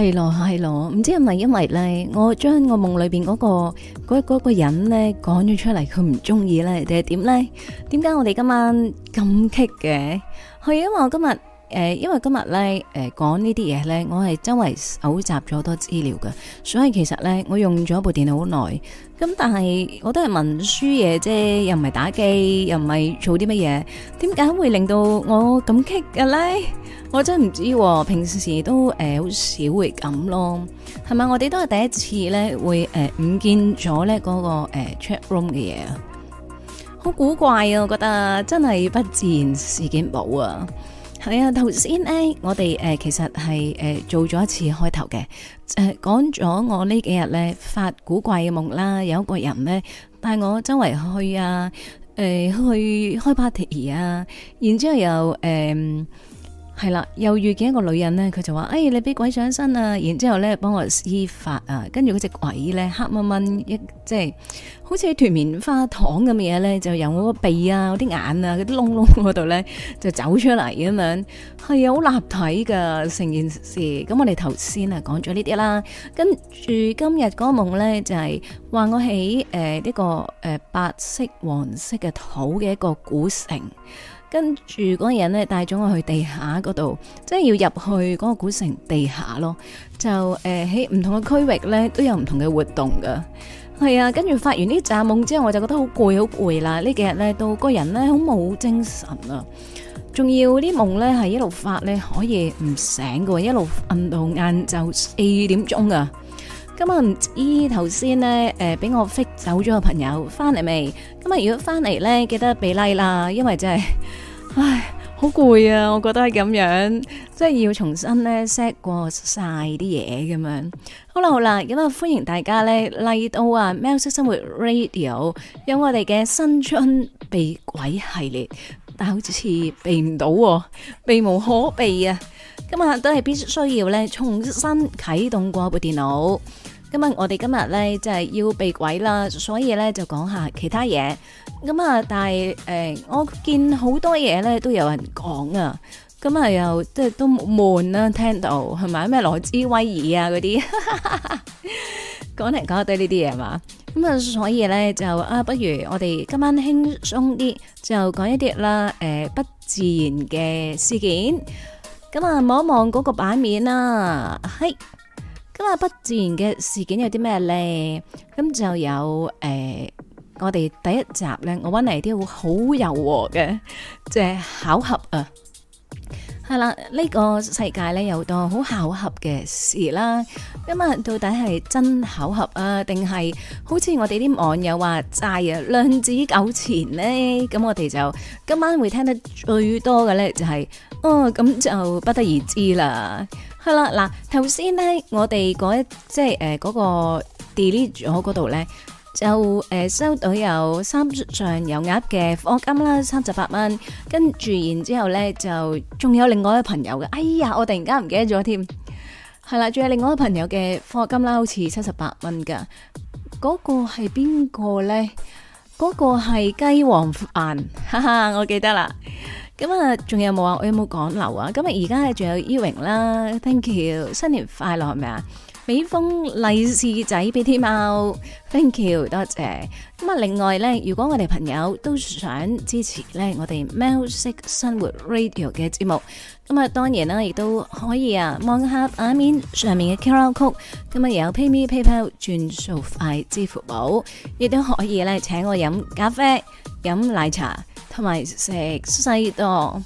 係咯，係咯，唔知係咪因為咧，我將我夢裏邊、嗰、嗰個，嗰個嗰個人咧講咗出嚟，佢唔中意咧，定係點咧？點解我哋今晚咁激嘅？係因為我今日。誒，因為今日咧，誒、呃、講呢啲嘢咧，我係周圍搜集咗好多資料噶，所以其實咧，我用咗部電腦好耐，咁但係我都係文書嘢啫，又唔係打機，又唔係做啲乜嘢，點解會令到我咁棘嘅咧？我真唔知，啊，平時都誒好、呃、少會咁咯，係咪？我哋都係第一次咧會誒唔、呃、見咗咧嗰個誒、呃、chat room 嘅嘢啊，好古怪啊！我覺得真係不自然事件冇啊！係啊，頭先咧，我哋誒、呃、其實係誒、呃、做咗一次開頭嘅誒，講、呃、咗我呢幾日咧發古怪嘅夢啦，有一個人咧帶我周圍去啊，誒、呃、去開 party 啊，然之後又誒。呃係啦，又遇見一個女人咧，佢就話：哎，你俾鬼上身啊！然之後咧，幫我施法啊，跟住嗰隻鬼咧，黑蚊蚊，一，即係好似一團棉花糖咁嘅嘢咧，就由我個鼻啊、嗰啲眼啊、嗰啲窿窿嗰度咧，就走出嚟咁樣，係啊，好立體噶成件事。咁我哋頭先啊講咗呢啲啦，跟住今日嗰個夢咧就係話我喺誒呢個誒白色黃色嘅土嘅一個古城。跟住嗰個人咧帶咗我去地下嗰度，即係要入去嗰個古城地下咯。就誒喺唔同嘅區域咧都有唔同嘅活動噶。係啊，跟住發完呢啲雜夢之後，我就覺得好攰，好攰啦。幾呢幾日咧到個人咧好冇精神啊。仲要啲夢咧係一路發咧，可以唔醒嘅，一路瞓到晏晝四點鐘啊。今日唔，知頭先呢，誒，俾我 fix 走咗嘅朋友翻嚟未？今日如果翻嚟呢，記得俾 like 啦，因為真係，唉，好攰啊！我覺得係咁樣，即係要重新呢 set 過晒啲嘢咁樣。好啦好啦，咁啊歡迎大家呢，嚟到啊，喵式生活 Radio 有我哋嘅新春避鬼系列，但好似避唔到，避無可避啊！今日都係必須要呢，重新啟動過部電腦。我們今日我哋今日咧就係、是、要避鬼啦，所以咧就講下其他嘢。咁啊，但係誒、欸，我見好多嘢咧都有人講啊。咁啊，又即係都悶啦，聽到係咪？咩羅茲威爾啊嗰啲，講嚟講去呢啲嘢係嘛？咁啊， 講來講來講所以咧就啊，不如我哋今晚輕鬆啲，就講一啲啦。誒、呃，不自然嘅事件。咁啊，望一望嗰個版面啦、啊。係。咁啊，不自然嘅事件有啲咩咧？咁就有誒、呃，我哋第一集咧，我揾嚟啲好柔和嘅，即、就、係、是、巧合啊。係啦，呢、這個世界咧有好多好巧合嘅事啦。咁啊，到底係真巧合啊，定係好似我哋啲網友話齋啊，量子糾纏呢？咁我哋就今晚會聽得最多嘅咧、就是，就係哦，咁就不得而知啦。係啦，嗱，頭先咧，我哋嗰一即係誒嗰個 delete 咗嗰度咧，就誒收到有三張有額嘅貨金啦，三十八蚊，跟住然之後咧就仲有另外一個朋友嘅，哎呀，我突然間唔記得咗添，係啦，仲有另外一個朋友嘅貨金啦，好似七十八蚊噶，嗰個係邊個咧？嗰個係雞皇飯，哈哈，我記得啦。咁啊，仲有冇啊？我有冇講漏啊？咁啊、e，而家仲有 Ewing 啦，Thank you，新年快樂係咪啊？美風利是仔俾天貓，Thank you，多謝。咁啊，另外咧，如果我哋朋友都想支持咧，我哋 m s 喵式生活 Radio 嘅節目，咁啊，當然啦，亦都可以啊，望下 I mean 上面嘅 QR Code，咁啊，有 PayMe、PayPal 轉數快、支付寶，亦都可以咧，請我飲咖啡、飲奶茶。同埋食西多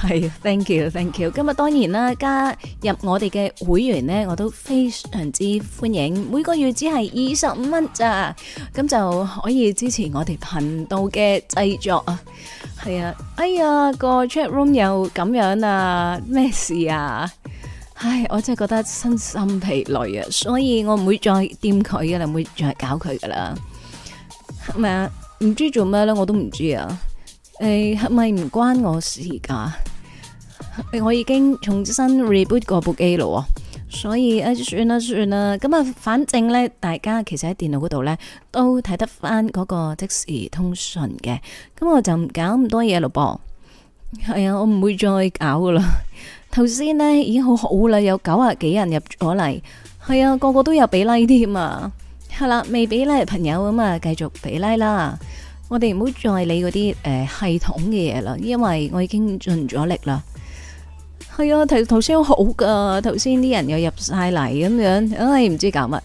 係，Thank you, thank you。今日當然啦，加入我哋嘅會員呢，我都非常之歡迎。每個月只係二十五蚊咋，咁就可以支持我哋頻道嘅製作啊。係啊，哎呀，個 chat room 又咁樣啊，咩事啊？唉，我真係覺得身心疲累啊，所以我唔會再掂佢噶啦，唔會再搞佢噶啦。係咪啊？唔知做咩咧，我都唔知啊。誒，係咪唔關我事噶？我已經重新 reboot 過部機咯，所以誒，算啦算啦，咁啊，反正咧，大家其實喺電腦嗰度咧都睇得翻嗰個即時通訊嘅，咁我就唔搞咁多嘢咯，噃係啊，我唔會再搞噶啦。頭先呢已經好好啦，有九啊幾人入咗嚟，係啊，個個都有俾 like 添啊，係啦，未俾 like 嘅朋友咁啊，繼續俾 like 啦。我哋唔好再理嗰啲、呃、系統嘅嘢啦，因為我已經盡咗力啦。係啊，頭頭先好㗎，頭先啲人又入晒嚟咁樣，唉，唔知搞乜。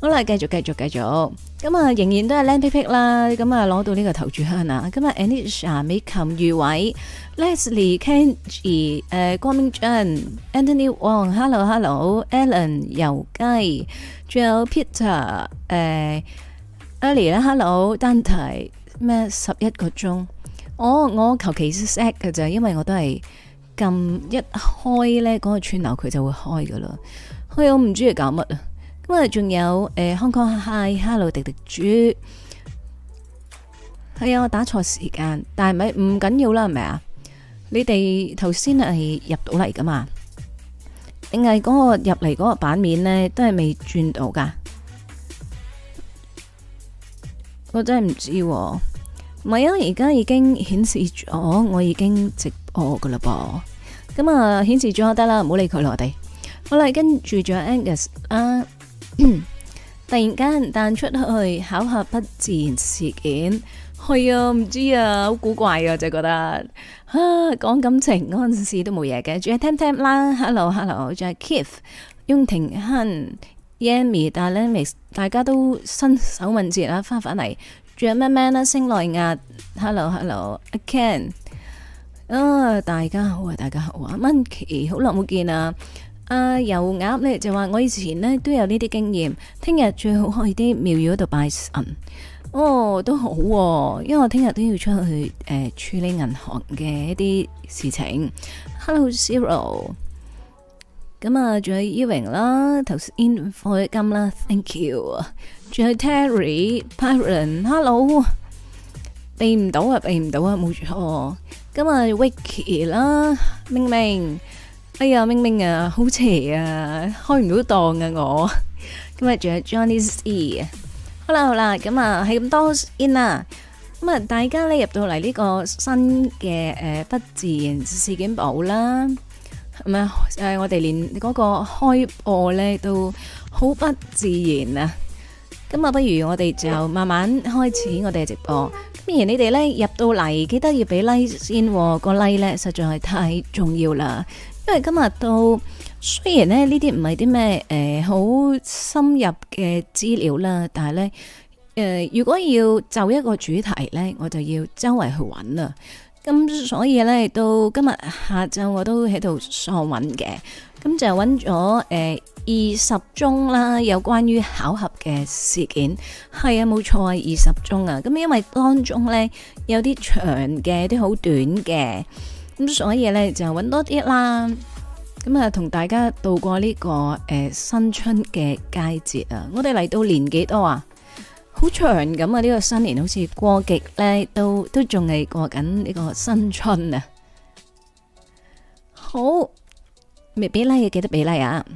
好啦，繼續繼續繼續，咁啊，仍然都係靚皮皮啦，咁啊攞到呢個頭炷香啦。咁啊 Anisha 啊，啊 Anisha，美琴、余偉、Leslie Kenji、呃、Kenji、John、Anthony、王、Hello Hello，Alan 游雞，仲有 Peter 誒、呃。Ali 啦，Hello，丹提咩十一個鐘？我我求其 set 嘅咋，因為我都係撳一開咧，嗰個串流佢就會開噶啦。開我唔知佢搞乜啊。咁啊，仲有誒，Hong Kong Hi，Hello，迪迪豬。係啊，我打錯時間，但係咪唔緊要啦？係咪啊？你哋頭先係入到嚟噶嘛？定係嗰個入嚟嗰個版面咧，都係未轉到噶？我真係唔知，唔係啊！而家、啊、已經顯示咗，我已經直播噶啦噃，咁啊顯示咗得啦，唔好理佢啦我哋。好、嗯、啦，跟住仲有 Angus 啊，突然間彈出去考核不自然事件，係啊，唔知啊，好古怪啊，我就係覺得啊，講感情嗰陣時都冇嘢嘅，仲係聽聽啦，Hello Hello，仲係 Keith，雍庭亨。Yami，但係咧，大家都伸手問捷啦。翻返嚟，仲有咩咩咧？星奈亞 Hello，Hello、oh, Aken 啊，大家好啊，大家好啊，Monkey 好耐冇見啊，啊、uh,，油鴨咧就話我以前咧都有呢啲經驗，聽日最好去啲廟宇嗰度拜神，哦、oh,，都好、啊，因為我聽日都要出去誒、呃、處理銀行嘅一啲事情，Hello Zero。咁啊，仲有 Ewing 啦，頭先 in 黃金啦，thank you，仲有 Terry Byron，hello，避唔到啊，避唔到啊，冇錯。咁啊 Wicky 啦，明明，哎呀明明啊，好邪啊，開唔到檔啊我。咁啊仲有 Johnny C，好啦好啦，咁啊係咁多先啦，咁啊大家咧入到嚟呢個新嘅誒不自然事件簿啦。誒、嗯，我哋連嗰個開播咧都好不自然啊！咁啊，不如我哋就慢慢開始我哋嘅直播。既然你哋咧入到嚟，記得要俾 like 先，哦，個 like 咧實在係太重要啦。因為今日到雖然咧呢啲唔係啲咩誒好深入嘅資料啦，但係咧誒如果要就一個主題咧，我就要周圍去揾啦。咁所以咧，到今日下晝我都喺度上揾嘅，咁就揾咗誒二十宗啦，有關於巧合嘅事件，係啊，冇錯啊，二十宗啊，咁因為當中咧有啲長嘅，有啲好短嘅，咁所以咧就揾多啲啦，咁啊同大家度過呢、這個誒、呃、新春嘅佳節啊，我哋嚟到年幾多啊？好長咁啊！呢個新年好似過極咧，都都仲係過緊呢個新春啊！好，未俾 like 嘅記得俾 like 啊！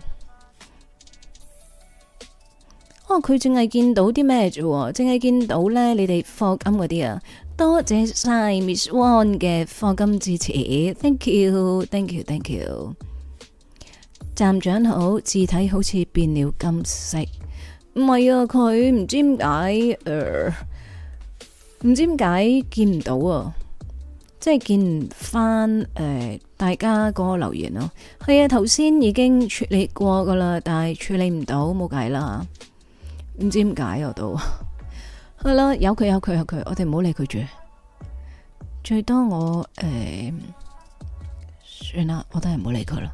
哦，佢淨係見到啲咩啫？淨係見到咧，你哋課金嗰啲啊！多謝晒 Miss Won 嘅課金支持，Thank you，Thank you，Thank you！站長好，字體好似變了金色。唔係啊，佢唔知點解，誒、呃，唔知點解見唔到啊，即係見唔翻誒、呃、大家個留言咯。係啊，頭先、啊、已經處理過噶啦，但係處理唔到，冇計啦。唔知點解我都係咯，有佢有佢有佢，我哋唔好理佢住。最多我誒、呃，算啦，我都係唔好理佢啦。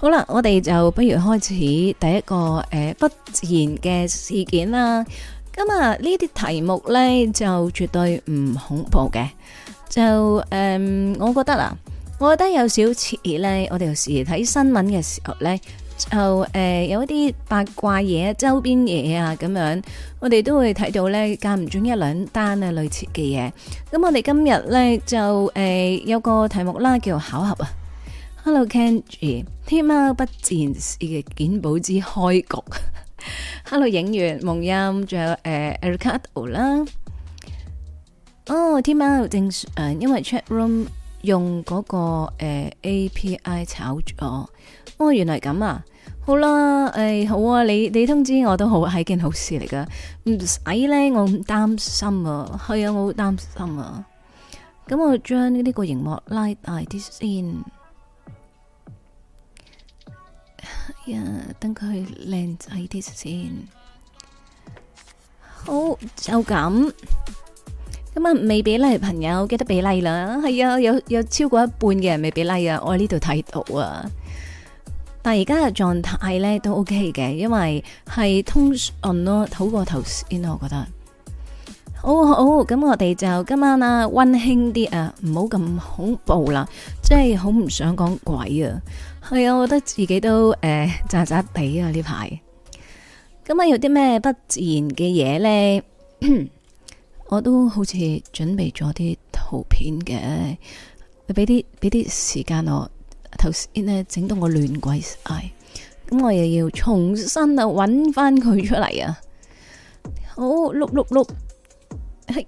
好啦，我哋就不如開始第一個誒、呃、不自然嘅事件啦。咁啊，呢啲題目呢就絕對唔恐怖嘅。就誒、呃，我覺得啦，我覺得有少似呢。我哋有時睇新聞嘅時候呢，就誒、呃、有一啲八卦嘢、周邊嘢啊咁樣，我哋都會睇到呢間唔中一兩單啊類似嘅嘢。咁我哋今日呢，就誒、呃、有個題目啦，叫巧合啊。Hello，Candy，天喵不自然事件簿之開局。 Hello，影員夢音，仲有誒、呃、Erica 啦。哦、oh，天喵正常，因為 chat room 用嗰、那個誒、呃、A P I 炒咗。哦，原來咁啊。好啦，誒、呃，好啊，你你通知我都好係一件好事嚟㗎。唔使咧，我擔心啊。係啊，我好擔心啊。咁我將呢個熒幕拉大啲先，等佢靚仔啲先，好就咁。今晚未俾例，朋友，記得俾例啦。係啊，有有超過一半嘅人未俾例啊，我喺呢度睇到啊。但係而家嘅狀態咧都 OK 嘅，因為係通順咯，好過頭先咯，我覺得。好好，咁我哋就今晚啊溫馨啲啊，唔好咁恐怖啦，即係好唔想講鬼啊。係啊，我覺得自己都誒渣渣地啊呢排。咁、呃、啊，怪怪那有啲咩不自然嘅嘢呢？ 我都好似準備咗啲圖片嘅，你俾啲俾啲時間我，頭先咧整到我亂鬼晒，咁我又要重新啊搵返佢出嚟啊。好碌碌碌，係。哎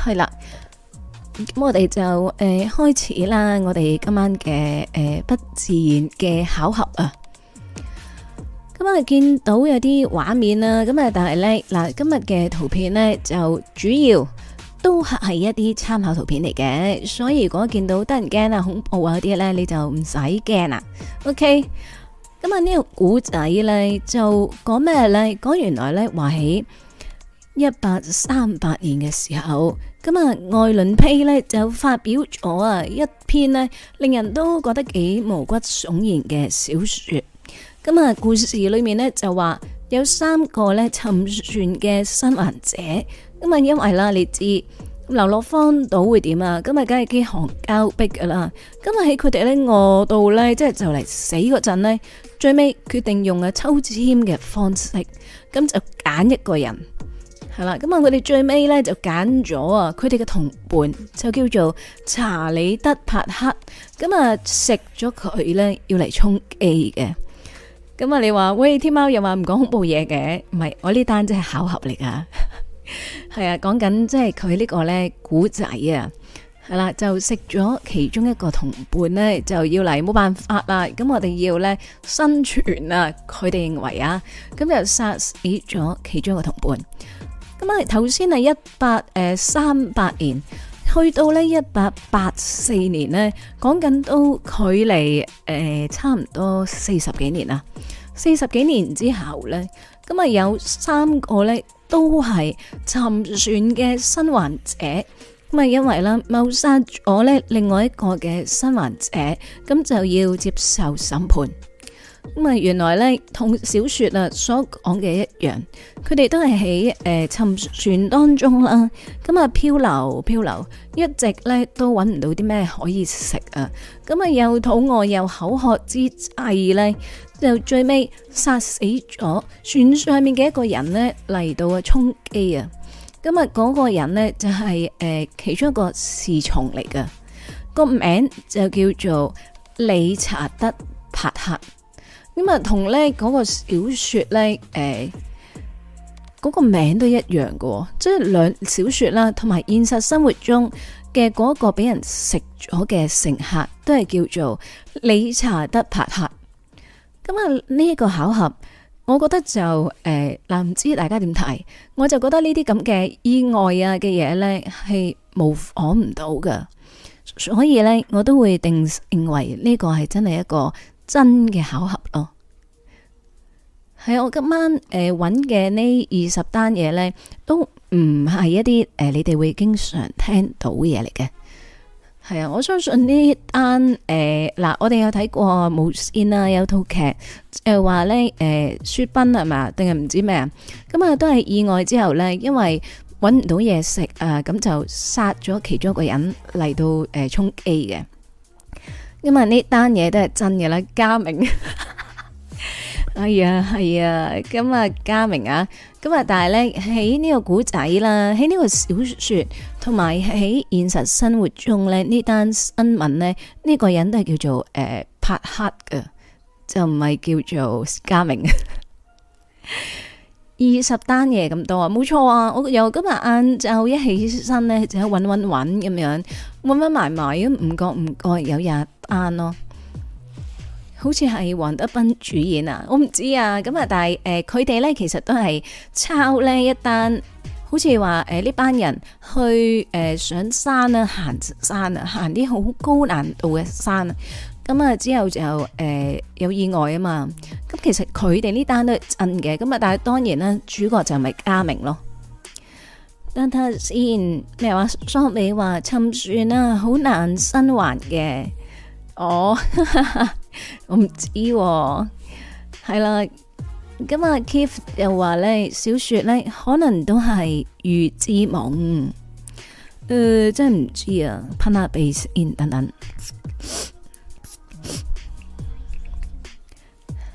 係啦，咁我哋就誒、呃、開始啦。我哋今晚嘅誒、呃、不自然嘅巧合啊，今晚見到有啲畫面啦，咁啊，但係咧嗱，今日嘅圖片咧就主要都係一啲參考圖片嚟嘅，所以如果見到得人驚啊、恐怖啊啲咧，你就唔使驚啦。OK，咁啊呢個古仔咧就講咩咧？講原來咧話喺一八三八年嘅時候。咁啊，愛倫坡咧就發表咗啊一篇呢令人都覺得幾毛骨悚然嘅小說。咁啊，故事裏面呢就話有三個呢沉船嘅生還者。咁啊，因為啦，你知流落荒島會點啊？咁啊梗係飢寒交迫噶啦。咁啊喺佢哋呢餓到呢即係就嚟死嗰陣呢最尾決定用啊抽籤嘅方式，咁就揀一個人。係啦，咁啊，佢哋最尾咧就揀咗啊，佢哋嘅同伴就叫做查理德帕克。咁啊，食咗佢咧，要嚟充飢嘅。咁啊，你話喂，天貓又話唔講恐怖嘢嘅，唔係我呢單真係巧合嚟噶。係啊，講緊即係佢呢個咧古仔啊。係啦，就食咗其中一個同伴咧，就要嚟冇辦法啦。咁我哋要咧生存啊。佢哋認為啊，咁就殺死咗其中一個同伴。咁啊，頭先係一八誒、呃、三八年，去到呢一八八四年呢，講緊都距離誒、呃、差唔多四十幾年啦。四十幾年之後呢，咁、呃、啊有三個呢都係沉船嘅生還者，咁啊，因為啦謀殺咗呢另外一個嘅生還者，咁就要接受審判。咁啊，原來咧，同小說啊所講嘅一樣，佢哋都係喺誒沉船當中啦。咁啊，漂流漂流，一直咧都揾唔到啲咩可以食啊。咁啊，又肚餓又口渴之際，咧，就最尾殺死咗船上面嘅一個人呢，嚟到啊充飢啊。咁啊，嗰個人呢、就是，就係誒其中一個侍從嚟噶，個名就叫做理查德帕克。今日同咧嗰個小說咧，誒、欸，嗰、那個名都一樣噶，即係兩小說啦，同埋現實生活中嘅嗰個俾人食咗嘅乘客，都係叫做理查德帕克。咁啊，呢一個巧合，我覺得就誒，嗱、欸，唔知大家點睇，我就覺得呢啲咁嘅意外啊嘅嘢咧，係模仿唔到噶。所以咧，我都會定認為呢個係真係一個。真嘅巧合咯，係啊，我今晚誒揾嘅呢二十單嘢咧，都唔係一啲誒、呃、你哋會經常聽到嘢嚟嘅。係啊，我相信呢單誒嗱，我哋有睇過《無綫》啊，有套劇誒話咧誒雪崩係嘛，定係唔知咩啊？咁啊都係意外之後咧，因為揾唔到嘢食啊，咁、呃、就殺咗其中一個人嚟到誒充飢嘅。呃因為呢單嘢都係真嘅啦，嘉明、 哎呀，係啊，係啊，咁啊嘉明啊，咁啊但係咧喺呢個古仔啦，喺呢個小說同埋喺現實生活中咧呢單新聞咧呢、呢個人都係叫做誒、呃、拍黑嘅，就唔係叫做嘉明。 二十單嘢，咁多啊，冇錯啊，我由今日晏晝一起身咧就揾揾揾，咁樣，揾揾埋埋咁，唔覺唔覺有廿單咯，好似係黃德斌主演啊，我唔知啊，咁啊，但係誒佢哋咧其實都係抄呢一單，好似話誒呢班人去誒、呃、上山啊，行山啊，行啲好高難度嘅山啊。咁啊，之後就誒、呃，有意外啊嘛。咁其實佢哋呢單都係真嘅。咁啊，但係當然啦，主角就係咪家明咯。但等，等先，咩話？雙美話沉船啦，好難生還嘅。哦， 我唔知係啦。咁啊，Keith 又話咧，小說咧可能都係預知夢。誒、呃，真唔知啊。Pen up base in 等等。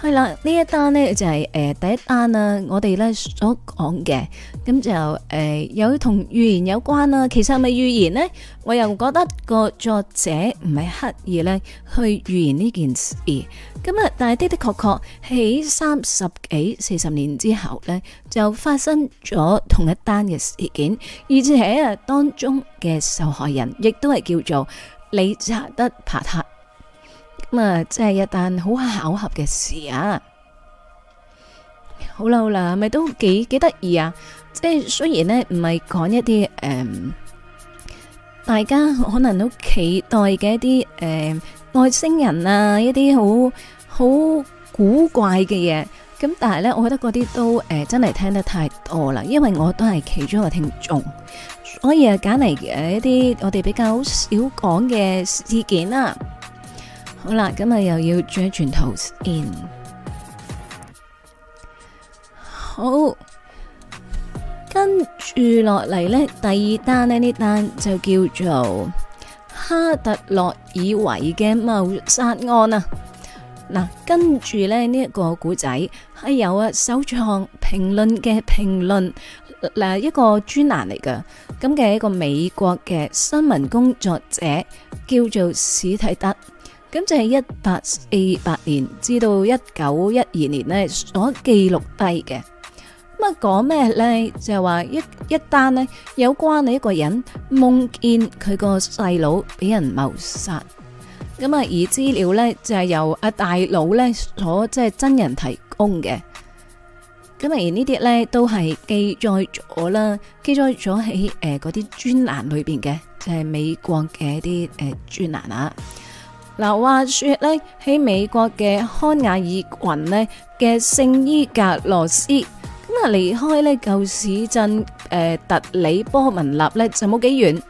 係啦，呢一單呢就係、是、誒、呃、第一單啊，我哋呢所講嘅，咁就誒有同預言有關啊。其實係咪預言呢？我又覺得個作者唔係刻意呢去預言呢件事。咁啊，但係的的確確喺三十幾、四十年之後呢，就發生咗同一單嘅事件，而且啊當中嘅受害人亦都係叫做理查德帕克。咁啊，即係一單好巧合嘅事啊！好啦好啦，咪都幾幾得意啊！即係雖然呢唔係講一啲誒，大家可能都期待嘅一啲誒外星人啊，一啲好好古怪嘅嘢。咁但係呢，我覺得嗰啲都誒真係聽得太多啦，因為我都係其中一個聽眾，所以啊揀嚟誒一啲我哋比較少講嘅事件啦。好啦，今日又要轉一轉圖 in。好，跟住落嚟呢，第二單呢，呢單就叫做哈特洛爾維嘅謀殺案啊。嗱、啊，跟住呢，呢、這個啊呃、一個古仔係有啊，首創評論嘅評論嗱一個專欄嚟嘅咁嘅一個美國嘅新聞工作者叫做史提德。咁就係一八四八年至到一九一二年呢所記錄低嘅，咁啊，講咩呢？就係話一一單呢有關你一個人夢見佢個細佬俾人謀殺，咁啊而資料呢，就係、是、由阿大佬呢所即係真人提供嘅，咁啊而呢啲呢，都係記載咗啦，記載咗喺誒嗰啲專欄裏邊嘅，就係、是、美國嘅一啲誒專欄啊。嗱，話說咧，喺美國嘅康亞爾群咧嘅聖伊格羅斯咁啊，離開咧舊市鎮誒、呃、特里波文納咧就冇幾遠，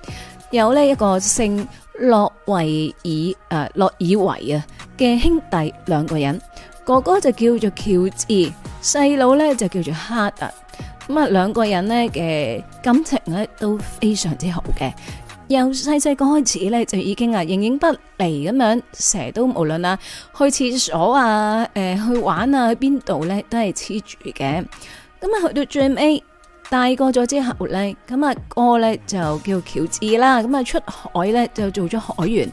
有呢一個姓洛維爾誒洛爾維啊嘅兄弟兩個人，哥哥就叫做喬治，細佬呢就叫做哈特，咁啊兩個人咧嘅感情咧都非常之好嘅。由細細個開始咧，就已經啊形影不離咁樣，成日都無論啊去廁所啊、誒、呃、去玩啊、去邊度咧，都係黐住嘅。咁啊去到最尾大個咗之後咧，咁啊哥咧就叫喬治啦，咁啊出海咧就做咗海員。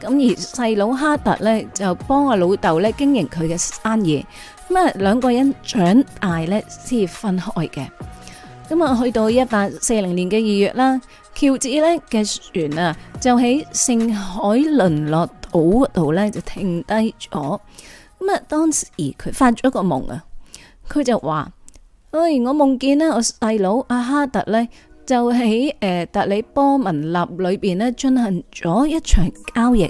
咁而細佬哈特咧就幫阿老豆咧經營佢嘅生意。咁啊兩個人長大咧先分開嘅。咁啊去到一八四零年嘅二月啦。喬治呢嘅船啊，就喺聖海倫諾島度呢，就停低咗。咁啊，當時佢發咗個夢啊，佢就話：哎，我夢見呢，我細佬阿哈特呢，就喺誒達里波文納裏邊呢進行咗一場交易。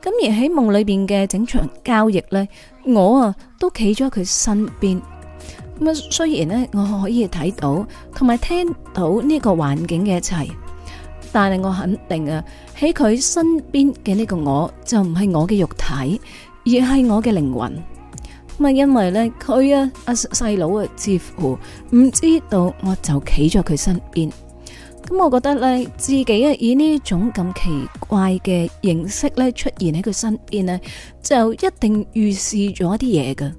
咁而喺夢裏邊嘅整場交易呢，我啊都企咗佢身邊。咁啊，雖然呢，我可以睇到，同埋聽到呢個環境嘅一切。但係我肯定啊，喺佢身邊嘅呢個我，就唔係我嘅肉體，而係我嘅靈魂。咁啊，因為咧佢啊阿細佬啊，似乎唔知道我就企咗佢身邊。咁我覺得咧，自己啊以呢種咁奇怪嘅形式咧出現喺佢身邊咧，就一定預示咗啲嘢㗎。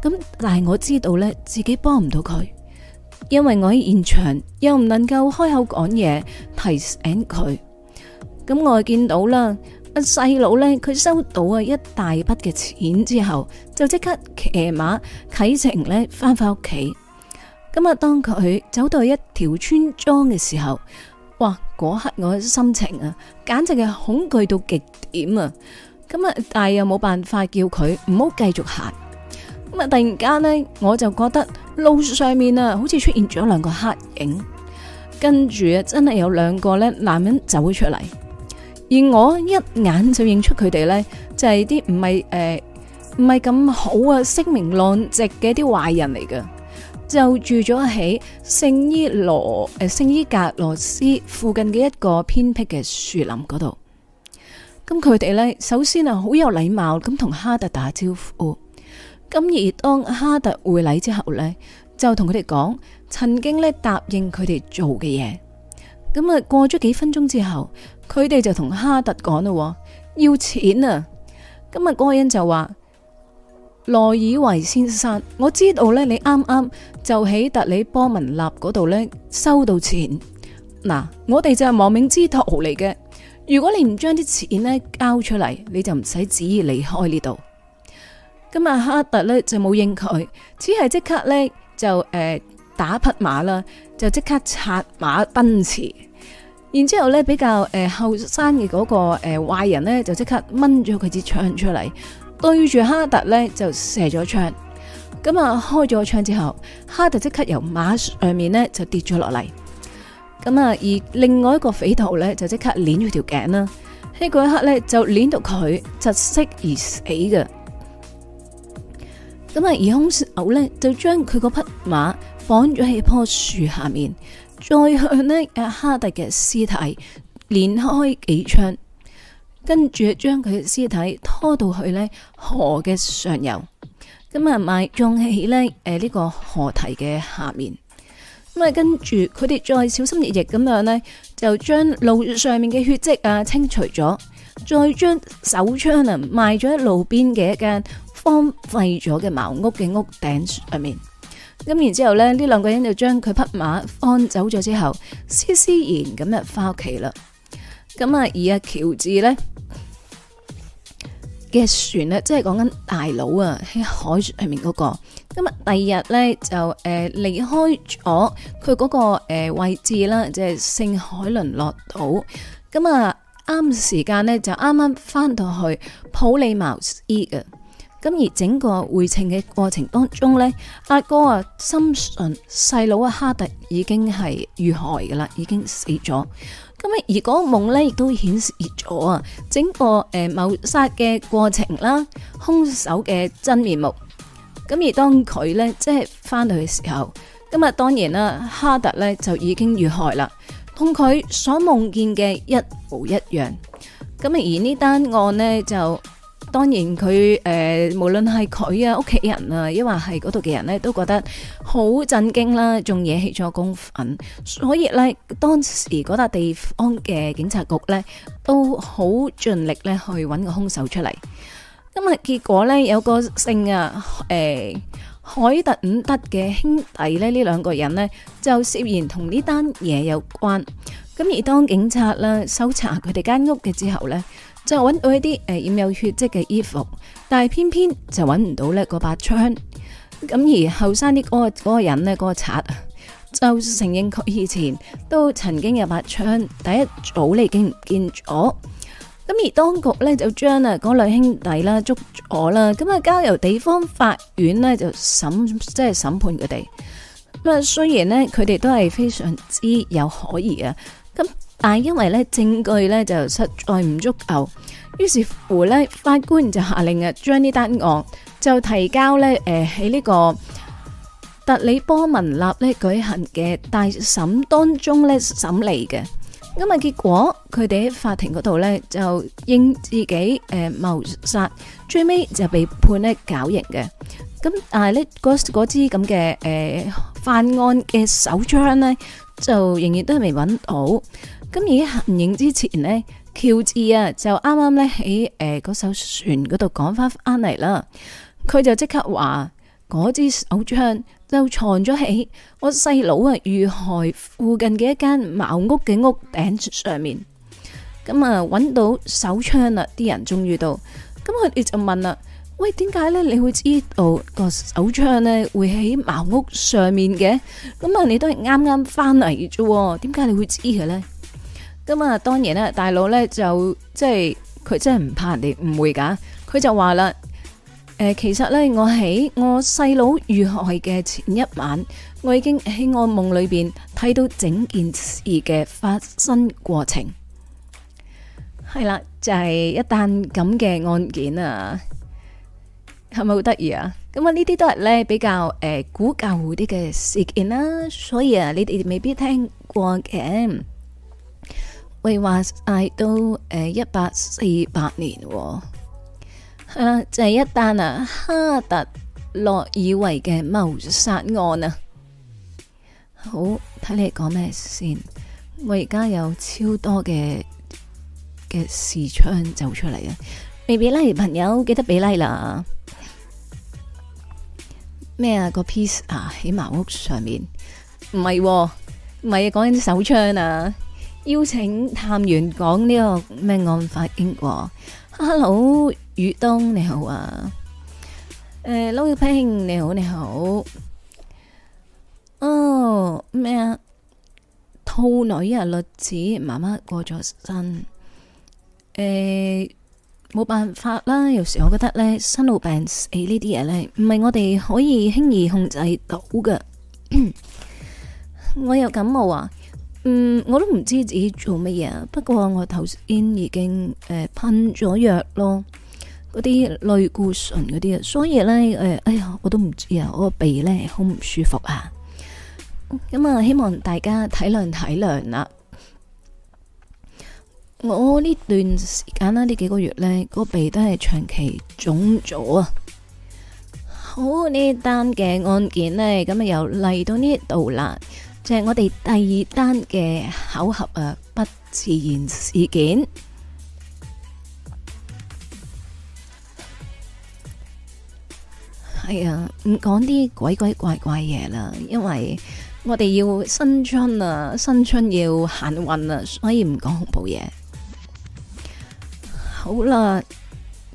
咁但係我知道咧，自己幫唔到佢。因為我喺現場，又唔能夠開口講嘢提醒佢，咁我見到啦，阿細佬呢，佢收到啊一大筆嘅錢之後，就即刻騎馬啟程呢翻返屋企。咁啊，當佢走到一條村莊嘅時候，哇！嗰刻我嘅心情啊，簡直係恐懼到極點啊！咁啊，但係又冇辦法叫佢唔好繼續行。突然間呢，我就覺得路上面啊，好似出現咗兩個黑影，跟住啊，真係有兩個咧男人走咗出嚟，而我一眼就認出佢哋咧，就係啲唔係誒唔係咁好啊，聲名狼藉嘅啲壞人嚟嘅，就住咗喺聖伊羅誒、呃、聖伊格羅斯附近嘅一個偏僻嘅樹林嗰度。咁佢哋咧，首先啊，好有禮貌咁同哈特打招呼。咁而當哈特回嚟之後呢，就同佢哋講，曾經呢，答應佢哋做嘅嘢。咁啊，過咗幾分鐘之後，佢哋就同哈特講嘞，要錢啊！咁啊，嗰個人就話：羅爾維先生，我知道呢，你啱啱就喺特里波文納嗰度呢收到錢。嗱，我哋就係亡命之徒嚟嘅，如果你唔將啲錢呢交出嚟，你就唔使旨意離開呢度。咁啊！哈特咧就冇應佢，只係即刻咧就誒、呃、打匹馬啦，就即刻策馬奔馳。然之後咧，比較誒後生嘅嗰個誒壞人咧，就即刻掹咗佢支槍出嚟，對住哈特咧就射咗槍。咁啊，開咗槍之後，哈特即刻由馬上面咧就跌咗落嚟。咁啊，而另外一個匪徒咧就即刻攆咗條頸啦，呢個一刻咧就攆到佢窒息而死嘅。咁啊，而凶手咧就將佢個匹馬放咗喺棵樹下面，再向呢阿哈特嘅屍體連開幾槍，跟住將佢嘅屍體拖到去呢河嘅上游，咁啊埋葬喺誒呢個河堤嘅下面。咁啊，跟住佢哋再小心翼翼咁樣呢，就將路上面嘅血跡啊清除咗，再將手槍啊埋咗喺路邊嘅一間。荒廢咗嘅茅屋嘅屋頂上面，咁然之後咧，呢兩個人就將佢匹馬放走咗之後，施施然咁就翻屋企啦。咁啊，而阿喬治咧嘅船咧，即係講緊大佬啊喺海上面，那，嗰個。咁，呃那個呃、啊，第二日咧就誒離開咗佢嗰個誒位置啦，即係聖海倫諾島。咁啊，啱時間咧就啱啱翻到去普利茅斯啊。咁而整個回程嘅過程當中呢，阿哥啊，深信細佬啊，哈特已經係遇害㗎喇，已經死咗。咁啊，而嗰夢呢亦都顯示咗啊，整個誒、呃、謀殺嘅過程啦，兇手嘅真面目。咁而當佢呢即係翻到去嘅時候，今日當然啦，哈特呢就已經遇害啦，同佢所夢見嘅一模一樣。咁啊，而呢單案呢就。當然佢誒、呃，無論係佢啊屋企人啊，亦或係嗰度嘅人呢，都覺得好震驚啦，仲惹起咗公憤。所以咧，當時嗰笪地方嘅警察局呢，都好盡力咧去揾個兇手出嚟。咁、嗯、啊，結果呢，有個姓啊誒、呃、海特伍德嘅兄弟呢，呢兩個人呢，就涉嫌同呢單嘢有關。咁而當警察呢，搜查佢哋間屋嘅之後呢。就揾到一啲誒染有血跡嘅衣服，但係偏偏就揾唔到呢嗰把槍。咁而後生啲嗰個個人呢，嗰、嗰個賊就承認佢以前都曾經有把槍，但一早呢已經唔見咗。咁而當局呢，就將啊嗰兩兄弟啦捉咗啦，咁啊交由地方法院呢，就審、是，即係審判佢哋。咁啊雖然呢，佢哋都係非常之有可疑啊，咁。但係因為咧證據咧就實在唔足夠，於是乎咧法官就下令啊，將呢單案就提交咧誒喺呢個特里波文立咧舉行嘅大審當中咧審理嘅。咁啊，結果佢哋喺法庭嗰度咧就認自己誒謀殺，最尾就被判咧絞刑嘅。咁但係咧嗰嗰支咁嘅誒犯案嘅手槍咧就仍然都係未揾到。咁而喺行刑之前呢喬治啊就啱啱呢喺誒嗰艘船嗰度趕翻翻嚟啦。佢就即刻話嗰支手槍就藏咗喺我細佬啊遇害附近嘅一間茅屋嘅屋頂上面。咁啊，揾到手槍啦，啲人終於到。咁佢哋就問啦，喂，點解咧？你會知道個手槍咧會喺茅屋上面嘅？咁啊，你都係啱啱翻嚟啫，點解你會知嘅咧？咁啊，當然啦，大佬咧就即係佢真係唔怕人哋誤會噶，佢就話啦，誒，其實咧，我喺我細佬遇害嘅前一晚，我已經喺我夢裏邊睇到整件事嘅發生過程，係啦，就係、是、一單咁嘅案件啊，係咪好得意啊？咁啊，呢啲都係咧比較誒古舊啲嘅事件啦，所以啊，你哋未必聽過嘅。喂，話嗌到誒，一八四八年係、哦啊、就係、是、一單啊哈特洛爾維嘅謀殺案啊！好，睇你係講咩先？我而家有超多嘅嘅視窗走出嚟啊！未俾 Like，朋友記得俾 Like 啦！咩啊？個 piece 啊喺茅屋上面？唔係、哦，唔係啊！講緊手槍啊！邀請探員講呢個咩案發經過。Hello，宇東你好啊，誒、呃，撈兵你好你好。哦，咩、oh, 啊？兔女啊，栗子媽媽過咗身。誒、呃，冇辦法啦。有時我覺得咧，生老病死呢啲嘢咧，唔係我哋可以輕易控制到㗎。 我又感冒啊！嗯，我都唔知自己做乜嘢啊。不過我頭先已經誒噴咗藥咯，嗰啲類固醇嗰啲啊。所以咧，誒，哎呀，我都唔知啊，我個鼻咧好唔舒服啊。咁、嗯、啊、嗯，希望大家體諒體諒啦。我呢段時間啦，呢幾個月咧，個鼻都係長期腫咗啊。好，呢單嘅案件呢，咁、嗯、啊又嚟到呢度啦。就係我哋第二單嘅巧合啊！不自然事件係啊，唔講啲鬼鬼怪怪嘢啦，因為我哋要新春啊，新春要行運啊，所以唔講恐怖嘢。好啦，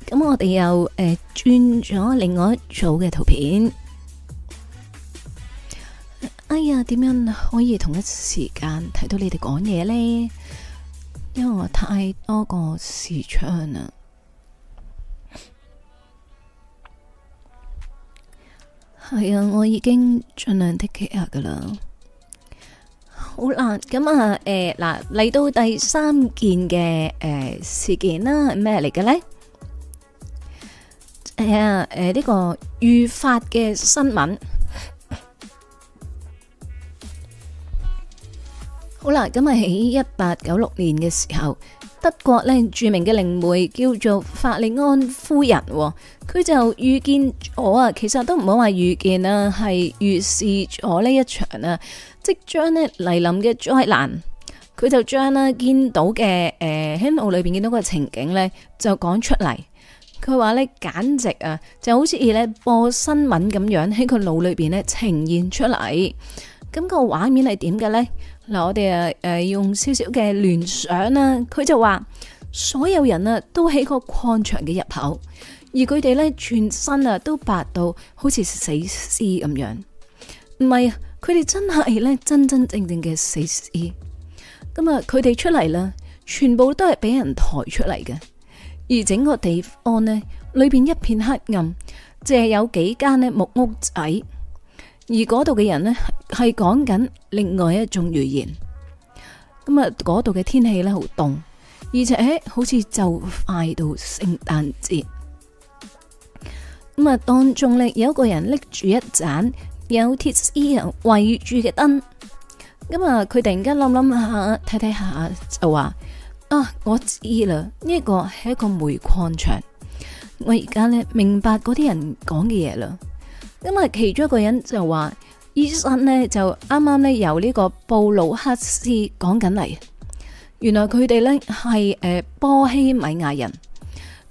咁我哋又誒、呃、轉咗另外一組嘅圖片。哎呀，點樣可以同一時間睇到你哋講嘢呢？因為我太多個視窗啦。係啊，我已經盡量剔極下噶啦。好啦咁啊！誒、呃、嗱，嚟到第三件嘅誒、呃、事件啦，係咩嚟嘅咧？係啊、呃，誒、呃、呢、這個預發嘅新聞。好啦，咁啊喺一八九六年嘅時候，德國咧著名嘅靈媒叫做法利安夫人，佢就預見我啊，其實都唔好話預見啦，係預示我呢一場啊即將咧嚟臨嘅災難。佢就將咧見到嘅誒，喺、呃、腦裏邊見到個情景咧，就講出嚟。佢話咧簡直啊，就好似咧播新聞咁樣喺佢腦裏邊咧呈現出嚟。咁、那個畫面係點嘅咧？嗱，我哋誒誒用少少嘅聯想啦，佢就話所有人啊都喺個礦場嘅入口，而佢哋咧全身啊都白到好似死屍咁樣，唔係，佢哋真係咧真真正正嘅死屍。咁、嗯、啊，佢哋出嚟啦，全部都係俾人抬出嚟嘅，而整個地方呢，裏邊一片黑暗，淨係有，有幾間呢木屋仔。而嗰度嘅人呢，係講緊另外一種語言。咁啊，嗰度嘅天氣呢，好凍，而且好似就快到聖誕節。咁啊，當中呢有個人拎住一盞有鐵絲圍住嘅燈，咁啊，佢突然間諗諗下，睇睇下就話：啊，我知啦，呢個係一個煤礦場，我而家呢，明白嗰啲人講嘅嘢啦。咁啊，其中一個人就話醫生咧，就啱啱咧由呢個布魯克斯講緊嚟，原來佢哋咧係誒波希米亞人，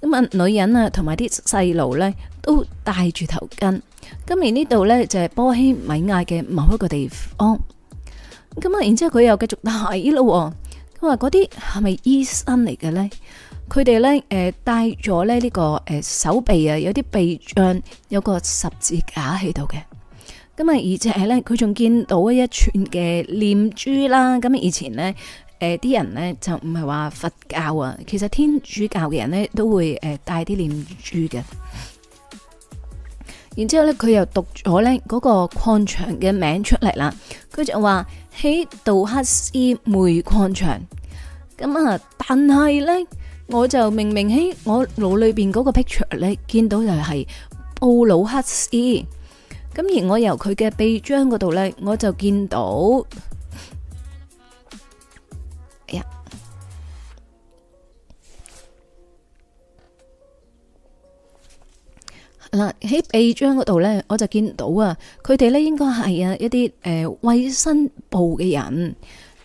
咁、嗯、啊女人啊同埋啲細路咧都戴住頭巾，今年呢度咧就係、是、波希米亞嘅某一個地方，咁啊，然之後佢又繼續大咯，佢話嗰啲係咪醫生嚟嘅咧？佢哋咧，誒、呃、帶咗咧呢個誒、呃、手臂啊，有啲臂杖，有個十字架喺度嘅。咁啊，而且係咧，佢仲見到一串嘅念珠啦。咁以前咧，誒、呃、啲人咧就唔係話佛教啊，其實天主教嘅人咧都會誒帶啲念珠嘅。然之後咧，佢又讀咗咧嗰個礦場嘅名出嚟啦。佢就話喺杜克斯梅礦場。咁啊，但係咧。我就明明喺我腦裏邊嗰個 picture 咧，見到就係布魯克斯，咁而我由佢嘅臂章嗰度咧，我就見到，哎呀，嗱喺臂章嗰度咧，我就見到啊，佢哋咧應該係啊一啲誒衛生部嘅人。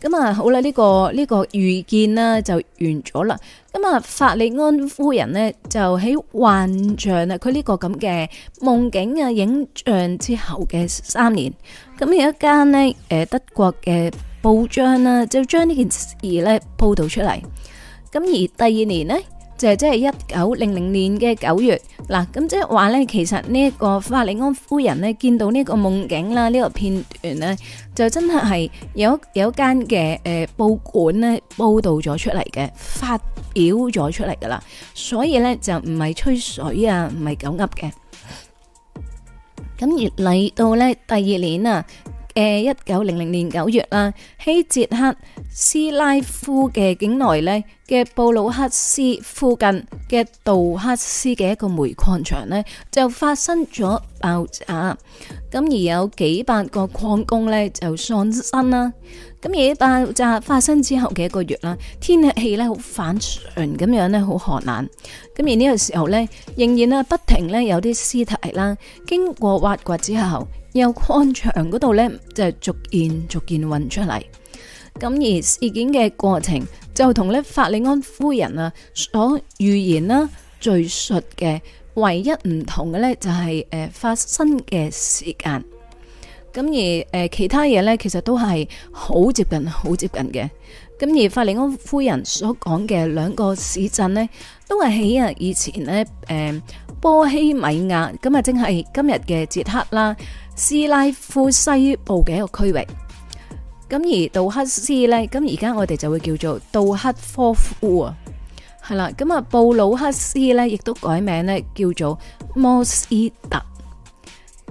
咁啊，好啦，呢、這個呢、這個預見呢就完咗啦。咁啊，法利安夫人呢就喺幻象啊，佢呢個咁嘅夢境啊影像之後嘅三年，咁有一間呢誒德國嘅報章啦，就將呢件事呢報道出嚟。咁而第二年呢。就即係一九零零年嘅九月，嗱咁即係話呢，其實呢一個法利安夫人呢，見到呢個夢境啦，呢個片段呢，就真係有有間嘅誒報館呢報道咗出嚟嘅，發表咗出嚟噶啦，所以呢，就唔係吹水啊，唔係狗噏嘅。咁越嚟到呢，第二年啊。誒，一九零零年九月啦，喺捷克斯拉夫嘅境內咧嘅布魯克斯附近嘅杜克斯嘅一個煤礦場咧，就發生咗爆炸，咁而有幾百個礦工咧就喪生啦。咁而爆炸發生之後嘅一個月啦，天氣咧好反常咁樣咧，好寒冷。咁而呢個時候咧，仍然咧不停咧有啲屍體啦，經過挖掘之後。有礦場嗰度咧，就逐漸逐漸運出嚟。咁而事件嘅過程就同咧法利安夫人啊所預言啦敘述嘅唯一唔同嘅咧，就係誒發生嘅時間。咁而誒其他嘢咧，其實都係好接近、好接近嘅。咁而法利安夫人所講嘅兩個市鎮呢，都係喺啊以前呢誒、呃、波希米亞，咁咪正係今日嘅捷克啦。斯拉夫西部嘅一個區域，咁而杜克斯呢，咁而家我哋就會叫做杜克科夫啊，係啦，咁啊布魯克斯呢，亦都改名呢，叫做摩斯特，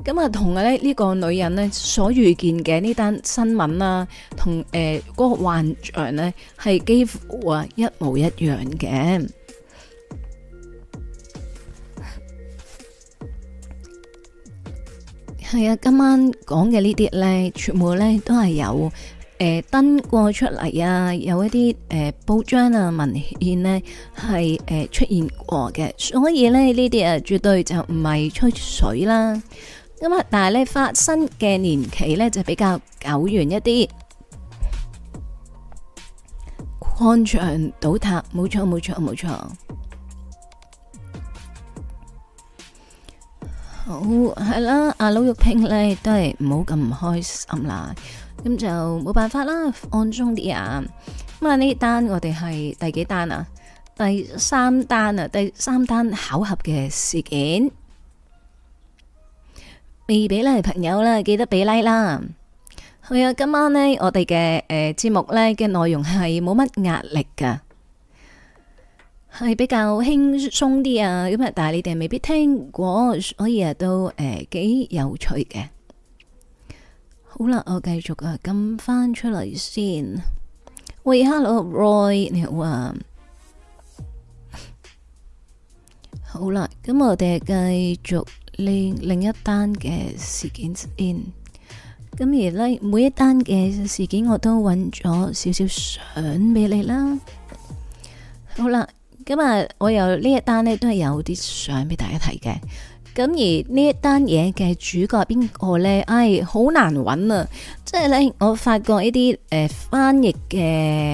咁啊同嘅呢個女人呢，所預見嘅呢單新聞啊，同誒嗰個幻象呢，係幾乎啊一模一樣嘅。係啊，今晚講嘅呢啲呢，全部呢都係有誒登過出嚟啊，有一啲誒、呃、報章啊文獻呢係誒出現過嘅，所以呢呢啲啊絕對就唔係吹水啦。咁啊，但係呢，發生嘅年期呢，就比較久遠一啲，礦場倒塌，冇錯冇錯冇錯。好係啦，阿老玉平咧都係唔好咁唔開心啦，咁就冇辦法啦，安中啲啊。咁啊，呢單我哋係第幾單啊？第三單啊，第三單巧合嘅事件。未俾禮朋友咧，記得俾禮啦。係啊，今晚咧我哋嘅誒節目咧嘅內容係冇乜壓力噶。係比較輕鬆啲啊，咁啊，但係你哋未必聽過，所以啊，都誒幾有趣嘅。好啦，我繼續啊，撳翻出嚟先。喂，Hello，Roy，你好啊。好啦，咁我哋繼續呢另一單嘅事件先。咁而呢，每一單嘅事件，我都揾咗少少相俾你啦。好啦。咁、嗯哎、啊，我有呢一單咧都係有啲相俾大家睇嘅。咁而呢一單嘢嘅主角係邊個咧？唉，好難揾啊！即係咧，我發覺這些、呃、這些呢啲誒翻譯嘅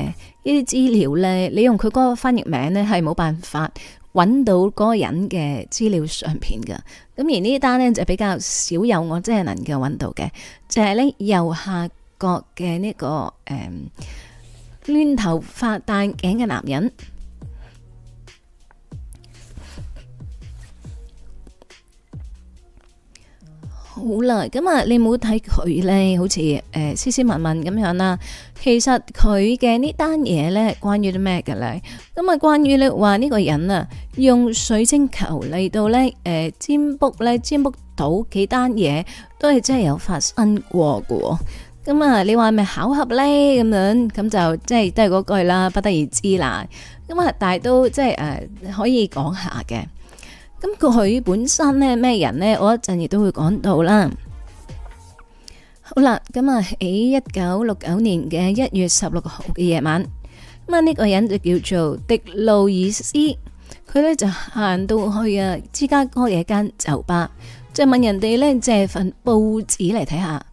呢啲資料咧，你用佢嗰個翻譯名咧係冇辦法揾到嗰個人嘅資料相片噶。咁而呢一單咧就比較少有，我真係能夠揾到嘅，就係、是、咧右下角嘅呢、這個誒、亂、呃、頭髮戴眼鏡嘅男人。好啦，咁啊，你冇睇佢咧，好似誒、呃、斯斯文文咁樣啦。其實佢嘅呢單嘢咧，關於啲咩嘅咧？咁啊，關於你話呢個人啊，用水晶球嚟到咧，誒、呃，占卜咧，占卜到幾單嘢都係真係有發生過嘅。咁啊，你話係咪巧合咧？咁樣咁就即係都係嗰句啦，不得而知啦。咁啊，但係都即係誒、呃，可以講下嘅。咁佢本身呢咩人呢？我一陣亦都會講到啦好。好啦，咁啊喺一九六九年嘅一月十六號嘅夜晚，咁啊呢個人就叫做迪路爾斯，佢呢就行到去啊芝加哥嘅一間酒吧，就問人哋呢借份報紙嚟睇下。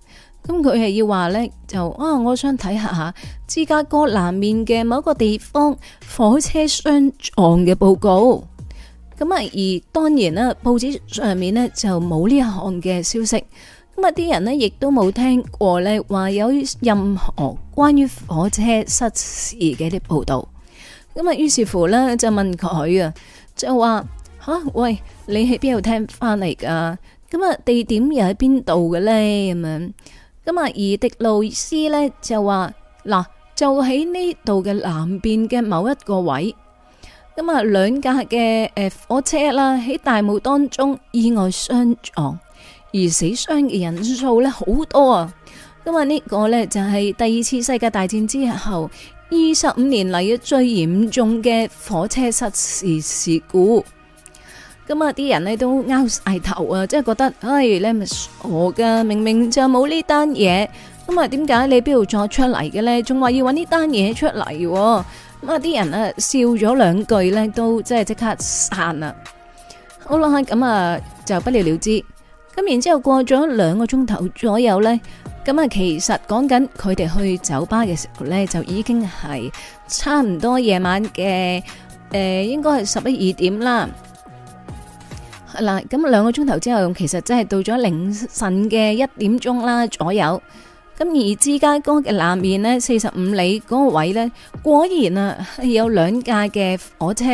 咁佢係要話呢，就啊，我想睇下下芝加哥南面嘅某個地方火車相撞嘅報告。咁啊，而當然啦，報紙上面呢就冇呢項嘅消息。咁啊，啲人呢亦都冇聽過呢話有任何關於火車失事嘅啲報道。咁啊，於是乎呢，就問佢啊，就話吓，喂，你喺邊度聽翻嚟噶？咁啊，地點又喺邊度嘅呢？咁樣。咁啊，而迪路斯呢，就話嗱，就喺呢度嘅南邊嘅某一個位置。咁啊，兩架嘅誒火車啦，喺大霧當中意外相撞，而死傷嘅人數咧好多啊！今日呢個呢，就係第二次世界大戰之後二十五年嚟嘅最嚴重嘅火車失事事故。咁啊，啲人呢都拗晒頭啊，即係覺得，唉、哎，你咪傻㗎，明明就冇呢單嘢。咁啊，點解你邊度作出嚟嘅呢？仲話要揾呢單嘢出嚟？咁啊！啲人啊，笑咗兩句咧，都即係即刻散啦。好啦，咁啊就不了了之。咁然之後過咗兩個鐘頭左右呢，咁啊其實講緊佢哋去酒吧嘅時候呢，就已經係差唔多夜晚嘅誒、呃，應該係十一二點啦。嗱、嗯，咁兩個鐘頭之後，其實真係到咗凌晨嘅一點鐘啦左右。咁而芝加哥嘅南面呢，四十五里嗰個位呢，果然啊，有兩架嘅火車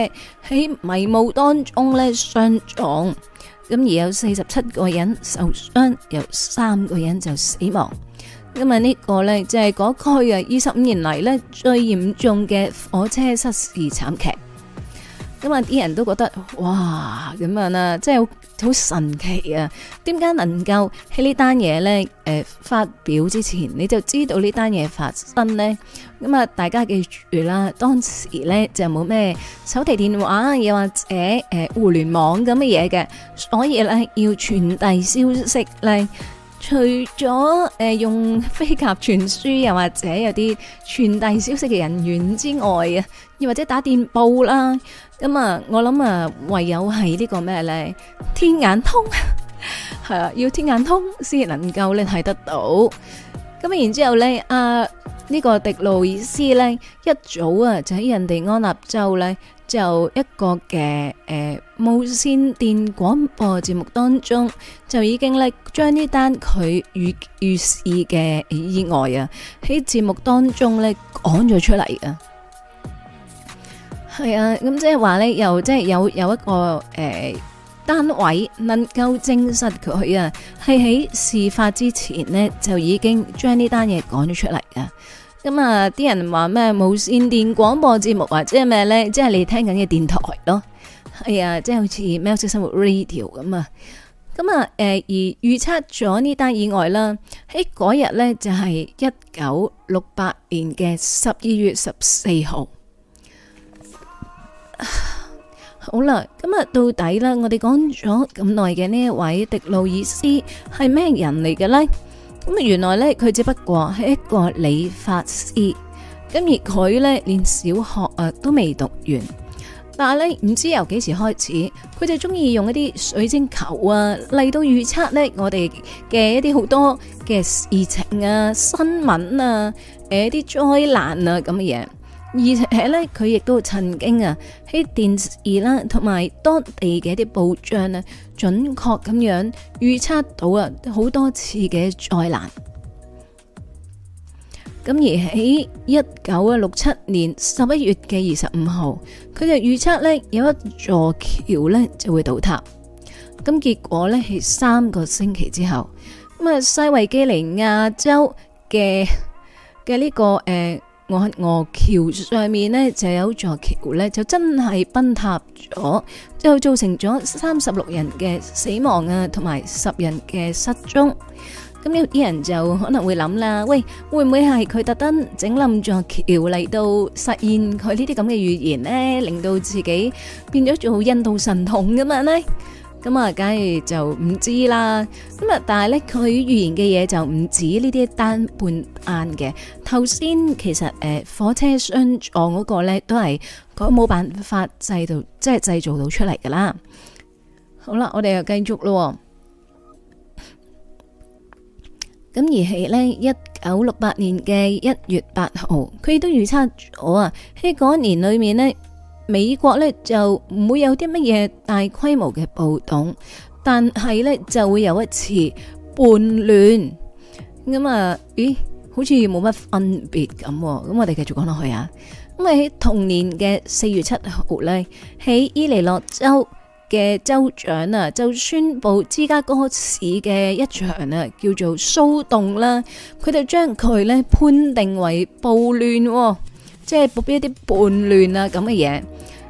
喺迷霧當中呢相撞，咁而有四十七個人受傷，有三個人就死亡。咁啊，呢個呢，即係嗰區啊，二十五年嚟呢，最嚴重嘅火車失事慘劇。咁啊！啲人都覺得「哇，咁樣啦，即係好神奇啊！點解能夠喺呢單嘢呢？誒，發表之前你就知道呢單嘢發生呢？」咁啊，大家記住啦，當時呢就冇咩手提電話，又或者誒互聯網咁嘅嘢嘅，所以呢，要傳遞消息呢。除咗誒、呃、用飛鴿傳書，又或者有啲傳遞消息嘅人員之外啊，又或者打電報啦，咁啊，我諗啊，唯有係呢個咩咧？天眼通係 啊，要天眼通先能夠咧睇得到。咁然之後咧啊。呃呢個迪路伊斯呢，一早啊就喺印第安納州呢，就一個嘅誒、呃、無線電廣播節目當中就已經咧將呢單佢預預示嘅意外啊喺節目當中咧講咗出嚟啊，係、嗯、啊，咁即係話呢，又即係有有一個誒、呃、單位能夠證實佢啊係喺事發之前呢，就已經將呢單嘢講咗出嚟啊。咁啊！啲人話咩無線電廣播節目或者係咩呢？即係你聽緊嘅電台咯，係、哎、啊！即係好似喵式生活 radio 咁啊！咁啊，誒而預測咗呢單意外啦，喺嗰日呢，就係一九六八年嘅十二月十四號。好啦，咁啊，到底啦，我哋講咗咁耐嘅呢一位迪路爾斯係咩人嚟嘅呢？咁啊，原來咧佢只不過係一個理髮師，咁而佢咧，連小學啊都未讀完，但係咧唔知由幾時開始，佢就中意用一啲水晶球啊嚟到，預測咧我哋嘅一啲好多嘅事情啊、新聞啊、誒一啲災難啊咁嘅嘢，而且咧佢亦都曾經啊喺電視啦同埋當地嘅一啲報章啊。準確咁樣預測到啊，好多次嘅災難。咁而喺一九嘅六七年十一月嘅二十五號，佢就預測呢有一座橋呢就會倒塌。咁結果呢，係三個星期之後，咁啊西維基尼亞州嘅嘅呢個誒。呃我我橋上面咧就有座橋咧就真係崩塌咗，就造成咗三十六人嘅死亡啊，同埋十人嘅失蹤。咁有啲人就可能會諗啦，喂，會唔會係佢特登整冧座橋嚟到實現佢呢啲咁嘅預言咧，令到自己變咗做印度神童咁啊？呢咁啊，梗係就唔知啦。咁啊，但係咧，佢預言嘅嘢就唔止呢啲單半眼嘅。頭先其實誒，火車相撞嗰個咧，都係佢冇辦法製造，即係製造到出嚟噶啦。好啦，我哋又繼續咯。咁而係咧，一九六八年嘅一月八號，佢亦都預測咗啊，喺嗰年裏面呢。美國呢就唔會有啲乜嘢大規模嘅暴動，但係呢就會有一次叛亂咁啊？咦，好似冇乜分別咁啊。咁我哋繼續講落去啊。咁喺同年嘅四月七號呢，喺伊利諾州嘅州長啊就宣布芝加哥市嘅一場啊叫做騷動啦，佢就將佢呢判定為暴亂哦。即係一啲叛亂啊咁嘅嘢，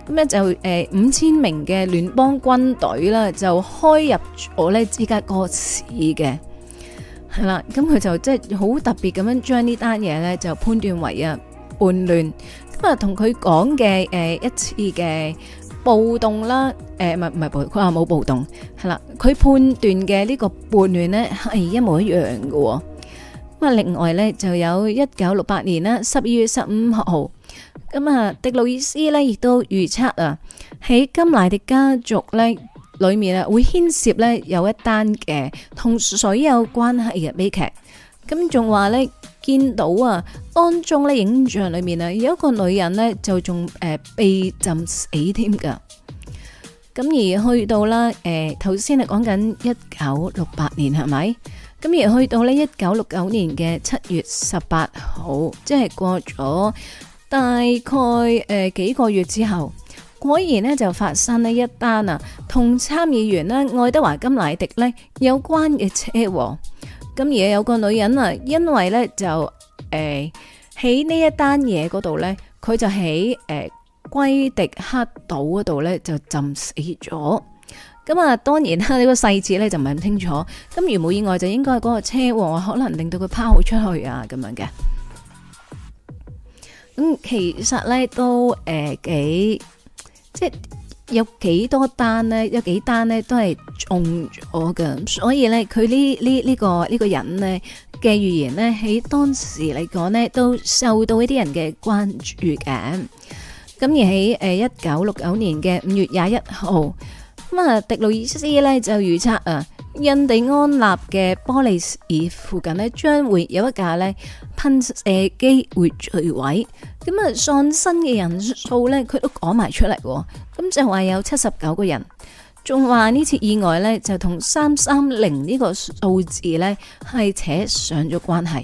咁咧就誒五千名嘅聯邦軍隊啦，就開入咗呢芝加哥市嘅，係啦，咁佢就即係好特別咁樣將呢單嘢咧就判斷為啊叛亂，咁啊同佢講嘅誒一次嘅暴動啦，誒唔係唔係暴，佢話冇暴動，係、啊、啦，佢判斷嘅呢個叛亂咧係一模一樣噶、哦。咁啊，另外咧就有一九六八年啦，十二月十五號，咁啊，迪路爾斯咧亦都預測啊，喺金乃迪家族咧裏面啊，會牽涉咧有一單嘅同水有關係嘅悲劇。咁仲話咧見到啊，當中咧影像裏面啊，有一個女人咧就仲誒被浸死添噶。咁而去到啦，誒頭先啊講緊一九六八年係咪？咁而去到呢，一九六九年嘅七月十八號，即係過咗大概誒、呃、幾個月之後，果然呢就發生呢一單啊同參議員呢、啊、愛德華甘迺迪呢有關嘅車禍。咁、啊、而有個女人啊，因為呢就誒喺呢一單嘢嗰度呢，佢就喺誒圭迪克島嗰度呢，就浸死咗。咁啊，當然啦，呢、這個細節咧就唔係咁清楚。咁如冇意外，就應該嗰個車禍可能令到佢拋出去啊，咁樣嘅。咁、嗯、其實咧都誒、呃、幾即係有幾多單呢？有幾單呢都係中咗㗎。所以咧，佢呢呢呢個呢、這個人呢嘅預言呢，喺當時嚟講呢，都受到一啲人嘅關注嘅。咁、嗯、而喺誒一九六九年嘅五月廿一號。咁啊，迪路伊斯咧就預測啊，印第安納嘅波利斯爾附近咧將會有一架噴射機會墜毀，咁啊喪生嘅人數咧佢都講埋出嚟，咁就話有七十九個人，仲話呢次意外呢就同三三零呢個數字呢係扯上咗關係。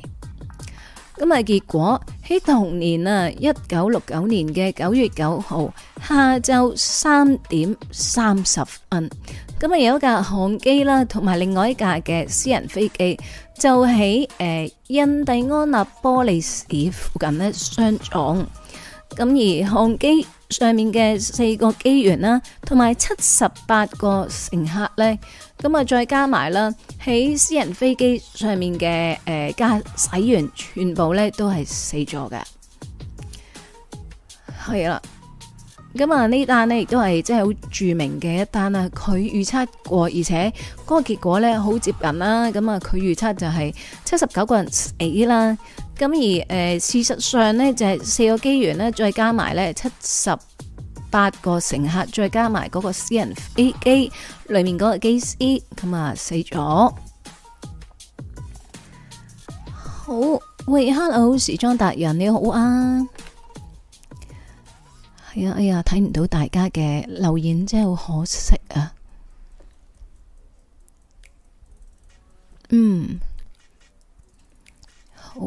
咁啊！結果喺同年啊，一九六九年嘅九月九號下晝三點三十分，咁啊有一架航機啦，同埋另外一架嘅私人飛機，就喺誒印第安納波利斯附近呢相撞，咁而航機上面嘅四個機員啦，同埋七十八個乘客咧，咁啊再加埋啦，喺私人飛機上面嘅誒駕駛員，全部咧都係死咗嘅，係啦。咁啊，呢單呢亦都係即係好著名嘅一單啊。佢預測過，而且嗰個結果咧好接近啦。咁啊，佢預測就係七十九個人死啦。咁而誒，事實上呢，就係四個機員咧再加埋咧七十八個乘客，再加埋嗰個私人飛機裏面嗰個機師，咁啊死咗。好，喂，Hello，時裝達人，你好啊！哎呀，睇唔到大家嘅留言真係好可惜啊！嗯，好，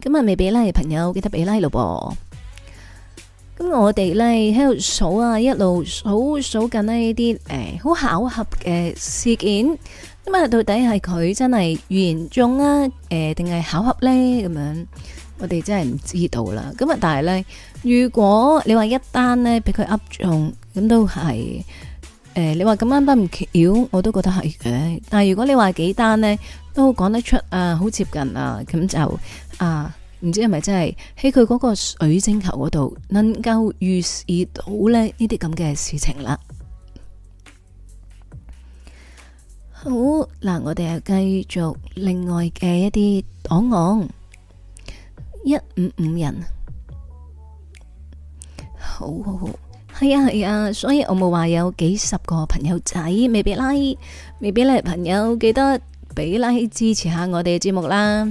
今日未俾拉嘅朋友記得俾 like 咯噃。咁我哋咧喺度數啊，一路數數緊呢啲誒，好巧合嘅事件。咁啊，到底係佢真係嚴重啊？誒，定係巧合咧？咁樣我哋真係唔知道啦。咁啊，但係咧。如果你話一單呢，俾佢噏中咁都係，誒、呃，你話咁啱得唔巧，我都覺得係嘅。但係如果你話幾單呢，都講得出啊，好接近啊，咁就啊，唔知係咪真係喺佢嗰個水晶球嗰度能夠預示到咧呢啲咁嘅事情啦。好，嗱，我哋啊繼續另外嘅一啲檔案，一五五人。好好，好、哦，係啊，係啊，所以我冇話有幾十個朋友仔未必拉，未必咧朋友記得俾拉支持下我哋嘅節目啦。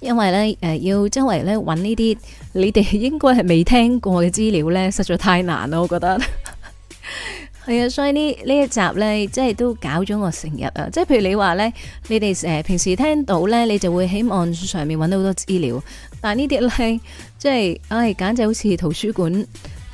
因為咧誒、呃，要周圍咧搵呢啲你哋應該係未聽過嘅資料咧，實在太難啦。我覺得係 啊，所以呢呢一集咧，即係都搞咗我成日啊。即係譬如你話咧，你哋誒平時聽到咧，你就會喺網上面搵到好多資料，但係呢啲咧即係唉，簡直好似圖書館。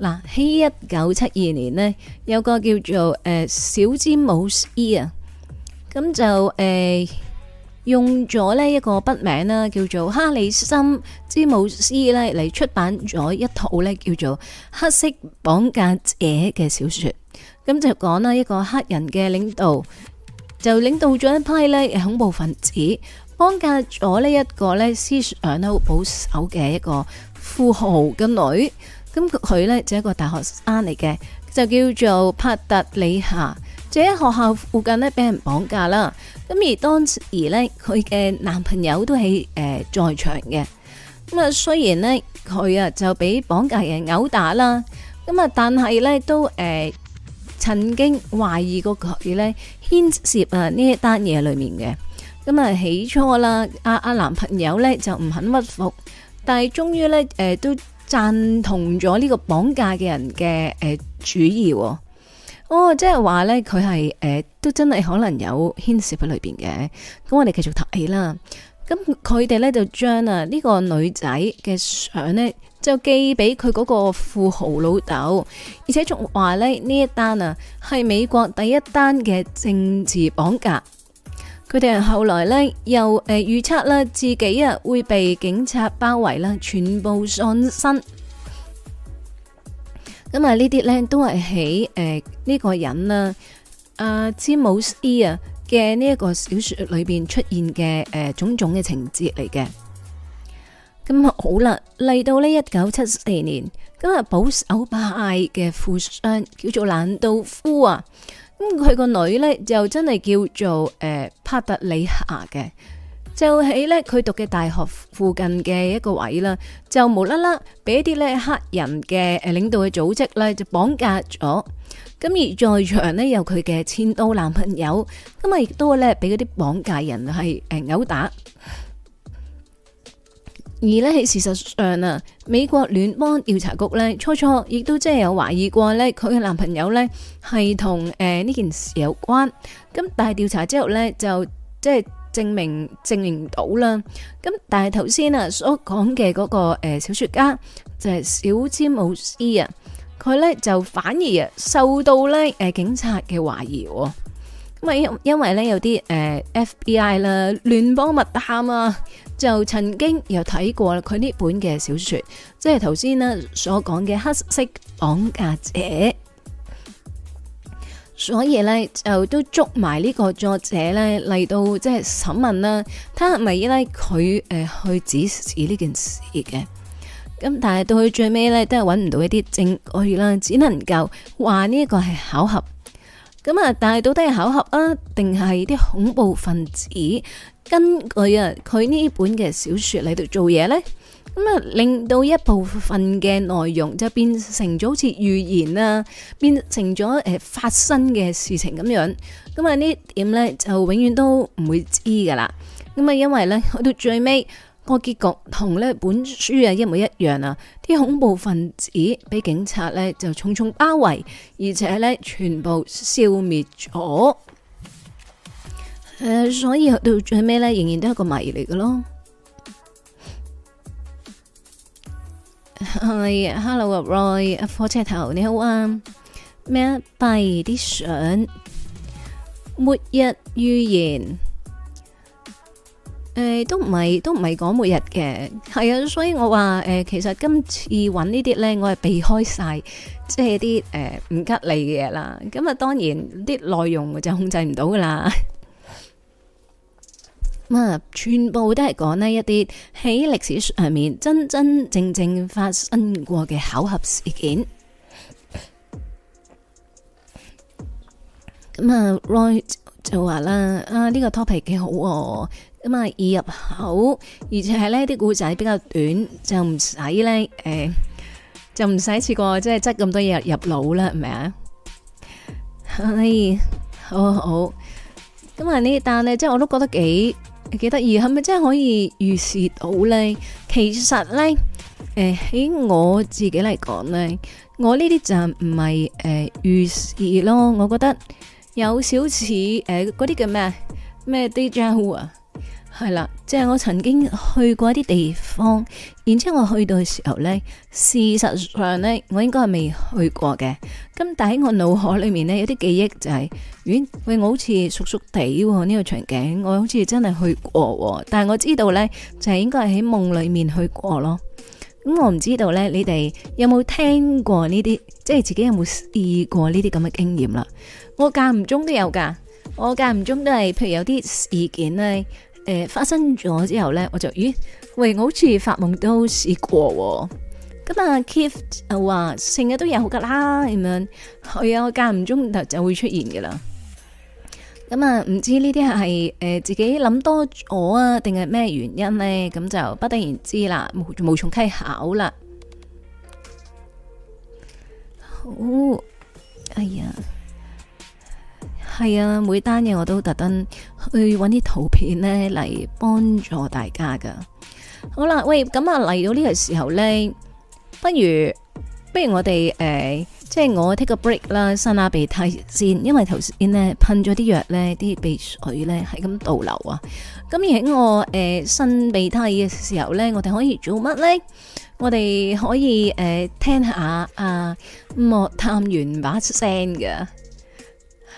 嗱喺一九七二年呢，有一個叫做誒、呃、小詹姆斯啊，咁就誒、呃、用咗呢一個筆名啦，叫做哈里森詹姆斯咧嚟出版咗一套咧叫做《黑色綁架者》嘅小說。咁就講啦，一個黑人嘅領導就領導咗一批咧恐怖分子，綁架咗呢一個咧思想咧好保守嘅一個富豪嘅女。咁佢咧就係、一個大學生嚟嘅，就叫做帕特里夏，就喺、是、學校附近呢，俾人綁架啦。咁而當時咧佢嘅男朋友都係誒、呃、在場嘅。咁啊雖然咧佢啊就俾綁架人毆打啦，咁啊但係咧都誒、呃、曾經懷疑過佢嘢咧牽涉啊呢一單嘢裏面嘅。咁、嗯、啊起初啦，阿、啊、阿、啊、男朋友咧就唔肯屈服，但係終於咧誒、呃、都。贊同咗呢個綁架嘅人嘅、呃、主意喎、哦，哦，即係話呢，佢係、呃、都真係可能有牽涉喺裏面嘅，咁我哋繼續睇啦。咁佢哋呢，就將啊呢個女仔嘅相呢，就寄俾佢嗰個富豪老豆，而且仲話呢，呢一單啊係美國第一單嘅政治綁架。佢哋係後來咧，又誒預測啦，自己啊會被警察包圍啦，全部喪身。咁啊，呢啲咧都係喺誒呢個人啦，阿詹姆斯啊嘅呢一個小說裏邊出現嘅誒種種嘅情節嚟嘅。咁好啦，嚟到呢一九七四年，今日保守派嘅富商叫做蘭道夫啊。咁佢個女咧就真係叫做誒、呃、帕特里克夏嘅，就喺咧佢讀嘅大學附近嘅一個位啦，就無啦啦俾啲咧黑人嘅誒、呃、領導嘅組織咧就綁架咗，咁而在場呢，有佢嘅千刀男朋友，咁啊亦都咧俾嗰啲綁架人係誒毆打。而咧喺事實上啊，美國聯邦調查局咧初初亦都即係有懷疑過咧，佢嘅男朋友咧係同誒呢件事有關。咁但係調查之後呢就即係證明證明唔到啦。咁但係頭先啊所講嘅嗰個小説家就係小詹姆斯啊，佢呢就反而啊受到咧誒警察嘅懷疑。咁啊因因為咧有啲誒、呃、FBI 啦聯邦密探啊，就曾經又睇過佢呢本嘅小說，即係頭先呢所講嘅黑色綁架者，所以咧就都捉埋呢個作者咧嚟到即係審問啦，睇下係咪咧佢誒去指使呢件事嘅，咁但係到佢最尾咧都係揾唔到一啲證據啦，只能夠話呢個係巧合。咁啊，但係到底係巧合啊，定係啲恐怖分子根據啊佢呢本嘅小說嚟度做嘢呢？咁啊令到一部分嘅內容就變成咗好似預言呀，變成咗誒發生嘅事情咁樣。咁啊呢點呢，就永遠都唔會知噶啦。咁啊因為呢，去到最尾。個結局同呢本書啊一模一樣啊！啲恐怖分子俾警察呢就重重包圍，而且呢全部消滅咗。誒、呃，所以到最尾呢，仍然都係個謎嚟嘅咯。係 ，Hello，Roy，火車頭你好啊。咩？閉啲相末日預言。誒、呃，都唔係，都唔係講每日嘅，係啊，所以我話誒、呃，其實今次揾呢啲咧，我係避開晒，即係啲誒唔吉利嘅嘢啦。咁啊，當然啲內容就控制唔到噶啦。咁 啊，全部都係講呢一啲喺歷史上面真真正正發生過嘅巧合事件。咁啊，Roy 就話啦，啊，呢、呢個 topic 幾好、啊。咁啊，易入口，而且係咧啲故仔比較短，就唔使咧誒，就唔使試過即係執咁多嘢入腦啦，係咪啊？哎、好好是是的可以好好咁啊！呢單咧，即係我都覺得幾幾得意，係咪真係可以預示到咧？其實咧，誒、欸、喺我自己嚟講咧，我呢啲就唔係誒預示咯，我覺得有少似誒嗰啲叫咩咩啲 DJ 啊。欸係啦，即係、就是、我曾經去過一啲地方，然之後我去到嘅時候呢，事實上呢，我應該係未去過嘅。咁但喺我腦海裏面呢，有啲記憶就係、是，咦喂，我好似熟熟地呢、哦這個場景，我好似真係去過、哦。但係我知道呢，就係、是、應該係喺夢裏面去過咯。咁我唔知道呢，你哋有冇聽過呢啲，即係自己有冇試過呢啲咁嘅經驗啦？我間唔中都有噶，我間唔中都係譬如有啲事件呢。誒、呃，發生咗之後呢，我就咦，喂，我好似發夢都試過、哦，咁啊，Keith 話成日都有好噶啦，咁樣、嗯，係啊、嗯，我間唔中就就會出現噶啦，咁啊，唔知呢啲係誒自己諗多咗啊，定係咩原因呢？咁就不得而知啦，無無從稽考啦。好，哎呀。係啊，每單嘢我都特登去揾啲圖片咧嚟幫助大家噶。好啦，喂，咁啊嚟到呢個時候咧，不如不如我哋誒、即、呃、係、就是、我 take 個 break 啦，擤下鼻涕先。因為頭先咧噴咗啲藥咧，啲鼻水咧係咁倒流啊。咁而喺我誒擤、呃、鼻涕嘅時候咧，我哋可以做乜咧？我哋可以誒、呃、聽下啊莫探完把聲嘅。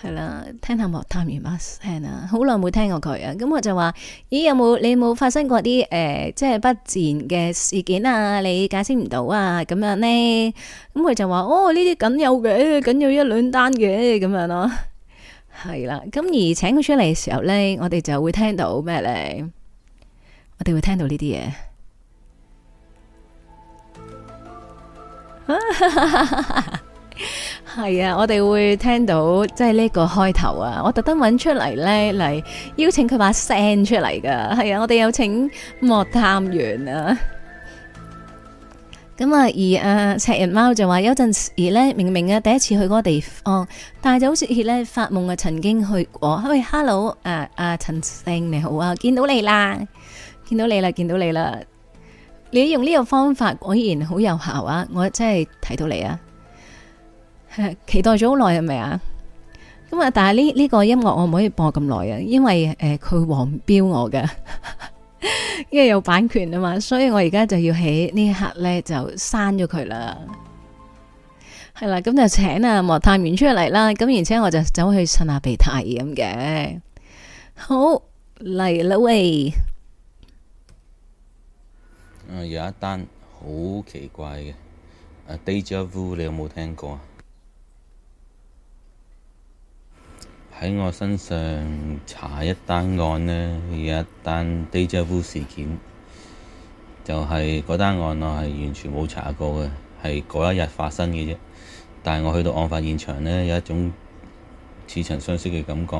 係啦，聽下莫探員把聲啦，好耐冇聽過佢啊，咁我就話，咦有冇有你冇有有發生過啲誒、呃，即係不自然嘅事件啊？你解釋唔到啊，咁樣呢，咁佢就話，哦呢啲梗有嘅，梗有一兩單嘅咁樣咯，係啦，咁而請佢出嚟嘅時候呢，我哋就會聽到咩呢？我哋會聽到呢啲嘢。 係啊，我哋會聽到即係呢個開頭啊！我特登揾出嚟，呢，嚟邀請佢把聲出嚟噶。係啊，我哋有請莫探員啊！咁、嗯、啊，而阿、啊、赤人貓就話有陣時呢，明明啊第一次去嗰個地方，但就好似呢發夢啊，曾經去過。喂，Hello，誒阿陳星，你好啊，見到你啦，見到你啦，見到你啦！你用呢個方法果然好有效啊！我真係睇到你啊！期待咗好耐係咪啊？咁啊，但係呢，呢個音樂我唔可以播咁耐啊。因為誒，佢、呃、黃標我嘅， 因為有版權啊嘛，所以我而家就要喺呢一刻咧就刪咗佢啦。係啦，咁就請啊莫探員出嚟啦，咁而且我就走去訓下鼻涕咁嘅。好嚟啦喂，有一單好奇怪嘅，Deja Vu 你有冇聽過啊？喺我身上查一單案呢，有一單 deja vu 事件，就係嗰單案我係完全冇查過嘅，係嗰一日發生嘅啫。但係我去到案發現場呢，有一種似曾相識嘅感覺，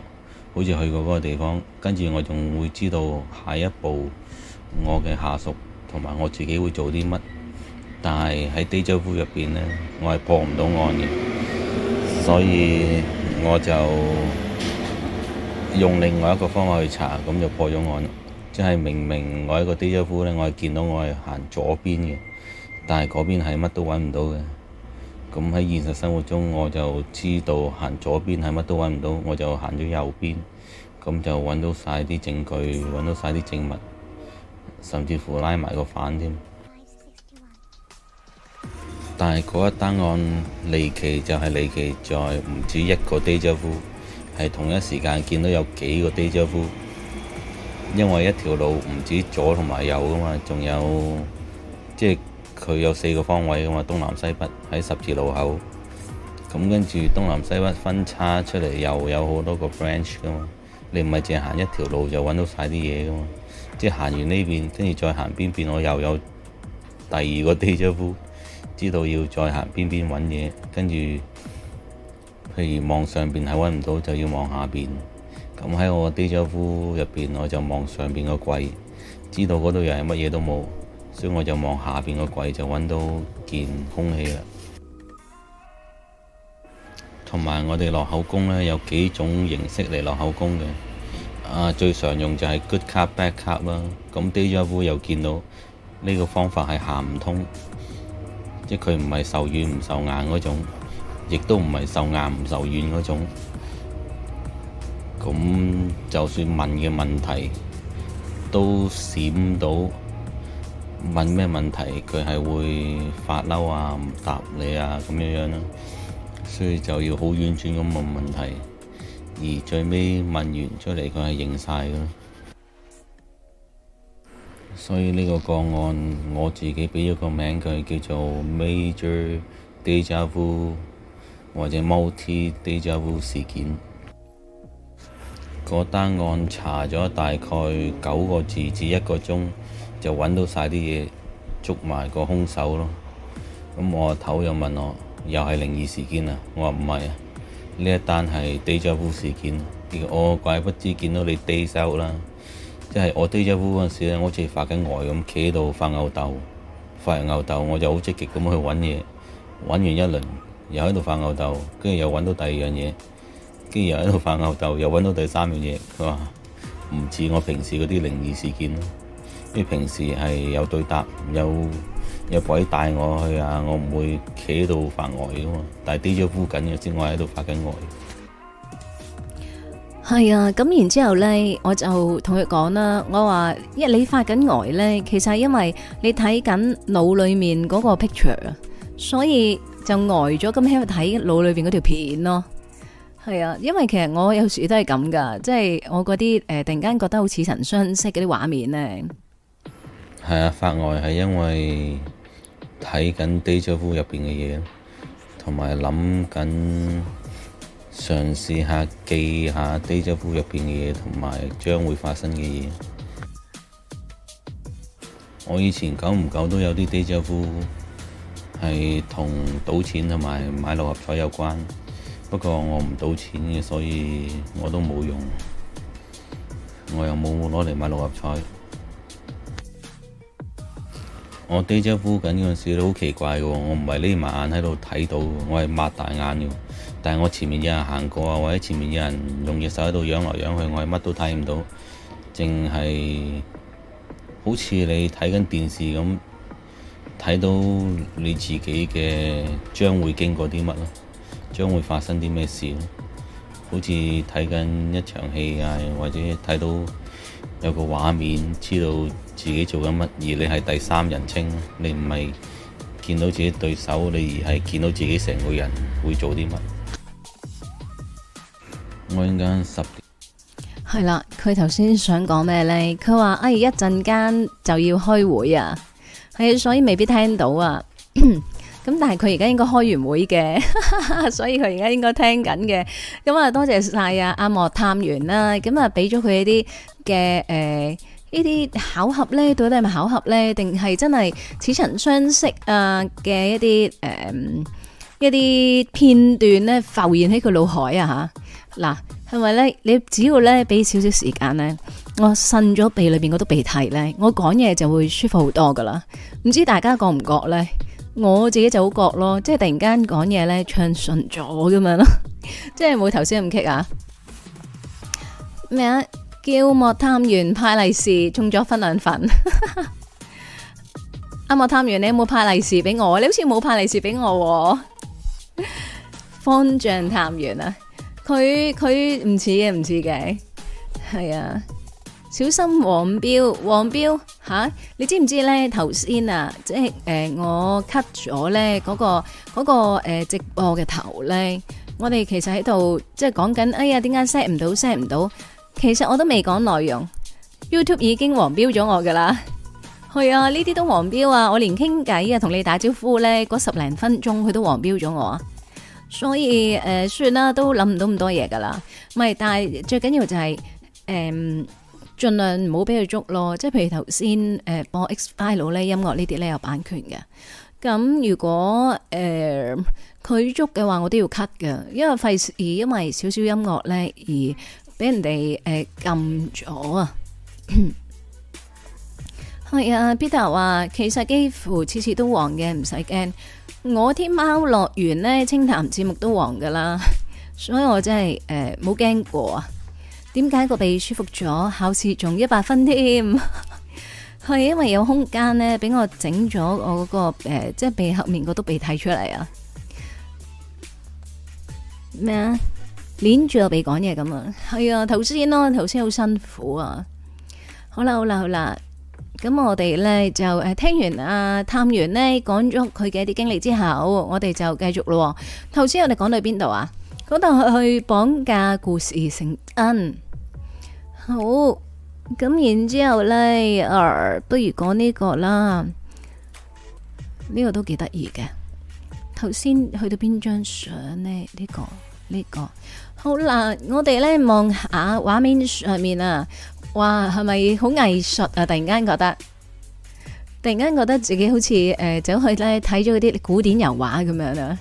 好似去過嗰個地方。跟住我仲會知道下一步我嘅下屬同埋我自己會做啲乜。但係喺 deja vu 入邊呢，我係破唔到案嘅，所以我就，用另外一個方法去查，咁就破咗案了。即係明明我一個 déjà vu 咧，我係見到我係行左邊嘅，但係嗰邊係乜都揾唔到嘅。咁喺現實生活中，我就知道行左邊係乜都揾唔到，我就行咗右邊，咁就揾到晒啲證據，揾到晒啲證物，甚至乎拉埋個犯添。但係嗰一單案離奇就係離奇在唔止一個 déjà vu。係同一時間見到有幾個 DJ，因為一條路唔止左同埋右噶嘛，仲有即係佢有四個方位噶嘛，東南西北喺十字路口。咁跟住東南西北分叉出嚟，又有好多個 branch 噶嘛。你唔係淨係行一條路就揾到晒啲嘢噶嘛？即係行完呢邊，跟住再行邊邊，我又有第二個 DJ，知道要再行邊邊揾嘢，跟住。譬如望上邊係揾唔到，就要望下邊。咁喺我 déjà vu 入邊，我就望上邊個櫃，知道嗰度又係乜嘢都冇，所以我就望下邊個櫃就揾到件空氣啦。同埋我哋落口供呢，有幾種形式嚟落口供嘅。啊，最常用就係 Good Cup、Bad Cup 啦。咁 déjà vu 又見到呢個方法係行唔通，即佢唔係受軟唔受硬嗰種。亦都唔係受硬唔受軟嗰種，咁就算問嘅問題都閃到，問咩問題佢係會發嬲啊，唔答你啊咁樣樣咯，所以就要好婉轉咁問問題，而最尾問完出嚟佢係認晒噶咯，所以呢個個案我自己畀咗個名佢叫做 Major Déjà Vu。或者 multi déjà vu 事件，個單案查咗大概九個字至一個鐘，就揾到晒啲嘢，捉埋個兇手咯。咁我阿頭又問我，又係靈異事件啊？我話唔係啊，呢一單係 déjà vu 事件。我怪不知見到你 déjà vu 啦，即係我 déjà vu 嗰陣時咧，我好似發緊呆咁企喺度發吽豆，發吽豆，我就好積極咁去揾嘢，揾完一輪。又喺度發吽痘，跟住又搵到第二樣嘢，跟住又喺度發吽痘，又搵到第三樣嘢。佢話唔似我平時嗰啲靈異事件，因為平時係有對答，有有鬼帶我去我我啊，我唔會企喺度發呆噶嘛。但係跌咗附近嘅之外喺度發緊呆。係啊，咁然之後咧，我就同佢講啦，我話一你發緊呆咧，其實係因為你睇緊腦裏面嗰個 picture 啊，所以。就呆咗咁喺度睇腦裏邊嗰條片咯，係啊，因為其實我有時都係咁噶，即係我嗰啲誒突然間覺得好似曾相識嗰啲畫面咧，係啊，發呆係因為睇緊 data 入邊嘅嘢，同埋諗緊嘗試下記下 data 入邊嘅嘢，同埋將會發生嘅嘢。我以前久唔久都有啲 data 係同賭錢同埋買六合彩有關，不過我唔賭錢嘅，所以我都冇用，我又冇攞嚟買六合彩。我呢張附近嗰陣時都好奇怪嘅，我唔係匿埋眼喺度睇到，我係擘大眼嘅。但係我前面有人行過啊，或者前面有人用隻手喺度仰來仰去，我係乜都睇唔到，淨係好似你睇緊電視咁。睇到你自己嘅將會經過啲乜咯，將會發生啲咩事咯。好似睇緊一場戲啊，或者睇到有個畫面，知道自己做緊乜，而你係第三人稱，你唔係見到自己對手，你而係見到自己成個人會做啲乜。我依家十點係啦，佢頭先想講咩呢？佢話：哎，一陣間就要開會啊！係，所以未必聽到啊。咁但係佢而家應該開完會嘅，所以佢而家應該聽緊嘅。咁啊，多謝晒啊，阿莫探員啦。咁啊，俾咗佢一啲嘅誒，呢啲、呃、巧合咧，到底係咪巧合咧？定係真係似曾相識啊嘅一啲誒、呃，一啲片段咧浮現喺佢腦海啊吓。嗱、啊，係咪咧，你只要咧俾少少時間咧。我擤咗鼻裏邊嗰啲鼻涕咧，我講嘢就會舒服好多噶啦。唔知大家有有覺唔覺咧？我自己就好覺咯，即係突然間講嘢咧，暢順咗咁樣咯， 即係冇頭先咁棘啊。咩啊？叫莫探員派利是，中咗分兩份。阿 莫探員，你有冇派利是俾我？你好似冇派利是俾我，啊。 方丈探員啊，佢佢唔似嘅，唔似嘅，係啊。小心黃標，黃標嚇！你知唔知咧？頭先啊，即係誒、呃，我 cut 咗咧嗰個嗰、嗰個呃、直播嘅頭咧。我哋其實喺度即係講緊，哎呀，點解 set 唔到 set 唔到？其實我都未講內容，YouTube 已經黃標咗我噶啦。係 啊，呢啲都黃標啊！我連傾偈啊，同你打招呼咧，嗰十零分鐘佢都黃標咗我。啊。所以誒、呃，算啦，都諗唔到咁多嘢噶啦。唔係，但係最緊要就係誒。嗯盡量唔好俾佢捉咯，即係譬如頭先誒播 X File 咧音樂呢啲咧有版權嘅，咁如果誒佢、呃、捉嘅話，我都要 cut 嘅，因為費事，因為少少音樂咧而俾人哋誒、呃、撳咗 啊。係啊，Peter 話其實幾乎次次都黃嘅，唔使驚。我啲貓樂園咧清談節目都黃噶啦，所以我真係誒冇驚過啊。點解個鼻舒服咗，考試仲一百分添？係因為有空間咧，俾我整咗我嗰個誒，即係鼻後面個督鼻涕出嚟啊！咩啊？捻住個鼻講嘢咁啊？係啊！頭先咯，頭先好辛苦啊！好啦，好啦，好啦！咁我哋咧就誒，聽完阿探員咧講咗佢嘅一啲經歷之後，我哋就繼續咯。頭先我哋講到邊度啊？講到去綁架故事成恩。好，咁然之後咧，啊，不如講呢個啦，呢，這個都幾得意嘅。頭先去到邊張相呢？呢，這個呢，這個好啦，我哋咧望下畫面上面啊，哇，係咪好藝術啊？突然間覺得，突然間覺得自己好似誒，呃，走去咧睇咗嗰啲古典油畫咁樣啊！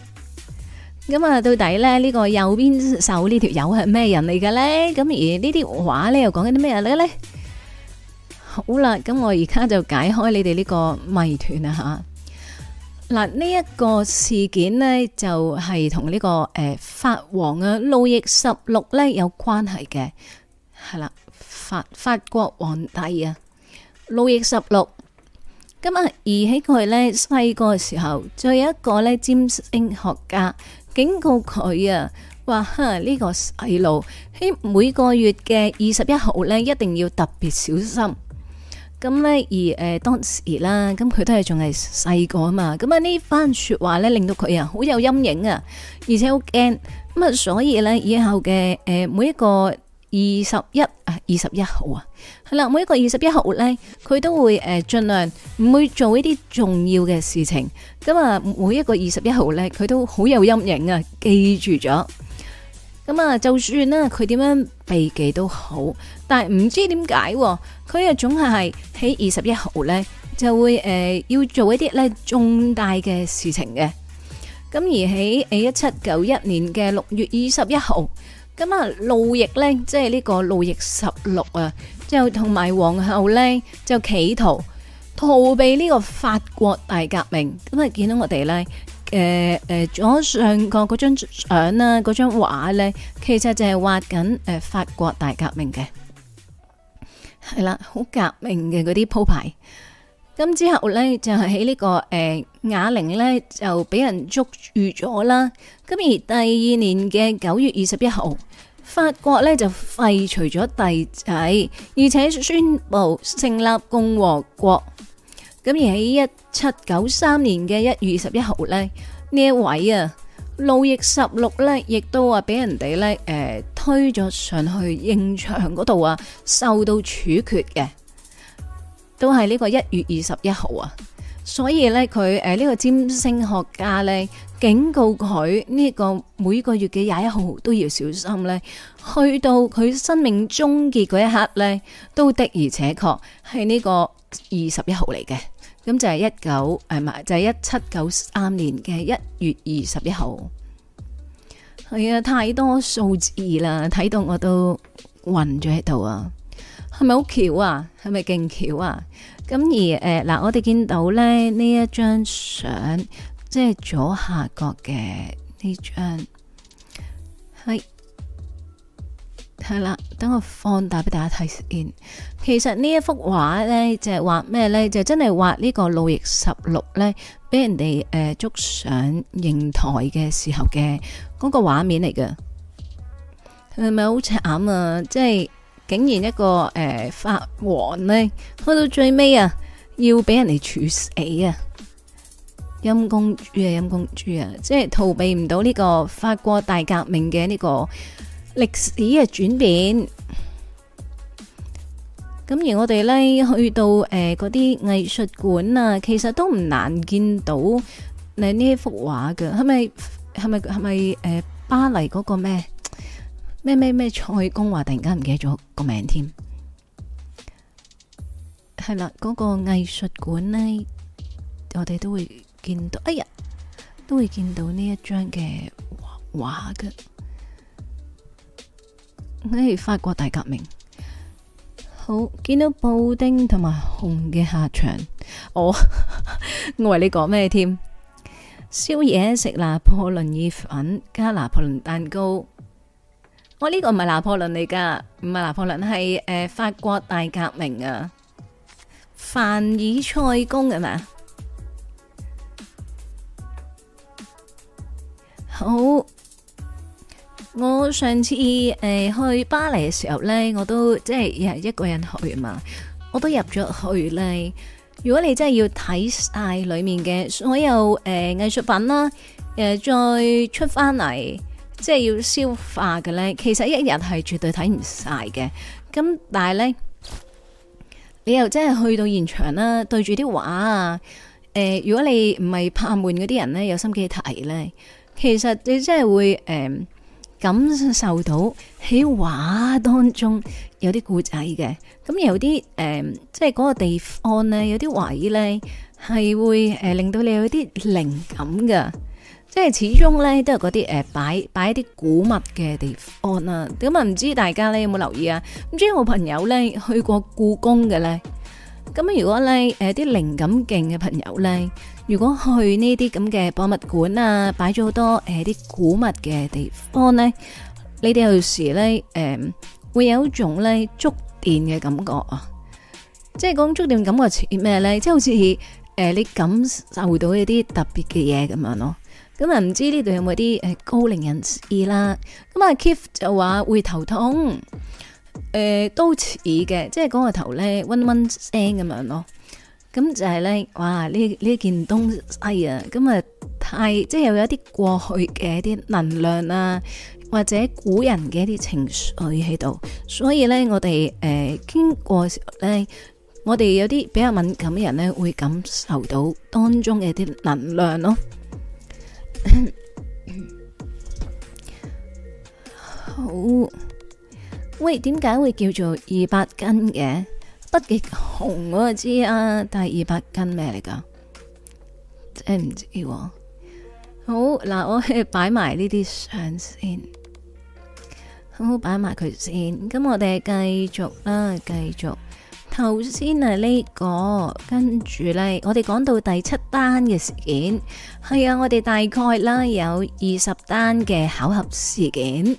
咁啊，到底咧呢個右邊手呢條友係咩人嚟嘅呢？咁而呢啲話咧又講緊啲咩嘢咧？呢？好啦，咁我而家就解開你哋呢個謎團啦！吓嗱，呢、這、一個事件呢，就係同呢個誒、欸、法王啊路易十六呢有關係嘅，係啦法法國皇帝啊路易十六。咁啊，而喺佢呢細個嘅時候，再有一個呢，占星學家。警告佢啊，話呢、呢個細路喺每個月嘅二十一號呢，一定要特別小心。咁呢，而、呃、誒當時啦，咁佢都係仲係細個啊嘛，咁啊呢番說話呢令到佢啊好有陰影啊，而且好驚咁啊，所以呢，以後嘅誒每一個。二十一啊，二十一號啊，係啦，每一個二十一號呢，佢都會誒盡量唔會做一啲重要嘅事情。咁啊，每一個二十一號呢，佢都好有陰影啊，記住咗。咁啊，就算咧佢點樣避忌都好，但係唔知點解，佢啊總係係喺二十一號呢，就會誒、呃、要做一啲呢重大嘅事情嘅。咁而喺 A 一七九一年嘅六月二十一號。咁啊，路易呢，即係呢個路易十六啊，就同埋皇后呢，就企圖逃避呢個法國大革命。咁啊，見到我哋呢，誒、呃、誒，左上角嗰張相啦、啊，嗰張畫呢，其實就係畫緊誒、呃、法國大革命嘅，係啦，好革命嘅嗰啲鋪排。咁之後呢，就喺呢、這個誒、呃、雅玲呢，就俾人捉住咗啦。咁而第二年嘅九月二十一號，法國咧就廢除咗帝制，而且宣布成立共和國。咁而喺一七九三年嘅一月二十一號呢，呢一位啊路易十六呢，亦都話俾人哋呢誒推咗上去刑場嗰度啊，受到處決嘅，都係呢個一月二十一號啊。所以咧，佢誒呢個占星學家咧警告佢呢個每個月嘅廿一號都要小心咧。去到佢生命終結嗰一刻咧，都的而且確係呢個二十一號嚟嘅。咁就係一九，係咪？就係一七九三年嘅一月二十一號。係啊，太多數字啦，睇到我都暈咗喺度啊！係咪好巧啊？係咪勁巧啊？咁而誒嗱、呃，我哋見到咧呢一張相，即係左下角嘅呢張，係係啦。等我放大俾大家睇先。其實畫呢一幅畫咧，就係畫咩咧？就真係畫呢個路易十六咧，俾人哋誒、呃、捉上刑台嘅時候嘅嗰個畫面嚟㗎。係咪好慘啊？即係。竟然一個誒、呃、法王呢，去到最尾啊，要俾人哋處死啊！陰公主啊，陰公主啊，即係逃避唔到呢個法國大革命嘅呢個歷史嘅轉變。咁而我哋呢，去到誒嗰啲藝術館啊，其實都唔難見到你呢一幅畫㗎。係咪係咪係咪誒巴黎嗰個咩？咩咩咩？蔡公話突然間唔記得咗、個名添，係啦，嗰個藝術館呢，我哋都會見到。哎呀，都會見到呢一張嘅畫嘅，係、哎、法國大革命。好見到布丁同埋熊嘅下場，我、oh, 我為你講咩添？宵夜食拿破崙意粉，加拿破崙蛋糕。我呢、哦，這個唔係拿破崙嚟噶，唔係拿破崙，係誒、呃、法國大革命啊，凡爾賽宮嘅嘛。好，我上次誒、呃、去巴黎嘅時候咧，我都即係一個人去嘛，我都入咗去咧。如果你真係要睇晒裏面嘅所有誒藝術品啦，誒、呃、再出翻嚟，即係要消化嘅咧，其實一日係絕對睇唔晒嘅。咁但係咧，你又真係去到現場啦，對住啲畫啊，誒、呃，如果你唔係拍門嗰啲人咧，有心機睇咧，其實你真係會誒、呃、感受到喺畫當中有啲古仔嘅。咁有啲誒、呃，即係嗰個地方咧，有啲位咧係會誒、呃、令到你有啲靈感噶。即係始終咧，都係嗰啲誒，擺擺一啲古物嘅地方啦。咁啊，唔知大家咧有冇留意啊？唔知有冇朋友咧去過故宮嘅咧。咁如果咧誒啲靈感勁嘅朋友咧，如果去呢啲咁嘅博物館啊，擺咗好多誒啲、呃、古物嘅地方咧，你哋有時咧誒、呃、會有一種咧觸電嘅感覺啊。即係講觸電感覺似咩咧？即係好似誒、呃，你感受到一啲特別嘅嘢咁樣咯、啊。咁啊，唔知呢度有冇啲誒高靈人士啦？咁啊，Keith 就話會頭痛，誒都似嘅，即係嗰個頭咧嗡嗡聲咁樣咯。咁就係、是、咧，哇！呢呢件東西啊，咁啊太即係又有啲過去嘅一啲能量啊，或者古人嘅一啲情緒喺度，所以咧我哋誒、呃、經過時候咧，我哋有啲比較敏感嘅人咧會感受到當中嘅一啲能量咯。好喂，點解會叫做二百斤嘅？北極熊我就知啊，但係二百斤咩嚟噶？真唔知喎。好嗱，我擺埋呢啲相先，好擺埋佢先。咁我哋繼續啦，繼續。頭先啊呢、呢個，跟住咧，我哋講到第七單嘅事件，係啊，我哋大概啦有二十單嘅巧合事件，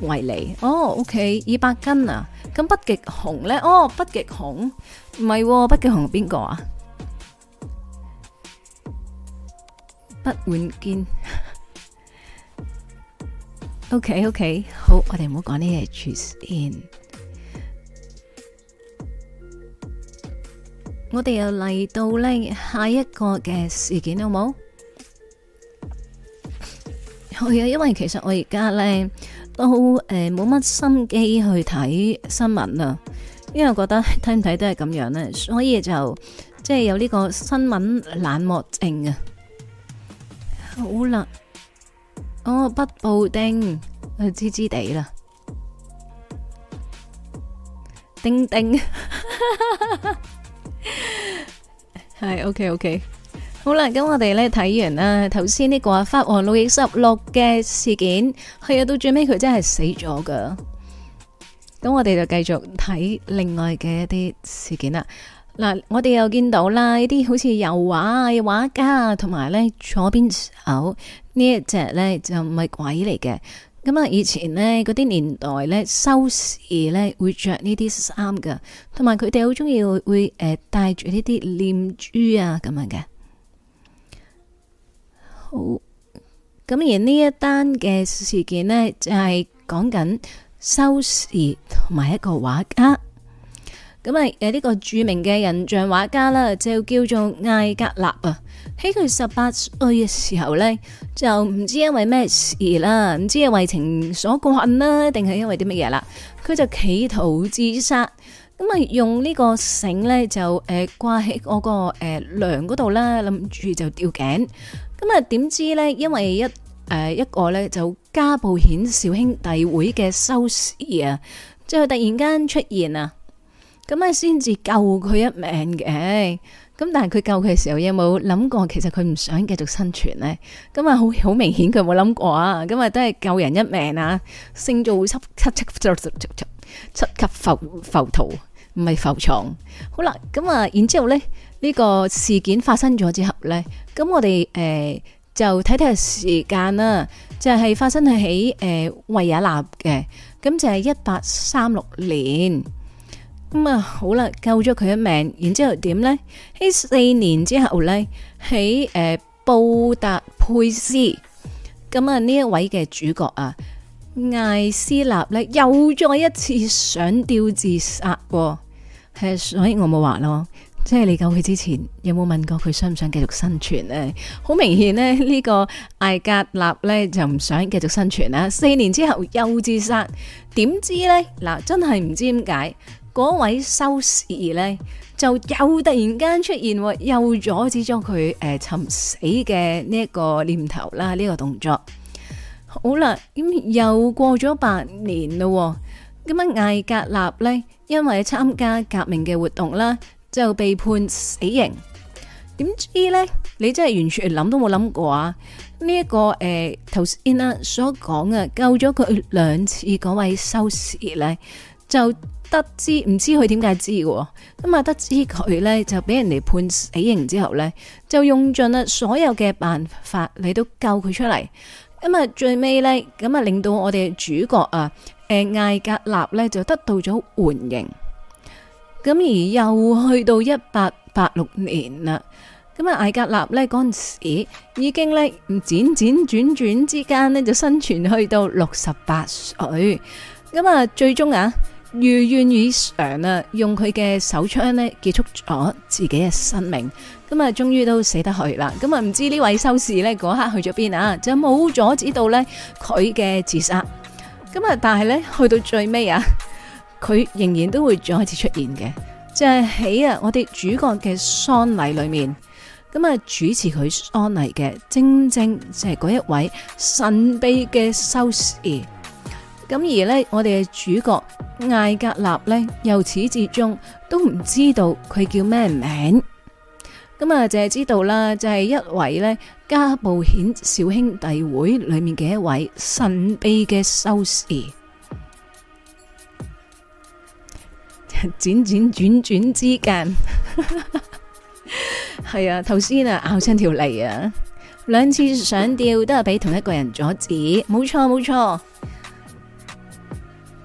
維你哦，O K，二百斤啊，咁北極熊咧，哦，北極熊唔係，北極熊係邊個啊？不換肩，O K O K，好，我哋唔好講呢嘢 choose in。我哋又嚟到呢，下一個嘅事件，好冇？係啊，因為其實我而家呢，都誒冇乜心機去睇新聞啊，因為我覺得睇唔睇都係咁樣咧，所以就即係、就是、有呢個新聞冷漠症啊！好啦，哦，不布丁，知知地啦，丁、呃、丁。呃 係 OK OK，好啦，咁我哋咧，睇完啦。頭先呢個法王路易十六嘅事件，佢啊，到最尾佢真係死咗噶咁我哋就繼續睇另外嘅一啲事件啦。嗱，我哋又見到啦，呢啲好似油畫嘅畫家，同埋咧左邊手一隻呢一隻咧就唔係鬼嚟嘅。咁啊！以前呢嗰啲年代呢，修士呢會着呢啲衫噶，同埋佢哋好中意會誒帶住呢啲念珠啊咁樣嘅。好，咁而呢一單嘅事件呢就係講緊修士同埋一個畫家。咁啊，誒呢個著名嘅人像畫家啦，就叫做艾格納啊。喺佢十八歲嘅時候呢，就唔知因為咩事啦，唔知係為情所困啦，定係因為啲乜嘢啦？佢就企圖自殺，咁啊用呢個繩呢，就誒掛喺我個誒樑嗰度啦，諗住就吊頸。咁啊點知呢？因為一誒、呃、一個咧就嘉布遣小兄弟會嘅修士啊，即係佢突然間出現啊，咁啊先至救佢一命嘅。咁但係佢救佢嘅時候有冇諗過其實佢唔想繼續生存咧？咁啊好好明顯佢冇諗過啊！咁啊都係救人一命啊！勝造七七七七七級浮浮屠，唔係浮床。好啦，咁啊然之後咧呢，這個事件發生咗之後咧，咁我哋誒、呃、就睇睇時間啦，就係、是、發生喺誒、呃、維也納嘅，咁就係一八三六年。咁啊、嗯，好啦，救咗佢一命，然之後點呢？喺四年之後呢，喺誒、呃、布達佩斯，咁啊呢一位嘅主角啊艾斯納呢，又再一次想吊自殺過、啊。係所以我冇話咯，即、就、係、是、你救佢之前有冇問過佢想唔想繼續生存呢？好明顯呢，呢、這個艾格納呢，就唔想繼續生存啦、啊。四年之後又自殺，點知呢？嗱，真係唔知點解。嗰位修士咧，就又突然間出現，又阻止咗佢誒尋死嘅呢一個念頭啦，呢個動作好啦。咁、嗯、又過咗八年咯，咁、嗯、啊艾格納咧，因為參加革命嘅活動啦，就被判死刑。點知咧，你真係完全諗都冇諗過啊！呢一個誒，頭先啊所講啊，救咗佢兩次嗰位修士咧，就。得知唔知佢點解知嘅，咁啊得知佢咧就俾人哋判死刑之後咧，就用盡啦所有嘅辦法嚟到救佢出嚟。咁啊最尾咧，咁啊令到我哋主角啊，誒艾格納咧就得到咗緩刑。咁而又去到一八八六年啦，咁啊艾格納咧嗰陣時已經咧唔輾輾轉轉之間呢，就生存去到六十八歲。咁啊最終啊。如願以償啊！用佢嘅手槍咧結束咗自己嘅生命，咁啊終於都死得去啦！咁啊唔知呢位修士呢嗰刻去咗邊啊，就冇阻止到呢佢嘅自殺。咁啊，但係呢，去到最尾啊，佢仍然都會再次出現嘅，就係喺啊我哋主角嘅喪禮裏面，咁啊主持佢喪禮嘅正正就係嗰一位神秘嘅修士。咁而呢，我哋嘅主角艾格納呢，由始至終都唔知道佢叫咩名。咁啊，淨係知道啦，就係一位呢《家暴顯小兄弟會》裏面嘅一位神秘嘅修士。轉 轉轉轉之間，係 啊，頭先啊咬親條脷啊，兩次上吊都係俾同一個人阻止，冇錯冇錯。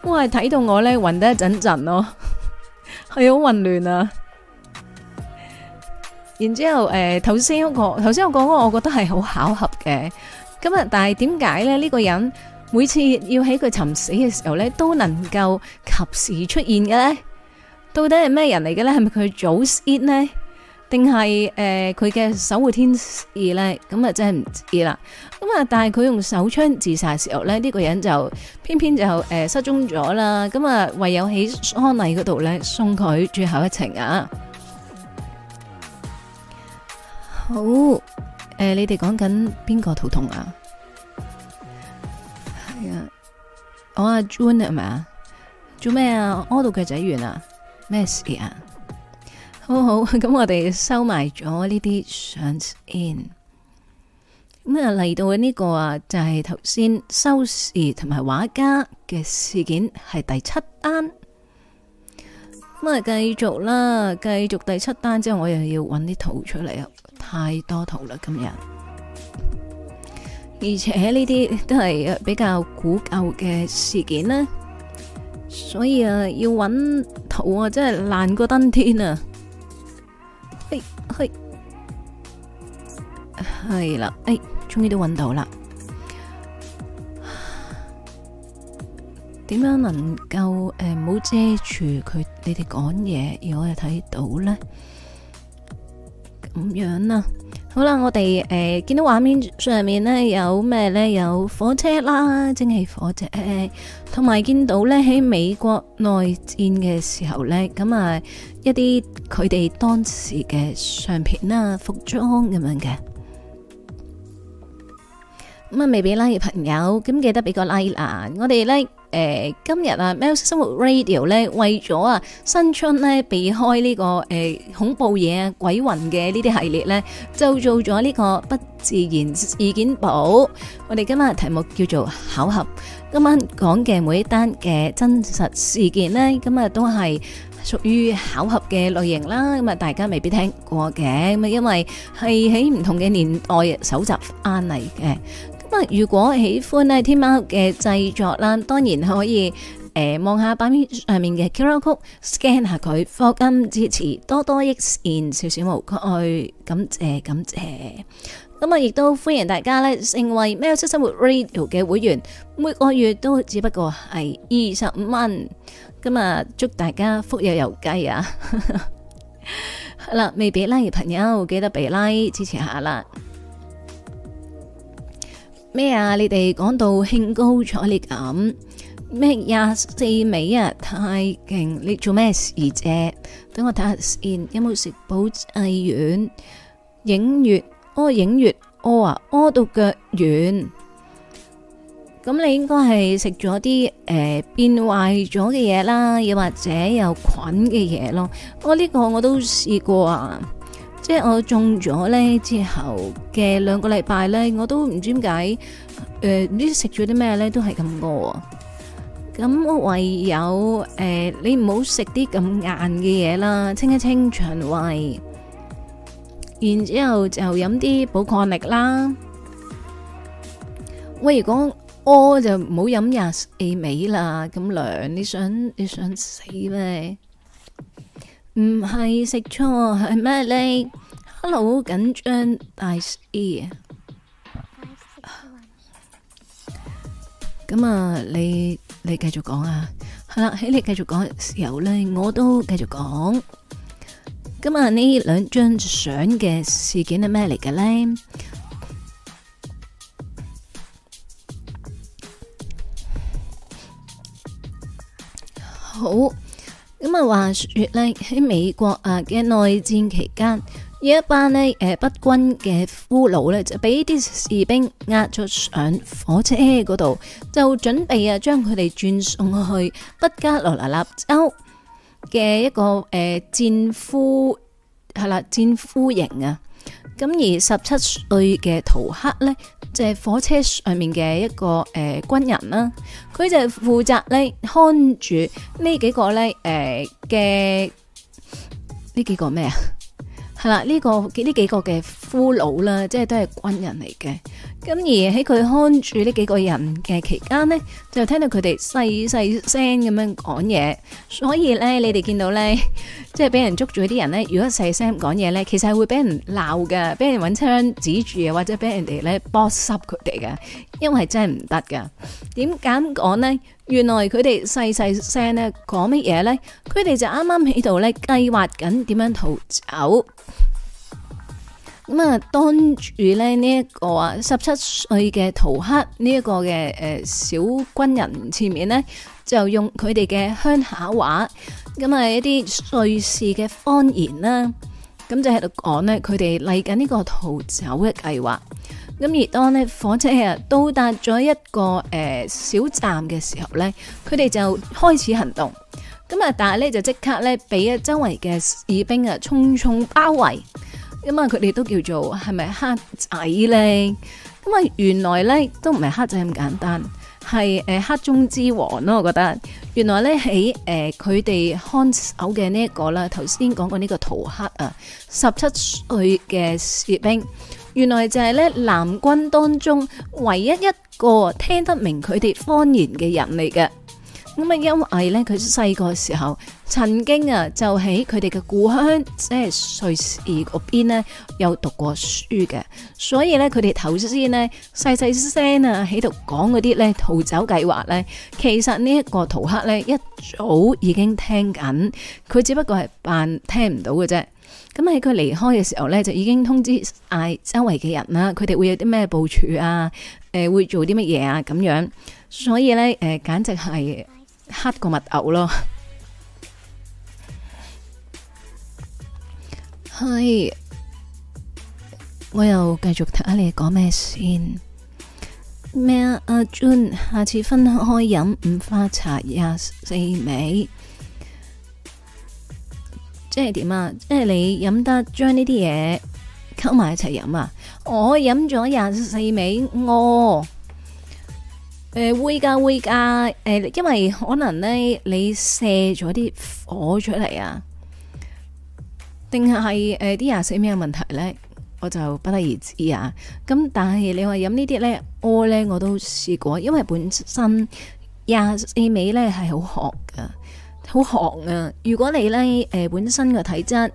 看我係睇到我咧暈得一陣陣咯，係 好混亂啊！然之後誒，頭、呃、先我頭先我講個，我覺得係好巧合嘅。咁啊但係點解咧？呢、這個人每次要喺佢尋死嘅時候咧，都能夠及時出現嘅咧？到底係咩人嚟嘅咧？係咪佢祖先呢？是定係誒，佢嘅、呃、守護天使咧，咁啊真係唔知啦。咁啊，但係佢用手槍自殺嘅時候咧，呢、這個人就偏偏就誒、呃、失蹤咗啦。咁啊，唯有喺喪禮嗰度咧，送佢最後一程啊。嗯、好，誒、呃，你哋講緊邊個肚痛啊？係啊，我阿 Joan 係咪啊？做咩啊？屙到腳仔完啊？咩事啊？好好，咁我哋收埋咗呢啲相 in。咁啊嚟到呢個啊，就係頭先收屍同埋畫家嘅事件，係第七單。咁啊，繼續啦，繼續第七單之後，我又要揾啲圖出嚟啊！太多圖啦，今日，而且呢啲都係比較古舊嘅事件啦，所以啊，要揾圖啊，真係難過登天啊！係，係啦，哎，終於都揾到啦。點樣能夠誒，唔好遮住佢，你哋講嘢，而我又睇到咧，咁樣啊？好啦，我哋誒見到畫面上面呢，有咩呢？有火車啦，蒸汽火車，同埋見到呢，喺美國內戰嘅時候呢，咁、嗯、啊一啲佢哋當時嘅相片啦，啊，服裝咁樣嘅，咁、嗯、啊未俾 l 嘅朋友，咁記得俾個拉 i 啦，我哋呢。誒，今日啊喵式生、um、活 Radio 咧為咗啊，新春咧避開呢、這個誒、呃、恐怖嘢、鬼魂嘅呢啲系列咧，就做咗呢個不自然事件簿。我哋今日題目叫做巧合。今晚講嘅每一單嘅真實事件呢，咁啊都係屬於巧合嘅類型啦。咁啊，大家未必聽過嘅，咁啊因為係喺唔同嘅年代搜集翻嚟嘅。咁啊，如果喜歡呢天喵嘅製作啦，當然可以誒、望、呃、下版面上面嘅 QR code，scan 下佢，課金支持，多多益善，少少無拘，感謝感謝。咁、嗯、啊，亦都歡迎大家咧成為喵式生活 radio 嘅會員，每個月都只不過係二十五蚊。咁啊，祝大家福有攸歸啊！好 啦，未俾拉嘅朋友記得俾拉支持下啦。咩啊！你哋講到興高采烈咁，咩廿四尾啊，太勁！你做咩事啫？等我睇下先，有冇食保濟丸、影月、屙、哦、影月、屙、哦、啊，屙、啊啊、到腳軟。咁你應該係食咗啲誒變壞咗嘅嘢啦，又或者有菌嘅嘢咯。我、哦、呢、這個我都試過啊。即係我中咗咧之後嘅兩個禮拜咧，我都唔知點解誒，呢，食咗啲咩咧都係咁餓。咁唯有誒、呃，你唔好食啲咁硬嘅嘢啦，清一清腸胃。然之後就飲啲寶礦力啦。喂，如果屙、哦、就唔好飲廿四味啦，咁涼你想你想死咩？唔係食錯係咩？你，hello 緊張大 e 咁 ice、e. 啊，啊，你你繼續講啊，係啦，喺你繼續講嘅時候咧，我都繼續講。咁啊，呢兩張相嘅事件係咩嚟嘅咧？好。咁啊，話說咧，喺美國啊嘅內戰期間，有一班咧誒北軍嘅俘虜咧，就俾啲士兵押咗上火車嗰度，就準備啊將佢哋轉送去北加羅拿納州嘅一個誒戰俘係啦，戰俘營啊。咁而十七歲嘅陶克咧。就係火車上面嘅一個誒、呃、軍人啦，佢就負責咧看住呢幾個咧誒嘅呢幾個咩啊？係啦，呢個呢幾個嘅俘虜啦，即係都係軍人嚟嘅。咁而喺佢看住呢幾個人嘅期間呢，就聽到佢哋細細聲咁樣講嘢，所以呢，你哋見到呢，即係俾人捉住啲人呢，如果細聲講嘢呢，其實係會俾人鬧嘅，俾人揾槍指住啊，或者俾人哋呢剝濕佢哋嘅，因為係真係唔得噶。點解咁講呢？原來佢哋細細聲呢講乜嘢呢？佢哋就啱啱喺度呢計劃緊點樣逃走。咁啊，當住咧呢一個啊十七歲嘅陶克呢一個嘅誒小軍人前面呢，就用佢哋嘅鄉下話，咁啊一啲瑞士嘅方言啦，咁就喺度講呢，佢哋嚟緊呢個逃走嘅計劃。咁而當呢火車啊到達咗一個誒小站嘅時候呢，佢哋就開始行動。咁啊，但係咧就即刻咧俾啊周圍嘅士兵啊匆匆包圍。咁啊！佢哋都叫做係咪黑仔咧？咁啊，原來咧都唔係黑仔咁簡單，係黑中之王咯。我覺得原來咧喺誒佢哋看守嘅呢一個啦，頭先講過呢個圖黑啊，十七歲嘅士兵，原來就係咧南軍當中唯一一個聽得明佢哋方言嘅人嚟嘅。咁啊！因為咧，佢細個時候曾經啊，就喺佢哋嘅故鄉，即係瑞士嗰邊咧，有讀過書嘅。所以咧，佢哋頭先咧細細聲啊，喺度講嗰啲咧逃走計劃咧。其實呢一個逃客咧，一早已經聽緊，佢只不過係扮聽唔到嘅啫。咁喺佢離開嘅時候咧，就已經通知嗌周圍嘅人啦。佢哋會有啲咩部署啊？誒，會做啲乜嘢啊？咁樣。所以咧，誒，簡直係。黑個麥醜咯。係，我又繼續睇下你講咩先？咩啊？阿 Jun，下次分開飲五花茶廿四味，即係點啊？即係你飲得將呢啲嘢溝埋一齊飲啊！我飲咗廿四味，我。誒、呃、會噶會噶，誒、呃、因為可能咧你射咗啲火出嚟啊，定係誒啲廿四味嘅問題咧，我就不得而知啊。咁但係你話飲呢啲咧，我咧我都試過，因為本身廿四味咧係好渴噶。好寒啊！如果你咧，誒本身嘅體質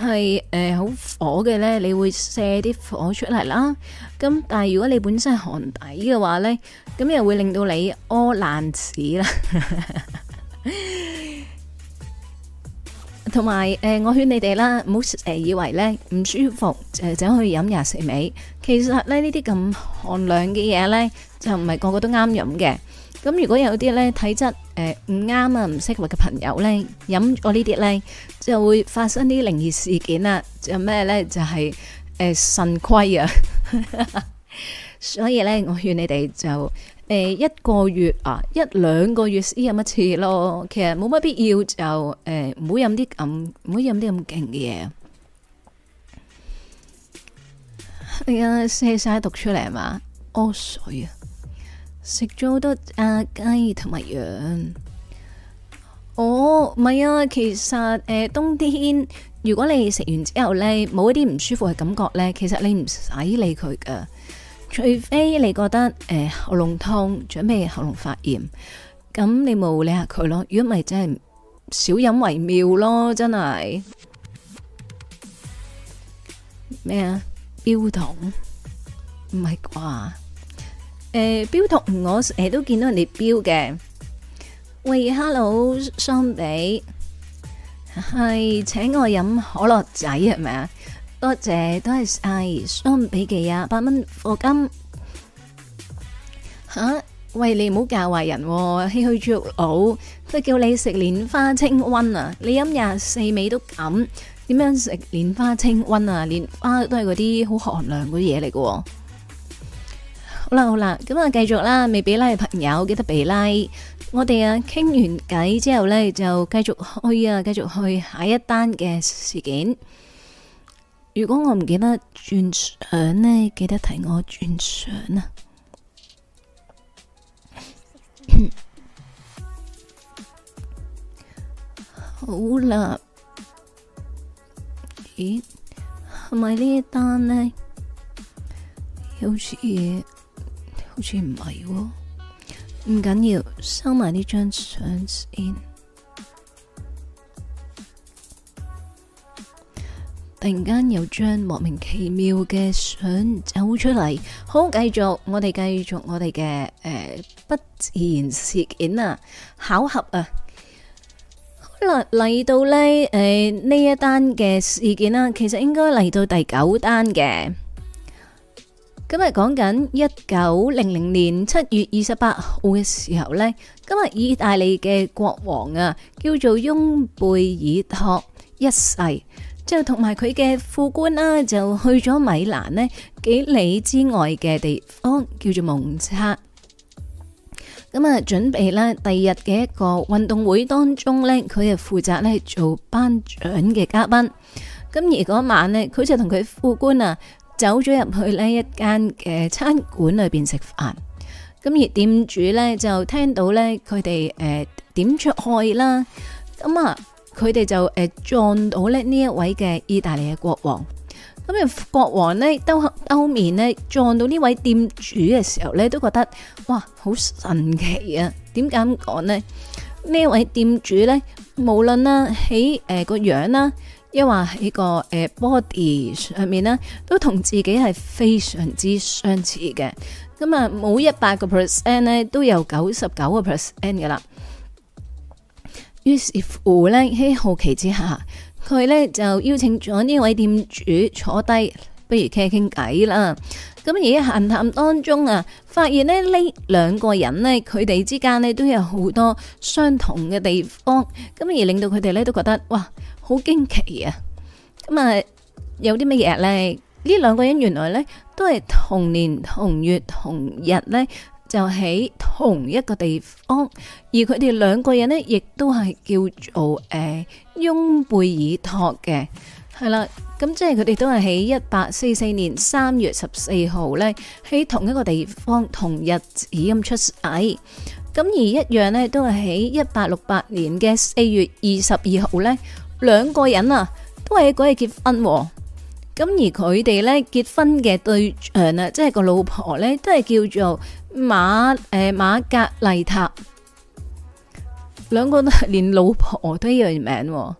係誒好火嘅咧，你會射啲火出嚟啦。咁但係如果你本身係寒底嘅話咧，咁又會令到你屙爛屎啦。同埋誒，我勸你哋啦，唔好誒以為咧唔舒服就想去飲廿四味。其實咧呢啲咁寒涼嘅嘢咧，就唔係個個都啱飲嘅。咁如果有啲咧體質誒唔啱啊，唔適合嘅朋友咧，飲我呢啲咧就會發生啲靈異事件啦。就咩咧就係誒腎虧啊， 所以咧我勸你哋就誒、呃、一個月啊一兩個月先飲一次咯。其實冇乜必要就誒唔好飲啲咁唔好飲啲咁勁嘅嘢。你啱寫晒讀出嚟嘛？屙水啊！Oh, 食咗好多鴨雞同埋羊。哦，唔係啊，其實誒、呃，冬天如果你食完之後呢，冇一啲唔舒服嘅感覺呢，其實你唔使理佢噶，除非你覺得、呃、喉嚨痛，仲有咩喉嚨發炎，咁你冇理下佢咯。如果唔係，真係少飲為妙咯，真係。咩啊？標糖？唔係啩？誒，標圖、呃、成日都見到人哋標嘅。喂，hello，雙比係、哎、請我飲可樂仔係咪啊？多謝，都係係雙比記啊，八蚊貨金。吓，喂，你唔好教壞人、哦，唏噓豬肉佬，都叫你食蓮花清瘟啊！你飲廿四味都敢？點樣食蓮花清瘟啊？蓮花都係嗰啲好寒涼嗰啲嘢嚟嘅。好啦，好啦，咁啊，繼續啦。未俾拉嘅朋友記得俾拉、like。我哋啊傾完偈之後呢，就繼續去啊，繼續去下一單嘅事件。如果我唔記得轉相呢，記得提我轉相啊。 好啦，咦，係咪呢單呢？有事。好似唔係喎，唔緊要，收埋呢張相先。突然間有張莫名其妙嘅相走出嚟，好繼續，我哋繼續我哋嘅誒不自然事件啊，巧合啊，好啦，嚟到咧誒呢、呃、一單嘅事件啊，其實應該嚟到第九單嘅。今日講緊一九零零年七月二十八號嘅時候呢，今日意大利嘅國王啊，叫做翁貝爾托一世，就同埋佢嘅副官啦，就去咗米蘭呢幾里之外嘅地方叫做蒙扎，咁啊準備呢第二日嘅一個運動會當中呢，佢係負責呢做頒獎嘅嘉賓，咁而嗰晚呢，佢就同佢副官啊。走咗入去呢一間嘅餐館裏邊食飯，咁而店主呢就聽到呢佢哋誒點出去啦，咁啊佢哋就誒撞到咧呢一位嘅意大利嘅國王，咁啊國王呢，兜兜面呢撞到呢位店主嘅時候呢，都覺得哇好神奇啊，點解咁講呢？呢位店主呢，無論啊喺誒個樣啦。因話喺個誒 body 上面咧，都同自己係非常之相似嘅。咁啊，冇一百個 percent 咧，都有九十九個 percent 嘅啦。於是乎咧，喺好奇之下，佢咧就邀請咗呢位店主坐低，不如傾傾偈啦。咁而喺閒談當中啊，發現咧呢兩個人呢，佢哋之間咧都有好多相同嘅地方，咁而令到佢哋咧都覺得哇。好驚奇啊！咁啊，有啲乜嘢咧？呢兩個人原來咧都係同年同月同日咧，就喺同一個地方。而佢哋兩個人咧，亦都係叫做誒翁貝爾托嘅，係啦。咁即係佢哋都係喺一八四四年三月十四號咧，喺同一個地方同日子咁出世。咁而一樣咧，都係喺一八六八年嘅四月二十二號咧。兩個人啊，都係喺嗰度結婚、啊，咁而佢哋咧結婚嘅對象啊，即係個老婆咧，都係叫做馬誒馬格麗塔，兩個都係連老婆都一樣名、啊，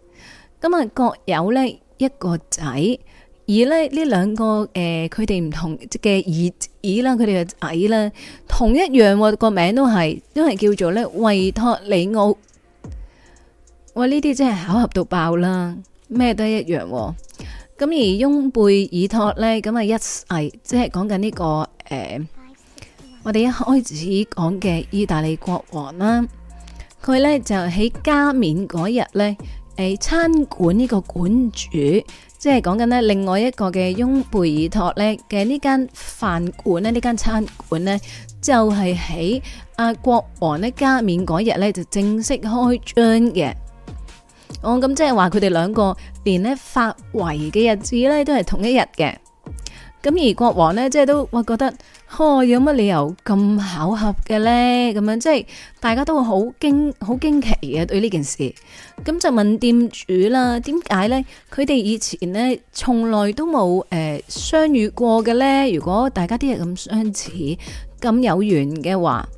咁、嗯、啊各有咧一個仔，而咧呢兩個誒佢哋唔同嘅耳兒啦，佢哋嘅仔啦，同一樣、啊、個名都係都係叫做咧維托里奧。我呢啲真係巧合到爆啦，咩都一樣咁、哦。而翁貝爾托呢，咁啊一世即係講緊呢個誒、呃，我哋一開始講嘅意大利國王啦，佢呢就喺加冕嗰日呢，誒，餐館呢個館主，即係講緊呢另外一個嘅翁貝爾托呢嘅呢間飯館呢，呢間餐館呢，就係喺阿國王呢加冕嗰日呢，就正式開張嘅。哦，咁即係話佢哋兩個連呢發圍嘅日子呢都係同一日嘅，咁而國王呢，即係都話覺得，呵，有乜理由咁巧合嘅呢？咁樣即係大家都會好驚好驚奇嘅對呢件事，咁就問店主啦，點解呢？佢哋以前呢，從來都冇誒、呃、相遇過嘅呢？如果大家啲嘢咁相似咁有緣嘅話。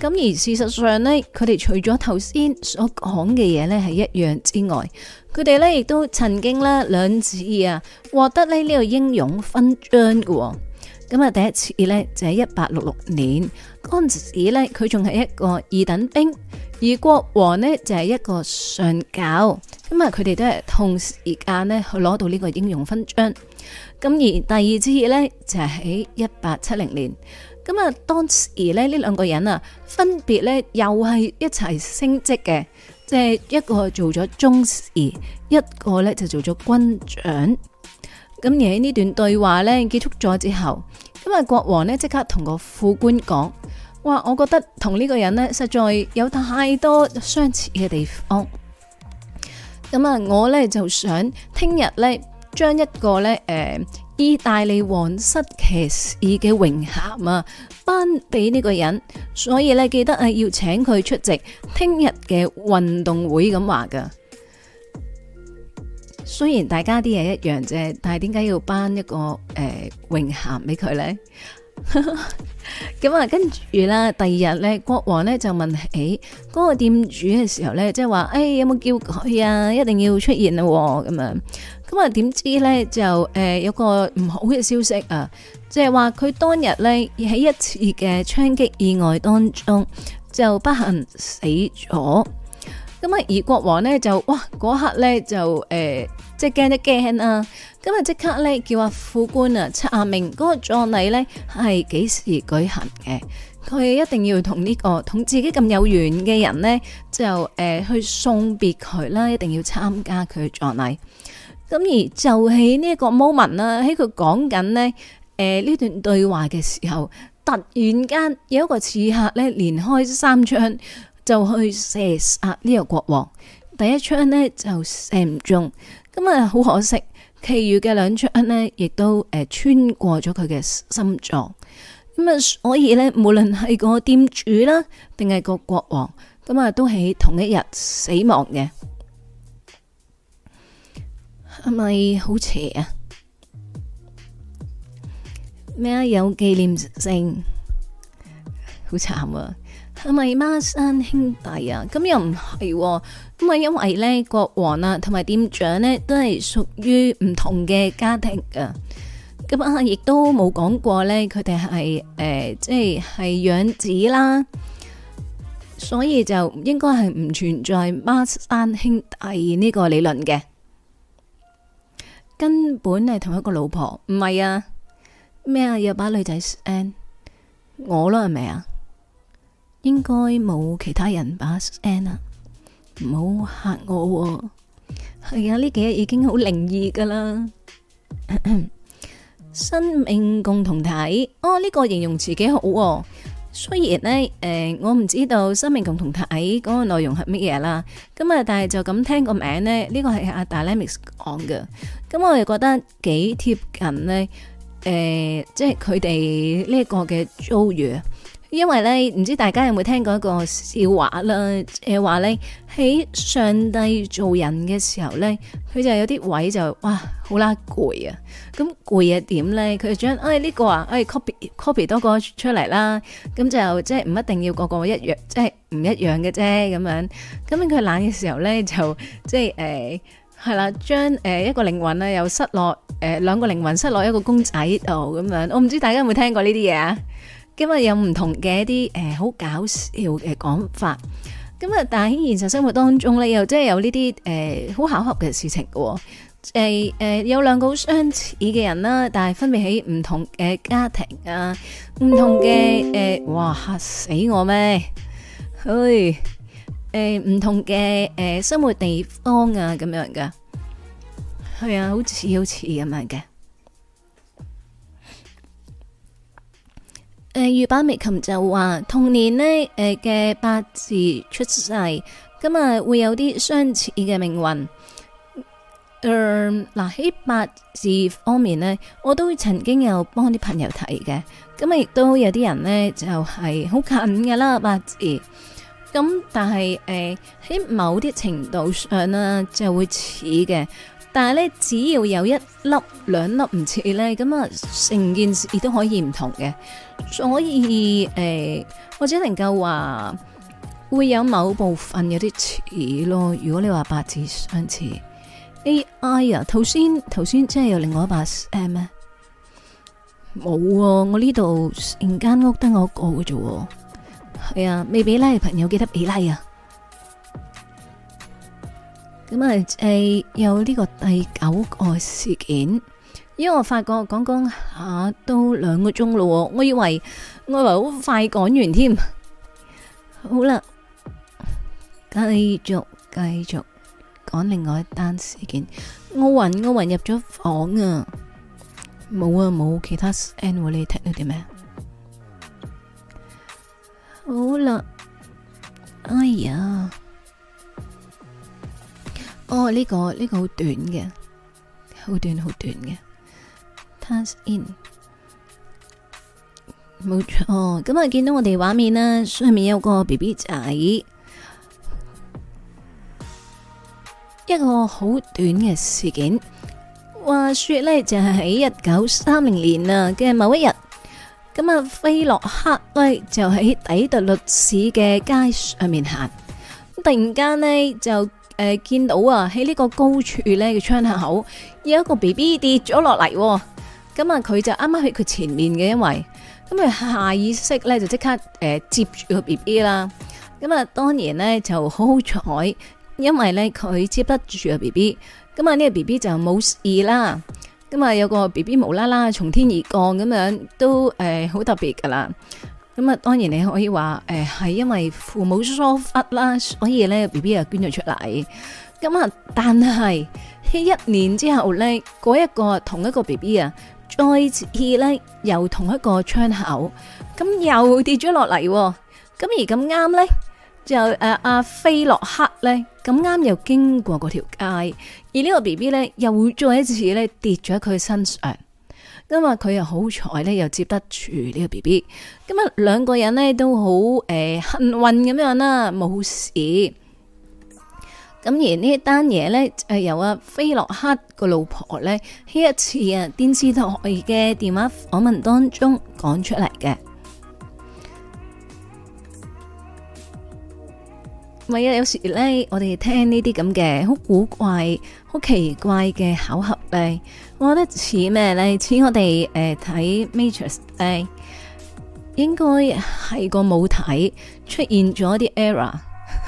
咁而事實上呢，佢哋除咗頭先所講嘅嘢呢係一樣之外，佢哋呢亦都曾經呢兩次啊獲得呢呢個英勇勛章嘅。咁啊第一次呢就喺一八六六年嗰陣時咧，佢仲係一個二等兵，而國王呢就係一個上校。咁啊佢哋都係同時間呢去攞到呢個英勇勛章。咁而第二次呢，就喺一八七零年。咁啊，當時咧呢兩個人啊，分別咧又係一齊升職嘅，即係一個做咗中士，一個咧就做咗軍長。咁而喺呢段對話咧結束咗之後，咁啊，國王呢即刻同個副官講：，哇，我覺得同呢個人呢，實在有太多相似嘅地方。咁啊，我咧就想聽日咧將一個咧誒。呃意大利王室騎士嘅榮銜啊，頒俾呢個人，所以咧記得啊要請佢出席聽日嘅運動會咁話噶。雖然大家啲嘢一樣啫，但係點解要頒一個誒榮銜俾佢咧？咁、呃、啊， 跟住啦，第二日咧，國王咧就問：誒、哎，嗰、嗰個店主嘅時候咧，即係話，誒、哎、有冇叫佢啊？一定要出現啊！咁樣。咁啊？點知呢？就誒、呃，有個唔好嘅消息啊，即係話佢當日呢喺一次嘅槍擊意外當中就不幸死咗。咁啊，而國王呢，就哇嗰刻呢，就誒、呃，即係驚一驚啊。咁啊，即刻呢，叫阿副官啊，查明嗰個葬禮呢係幾時舉行嘅？佢一定要同呢、這個同自己咁有緣嘅人呢，就誒、呃、去送別佢啦，一定要參加佢嘅葬禮。咁而就喺呢一個 moment 啦，喺佢講緊呢，誒呢段對話嘅時候，突然間有一個刺客咧，連開三槍就去射殺呢個國王。第一槍呢就射唔中，咁啊好可惜。其餘嘅兩槍呢，亦都誒穿過咗佢嘅心臟。咁、嗯、啊，所以呢，無論係個店主啦，定係個國王，咁、嗯、啊都喺同一日死亡嘅。係咪好邪啊？咩啊有紀念性？好慘啊！係咪孖生兄弟啊？咁又唔係咁啊？因為咧，國王啊，同埋店長咧，都係屬於唔同嘅家庭噶。咁啊，亦都冇講過咧，佢哋係誒，即係係養子啦。所以就應該係唔存在孖生兄弟呢個理論嘅。根本係同一個老婆，唔係啊？咩啊？有把女仔 send 我咯，係咪啊？應該冇其他人把 send 啊？唔好嚇我喎！係啊，呢幾日已經好靈異噶啦。生命共同體，哦，呢個形容詞幾好喎。雖然咧，誒、呃，我唔知道生命共同體嗰個內容係乜嘢啦，咁啊，但係就咁聽名字、這個名咧，呢個係阿達勒米斯講嘅，咁我又覺得幾貼近咧，誒、呃，即係佢哋呢一個嘅遭遇。因為咧，唔知大家有冇聽過一個笑話啦？誒、呃，話咧喺上帝做人嘅時候咧，佢就有啲位就哇好啦，攰啊！咁攰啊點咧？佢將誒呢個、哎這個啊，誒、哎、copy copy 多個出嚟啦。咁、嗯、就即係唔一定要個個一樣，即係唔一樣嘅啫。咁樣，咁樣佢懶嘅時候咧，就即係誒係啦，將誒、呃、一個靈魂咧又失落，誒、呃、兩個靈魂失落一個公仔度咁樣。我、嗯、唔知大家有冇聽過呢啲嘢啊？咁啊，有唔同嘅一啲誒，好搞笑嘅講法。咁啊，但喺現實生活當中咧，又真係有呢啲誒，好巧合嘅事情嘅。誒誒，有兩個好相似嘅人啦，但係分別喺唔同嘅家庭啊，唔同嘅誒，哇嚇死我咩？去誒，唔同嘅誒，生活地方啊，咁樣噶。係啊，好似好似咁樣嘅。誒，御板、呃、眉琴就話同年呢，誒嘅八字出世，咁啊會有啲相似嘅命運。誒、呃、嗱、呃、喺八字方面呢，我都曾經有幫啲朋友睇嘅，咁啊亦都有啲人呢，就係好近㗎啦，八字。咁但係誒喺某啲程度上呢，就會似嘅。但係咧，只要有一粒、兩粒唔似咧，咁啊，成件事亦都可以唔同嘅，仲可以誒，我只能夠話會有某部分有啲似咯。如果你話八字相似，AI 啊，頭先頭先真係有另外一把誒咩、啊？冇喎、啊，我呢度成間屋得我一個嘅啫喎。係啊，未畀 like 嘅朋友記得畀 like 啊！咁啊，誒、嗯哎，有呢個第九個事件，因為我發覺講講下都兩個鐘咯，我以為我以為好快講完添。好啦，繼續繼續講另外一單事件。我暈我暈入咗房啊！冇啊冇其他，anyway 你聽到啲咩？好啦，哎呀～哦，呢個呢個好短嘅，好短好短嘅。Pass in，冇錯。哦，咁啊，見到我哋畫面啦，上面有個 BB 仔，一個好短嘅事件。話說呢，就係喺一九三零年啊嘅某一日，咁啊，菲洛克威就喺底特律市嘅街上面行，突然間呢，就。誒、呃，見到啊喺呢個高處咧嘅窗口有一個 B B 跌咗落嚟，咁啊佢就啱啱喺佢前面嘅、呃啊，因為咁佢下意識咧就即刻誒接住個 B B 啦，咁啊當然咧就好彩，因為咧佢接得住個 B B，咁啊呢、這個 B B 就冇事啦，咁啊、嗯、有個 B B 無啦啦從天而降咁樣都誒好、呃、特別噶啦。咁啊，當然你可以話，誒、呃，係因為父母疏忽啦，所以咧 B B 啊捐咗出嚟。咁啊，但係一年之後咧，嗰一個同一個 B B 啊，再次咧又同一個窗口，咁又跌咗落嚟。咁而咁啱咧，就誒阿菲洛克咧，咁啱又經過嗰條街，而呢個 B B 咧又再一次咧跌咗佢身上。今日佢又好彩咧，又接得住呢個 BB。今日兩個人咧都好誒、呃、幸運咁樣啦，冇事。咁而呢單嘢呢，誒由阿菲洛克個老婆呢，呢一次啊電視台嘅電話訪問當中講出嚟嘅。係啊，有時呢，我哋聽呢啲咁嘅好古怪、好奇怪嘅巧合呢。我覺得似咩咧？似我哋睇、呃、Matrix 誒、呃，應該係個母體出現咗啲 error，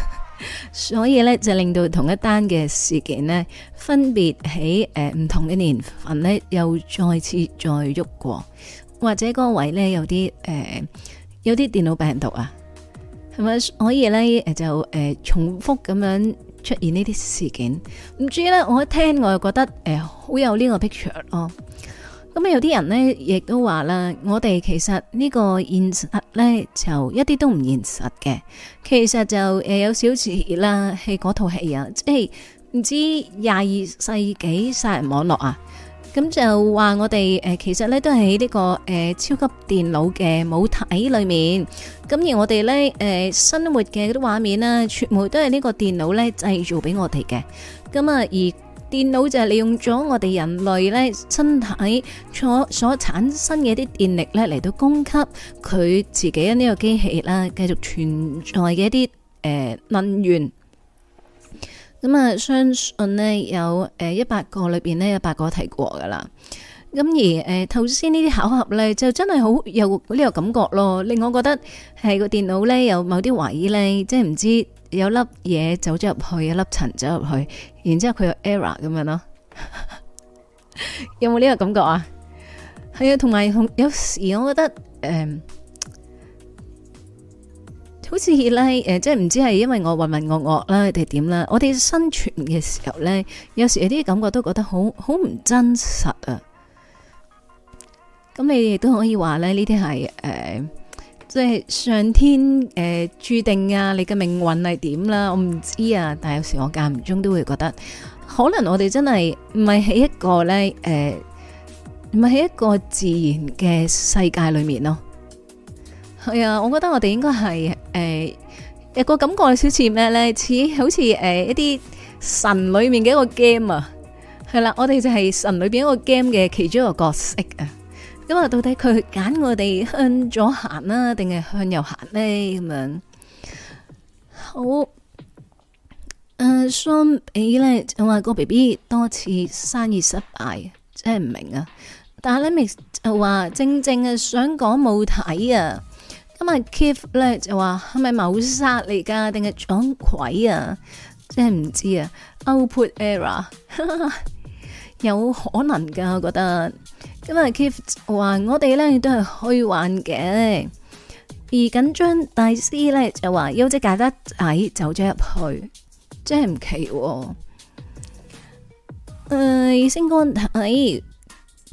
所以咧就令到同一單嘅事件咧，分別喺唔同嘅年份咧，又再次再喐過，或者個位咧有啲、呃、有啲電腦病毒啊，係咪？所以咧就、呃、重複咁樣。出現呢啲事件，唔知咧，我一聽我又覺得誒、呃，好有呢個 picture 咯。咁、嗯、有啲人呢，亦都話啦，我哋其實呢個現實呢，就一啲都唔現實嘅。其實就誒，有少少啦，係嗰套戲啊，即係唔知廿二世紀殺人網絡啊。咁就話我哋誒，其實咧都係喺呢個誒超級電腦嘅母體裏面，咁而我哋咧誒生活嘅嗰啲畫面咧，全部都係呢個電腦咧製造俾我哋嘅。咁啊，而電腦就係利用咗我哋人類咧身體所所產生嘅一啲電力咧嚟到供給佢自己呢個機器啦，繼續存在嘅一啲誒能源。咁啊，相信咧有誒一百個裏邊咧有百個提過噶啦。咁而誒，頭先呢啲巧合咧，就真係好有呢個感覺咯，令我覺得係個電腦咧有某啲懷疑咧，即係唔知有粒嘢走咗入去，一粒塵走入去，然之後佢有 error 咁樣咯。 有冇呢個感覺啊？係啊，同埋同有時我覺得誒。嗯好似咧，誒，即係唔知係因為我渾渾噩噩啦，定點啦？我哋生存嘅時候咧，有時有啲感覺都覺得好好唔真實啊！咁你亦都可以話咧，呢啲係誒，即係上天誒注定啊，你嘅命運係點啦？我唔知啊，但係有時我間唔中都會覺得，可能我哋真係唔係喺一個咧，誒，唔係喺一個自然嘅世界裏面咯。係啊，我覺得我哋應該係誒一個感覺，少似咩咧？似好似誒一啲神裏面嘅一個 game 啊，係啦，我哋就係神裏邊一個 game 嘅其中一個角色啊。咁啊，到底佢揀我哋向左行啊，定係向右行咧？咁樣好誒，相比咧就話個 BB 多次生意失敗，真係唔明啊。但係咧，Miss 就話正正係，想講冇睇啊。今日，Keith 咧就話係咪謀殺嚟噶，定係撞鬼啊？真係唔知啊，Output Era 有可能噶，我覺得。今日 Keith 話我哋咧都係虛幻嘅，而緊張大師咧就話優姐架得矮，雞雞走咗入去，真係唔奇、哦。誒、呃，星光台。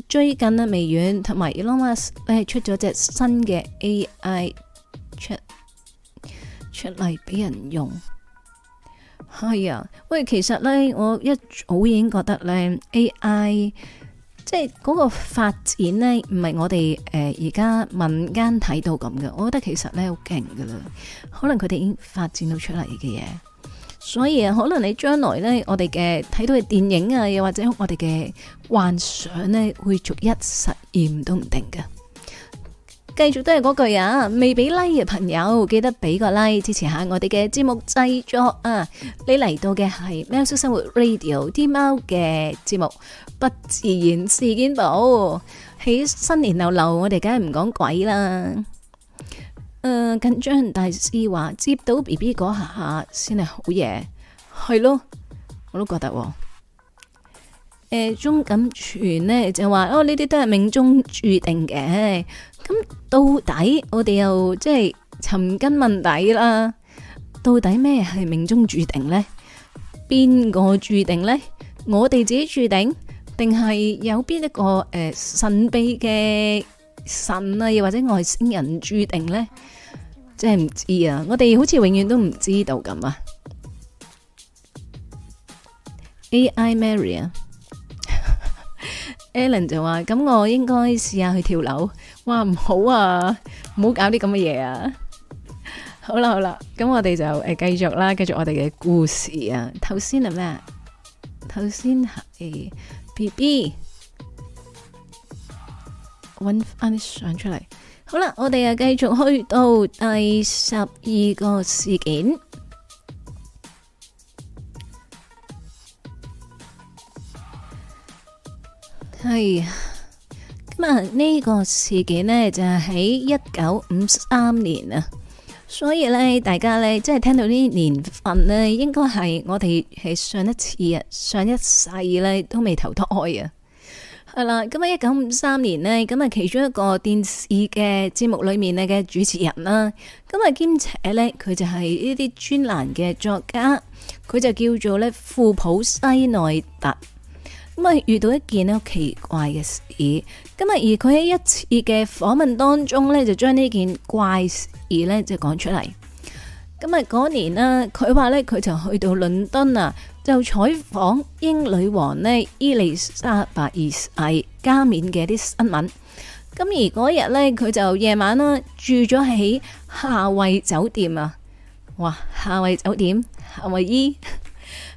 最近呢，微軟同埋 Elon Musk 呢出咗隻新嘅 AI 出出嚟俾人用係啊。喂，其實呢我一早已經覺得呢 AI 即係嗰個發展呢唔係我哋誒而家民間睇到咁嘅。我覺得其實呢好勁㗎啦，可能佢哋已經發展到出嚟嘅嘢。所以啊，可能你將來呢，我哋嘅睇到嘅電影啊，又或者我哋嘅幻想呢，會逐一實現都唔定嘅。繼續都係嗰句啊，未俾 like 嘅、啊、朋友，記得俾個 like 支持下我哋嘅節目製作啊！你嚟到嘅係喵式生活 Radio 天喵嘅節目《不自然事件簿》，喺新年流流，我哋梗係唔講鬼啦。誒，緊張、呃，大師話接到 B B 嗰下先係好嘢，係咯，我都覺得。誒、呃，鍾錦全呢就話哦，呢啲都係命中注定嘅。咁到底我哋又即係尋根問底啦？到底咩係命中注定呢？邊個注定呢？我哋自己注定，定係有邊一個誒、呃、神秘嘅？神啊，又或者外星人注定咧，即係唔知啊！我哋好似永遠都唔知道咁啊！AI Maria，Allen 就話：咁我應該試下去跳樓。哇，唔好啊，唔好搞啲咁嘅嘢啊！好啦好啦，咁我哋就誒繼續啦，繼續我哋嘅故事啊！頭先係咩啊？頭先係 BB。搵翻啲相出嚟，好啦，我哋啊繼續去到第十二個事件。係咁啊，呢個事件呢，就係喺一九五三年啊，所以呢，大家呢，即係聽到呢年份呢，應該係我哋喺上一次啊，上一世呢，都未投胎開啊。係啦，咁啊一九五三年呢，咁啊其中一個電視嘅節目裏面咧嘅主持人啦，咁啊兼且呢，佢就係呢啲專欄嘅作家，佢就叫做呢「富普西內特」。咁啊遇到一件咧奇怪嘅事，咁啊而佢喺一次嘅訪問當中呢，就將呢件怪事呢就講出嚟。咁啊嗰年呢，佢話呢，佢就去到倫敦啊。就採訪英女王咧，伊麗莎白二世加冕嘅一啲新聞。咁而嗰日咧，佢就夜晚啦住咗喺夏威酒店啊。哇，夏威酒店夏威伊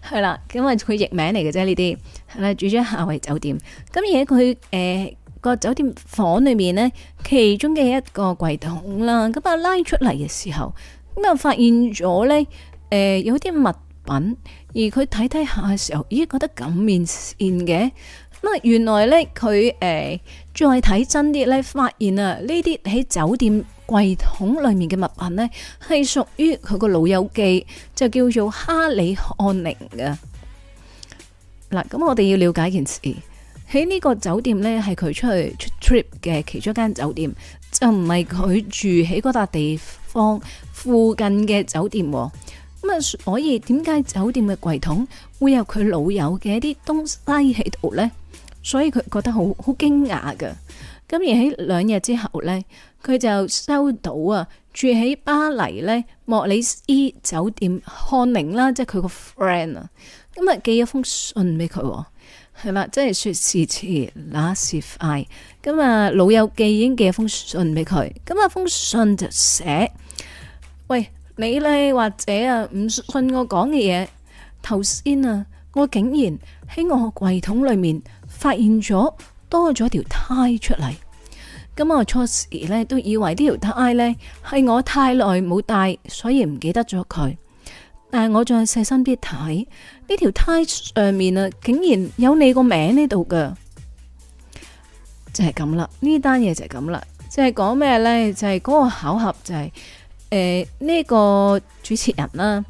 係 啦，因為佢譯名嚟嘅啫，呢啲係啦，住咗夏威酒店。咁而喺佢誒個酒店房裏面咧，其中嘅一個櫃筒啦，咁啊拉出嚟嘅時候，咁啊發現咗咧誒有啲物品。而佢睇睇下嘅時候，咦？覺得咁面善嘅，咁原來呢，佢誒，再睇真啲呢，發現啊，呢啲喺酒店櫃桶裏面嘅物品呢，係屬於佢個老友記，就叫做哈利漢寧嘅。嗱，咁我哋要了解一件事，喺呢個酒店呢，係佢出去出 trip 嘅其中一間酒店，就唔係佢住喺嗰笪地方附近嘅酒店。咁啊，所以點解酒店嘅櫃桶會有佢老友嘅一啲東西喺度咧？所以佢覺得好好驚訝嘅。咁而喺兩日之後咧，佢就收到啊，住喺巴黎咧莫里斯酒店漢寧啦，即係佢個 friend 啊。咁啊，寄咗封信俾佢，係嘛？即係説時遲那時快咁啊，老友記已經寄咗封信俾佢。咁啊，封信就寫，喂。你咧，或者啊唔信我講嘅嘢。頭先啊，我竟然喺我櫃桶裏面發現咗多咗條胎出嚟。咁我初時咧都以為呢條胎咧係我太耐冇戴，所以唔記得咗佢。但係我再細心啲睇，呢條胎上面啊，竟然有你個名呢度噶，就係咁啦。呢單嘢就係咁啦，就係講咩咧？就係嗰個巧合就係。誒，呢、呃，這個主持人啦，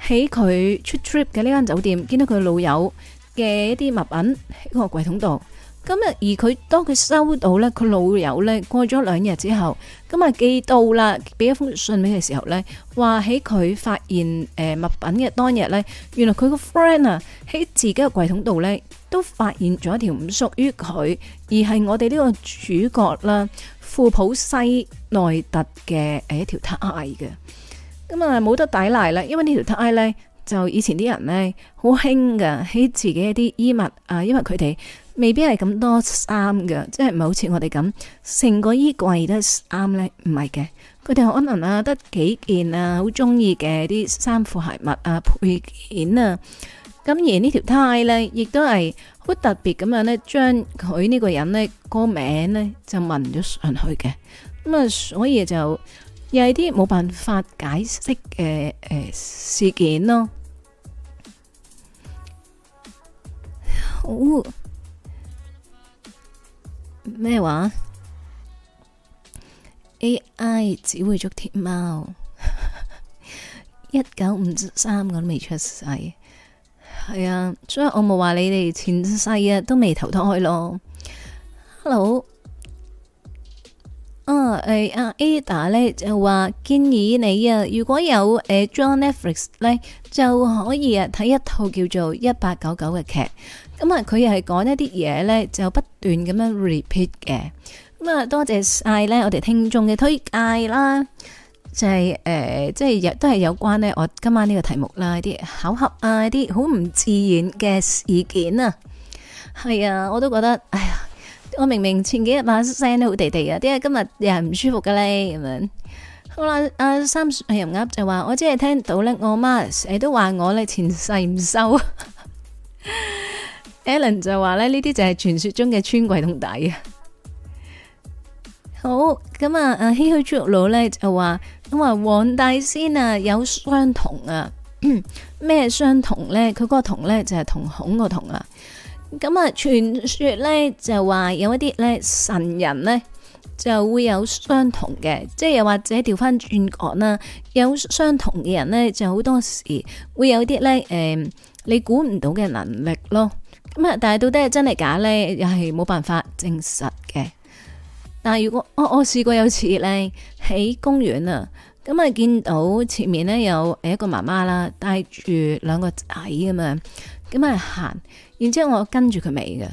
喺佢出 trip 嘅呢間酒店見到佢老友嘅一啲物品喺個櫃桶度。咁啊而佢當佢收到咧，佢老友咧過咗兩日之後，咁啊寄到啦，俾一封信俾佢嘅時候咧，話喺佢發現誒物品嘅當日咧，原來佢個 friend 啊喺自己嘅櫃桶度咧。都發現咗一條唔屬於佢，而係我哋呢個主角啦，富普西內特嘅誒一條 tie 嘅。咁啊，冇得抵賴啦，因為呢條 tie 咧，就以前啲人咧好興嘅，起自己的一啲衣物啊，因為佢哋未必係咁多衫嘅，即係唔係好似我哋咁成個衣櫃都啱咧？唔係嘅，佢哋可能啊得幾件啊好中意嘅啲衫褲鞋襪啊配件啊。咁而這條胎呢條肽咧，亦都係好特別咁樣咧，將佢呢個人咧個名咧就紋咗上去嘅。咁啊，所以就又係啲冇辦法解釋嘅誒、呃、事件咯。咩、哦、話？AI 只會捉鐵貓，一九五三我都未出世。.係啊，所以我冇話你哋前世啊都未投胎咯。Hello，啊、oh, 誒、uh, Ada 呢就話建議你啊，如果有誒 John、uh, Netflix 咧就可以啊睇一套叫做、嗯、一八九九嘅劇，咁啊佢又係講一啲嘢呢，就不斷咁樣 repeat 嘅，咁、嗯、啊多謝晒呢我哋聽眾嘅推介啦。就係、是、誒、呃，即係有都係有關呢。我今晚呢個題目啦，啲巧合啊，啲好唔自然嘅事件啊，係啊，我都覺得，哎呀，我明明前幾日把聲都好地地啊，點解今日又係唔舒服嘅咧？咁樣好啦，阿三羊鴨就話，我只係聽到咧，我媽成日都話我咧前世唔收。 Alan 就話咧，呢啲就係傳說中嘅穿櫃桶底啊。好咁啊，阿唏噓豬肉佬咧就話。因為黃大仙啊有相同啊，咩相同咧？佢嗰個同咧就係、是、瞳孔個同啊。咁啊，傳說咧就話有一啲咧神人咧就會有相同嘅，即係又或者調翻轉講啦，有相同嘅人咧就好多時會有啲咧誒，你估唔到嘅能力咯。咁啊，但係到底係真係假咧，又係冇辦法證實嘅。但係如果我我試過有次咧喺公園啊。咁啊，見到前面咧有誒一個媽媽啦，帶住兩個仔咁樣，咁啊行，然之後，後我跟住佢尾嘅，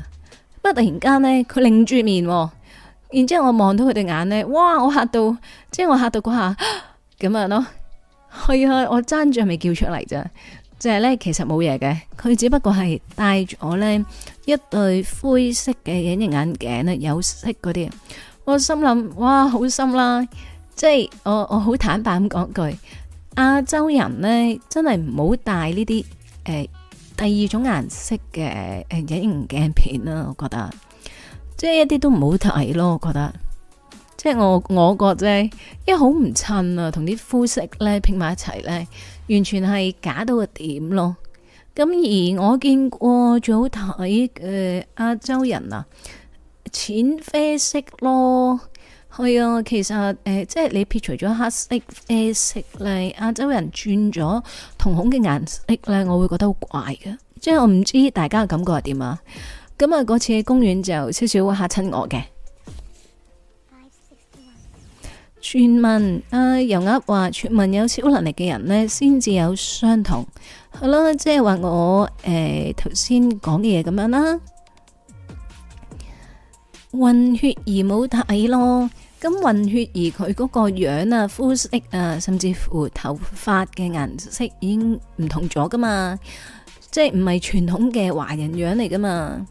不過突然間咧佢擰住面，然之後我望到佢對眼咧，哇！我嚇到，即係我嚇到嗰下咁樣咯，係啊，我爭住係咪叫出嚟啫，就係、是、咧其實冇嘢嘅，佢只不過係帶住我咧一對灰色嘅隱形眼鏡咧，有色嗰啲，我心諗哇，好深啦～即係我我好坦白咁講句，亞洲人咧真係唔好戴呢啲誒第二種顏色嘅隱形鏡片啦，我覺得即係一啲都唔好睇咯，我覺得即係我我覺因為好唔襯啊，同啲膚色咧拼埋一齊咧，完全係假到個點咯。咁而我見過最好睇嘅亞洲人啊，淺啡色咯。係啊，其實誒、呃，即係你撇除咗黑色食、啡色咧，亞洲人轉咗瞳孔嘅顏色咧，我會覺得好怪㗎。即係我唔知大家嘅感覺係點我 5, 6, 啊。咁啊，嗰次喺公園就少少嚇親我嘅。傳聞啊，油鴨話，傳聞有超能力嘅人呢先至有相同。係咯，即係、呃、話我誒，頭先講嘅嘢咁樣啦。混血兒冇睇咯。咁混血兒佢嗰個樣啊，膚色啊，甚至乎頭髮嘅顏色已經唔同咗噶嘛，即係唔係傳統嘅華人樣嚟噶嘛。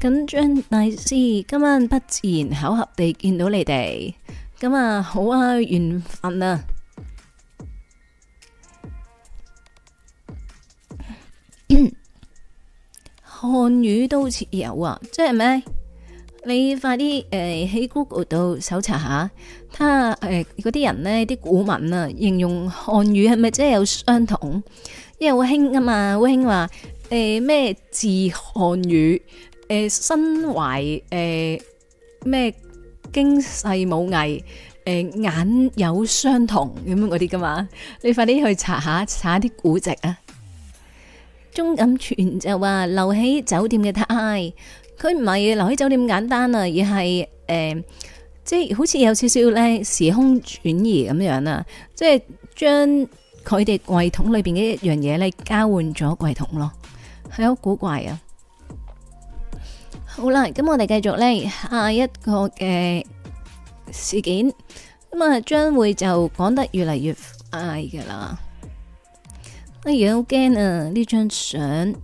咁張大師今晚不自然巧合地見到你哋，咁啊好啊，緣分啊。漢語都似有啊，即係咩？你快啲誒喺 Google 度搜查下，睇下誒嗰啲人咧啲古文啊，形容漢語係咪真係有相同？因為好興啊嘛，好興話誒咩字漢語誒身懷誒咩驚世武藝誒眼有相同咁樣嗰啲噶嘛？你快啲去查下查下啲古籍啊！鐘錦全就話留喺酒店嘅 tie。佢唔係留喺酒店咁簡單啊，而係誒、呃，即係好似有少少咧時空轉移咁樣啊，即係將佢哋櫃桶裏邊嘅一樣嘢咧交換咗櫃桶咯，係、哦、好古怪啊！好啦，咁我哋繼續咧下一個嘅事件，咁啊將會就講得越嚟越嗌噶啦，哎呀好驚啊！呢張相。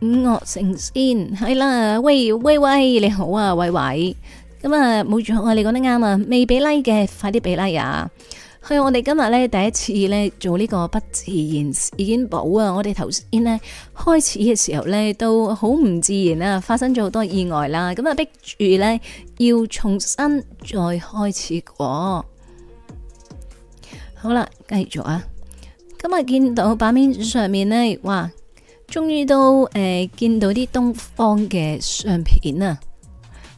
五岳、嗯、成仙係啦，喂喂喂，你好啊，喂喂，咁啊冇錯啊，你講得啱啊，未俾 like 嘅，快啲俾 like 啊！係、嗯、我哋今日咧第一次咧做呢個不自然事件簿啊，我哋頭先呢開始嘅時候咧都好唔自然啊，發生咗好多意外啦，咁啊逼住咧要重新再開始過。好啦，繼續啊！咁啊，見到版面上面咧，哇！終於都誒、呃、見到啲東方嘅相片啊。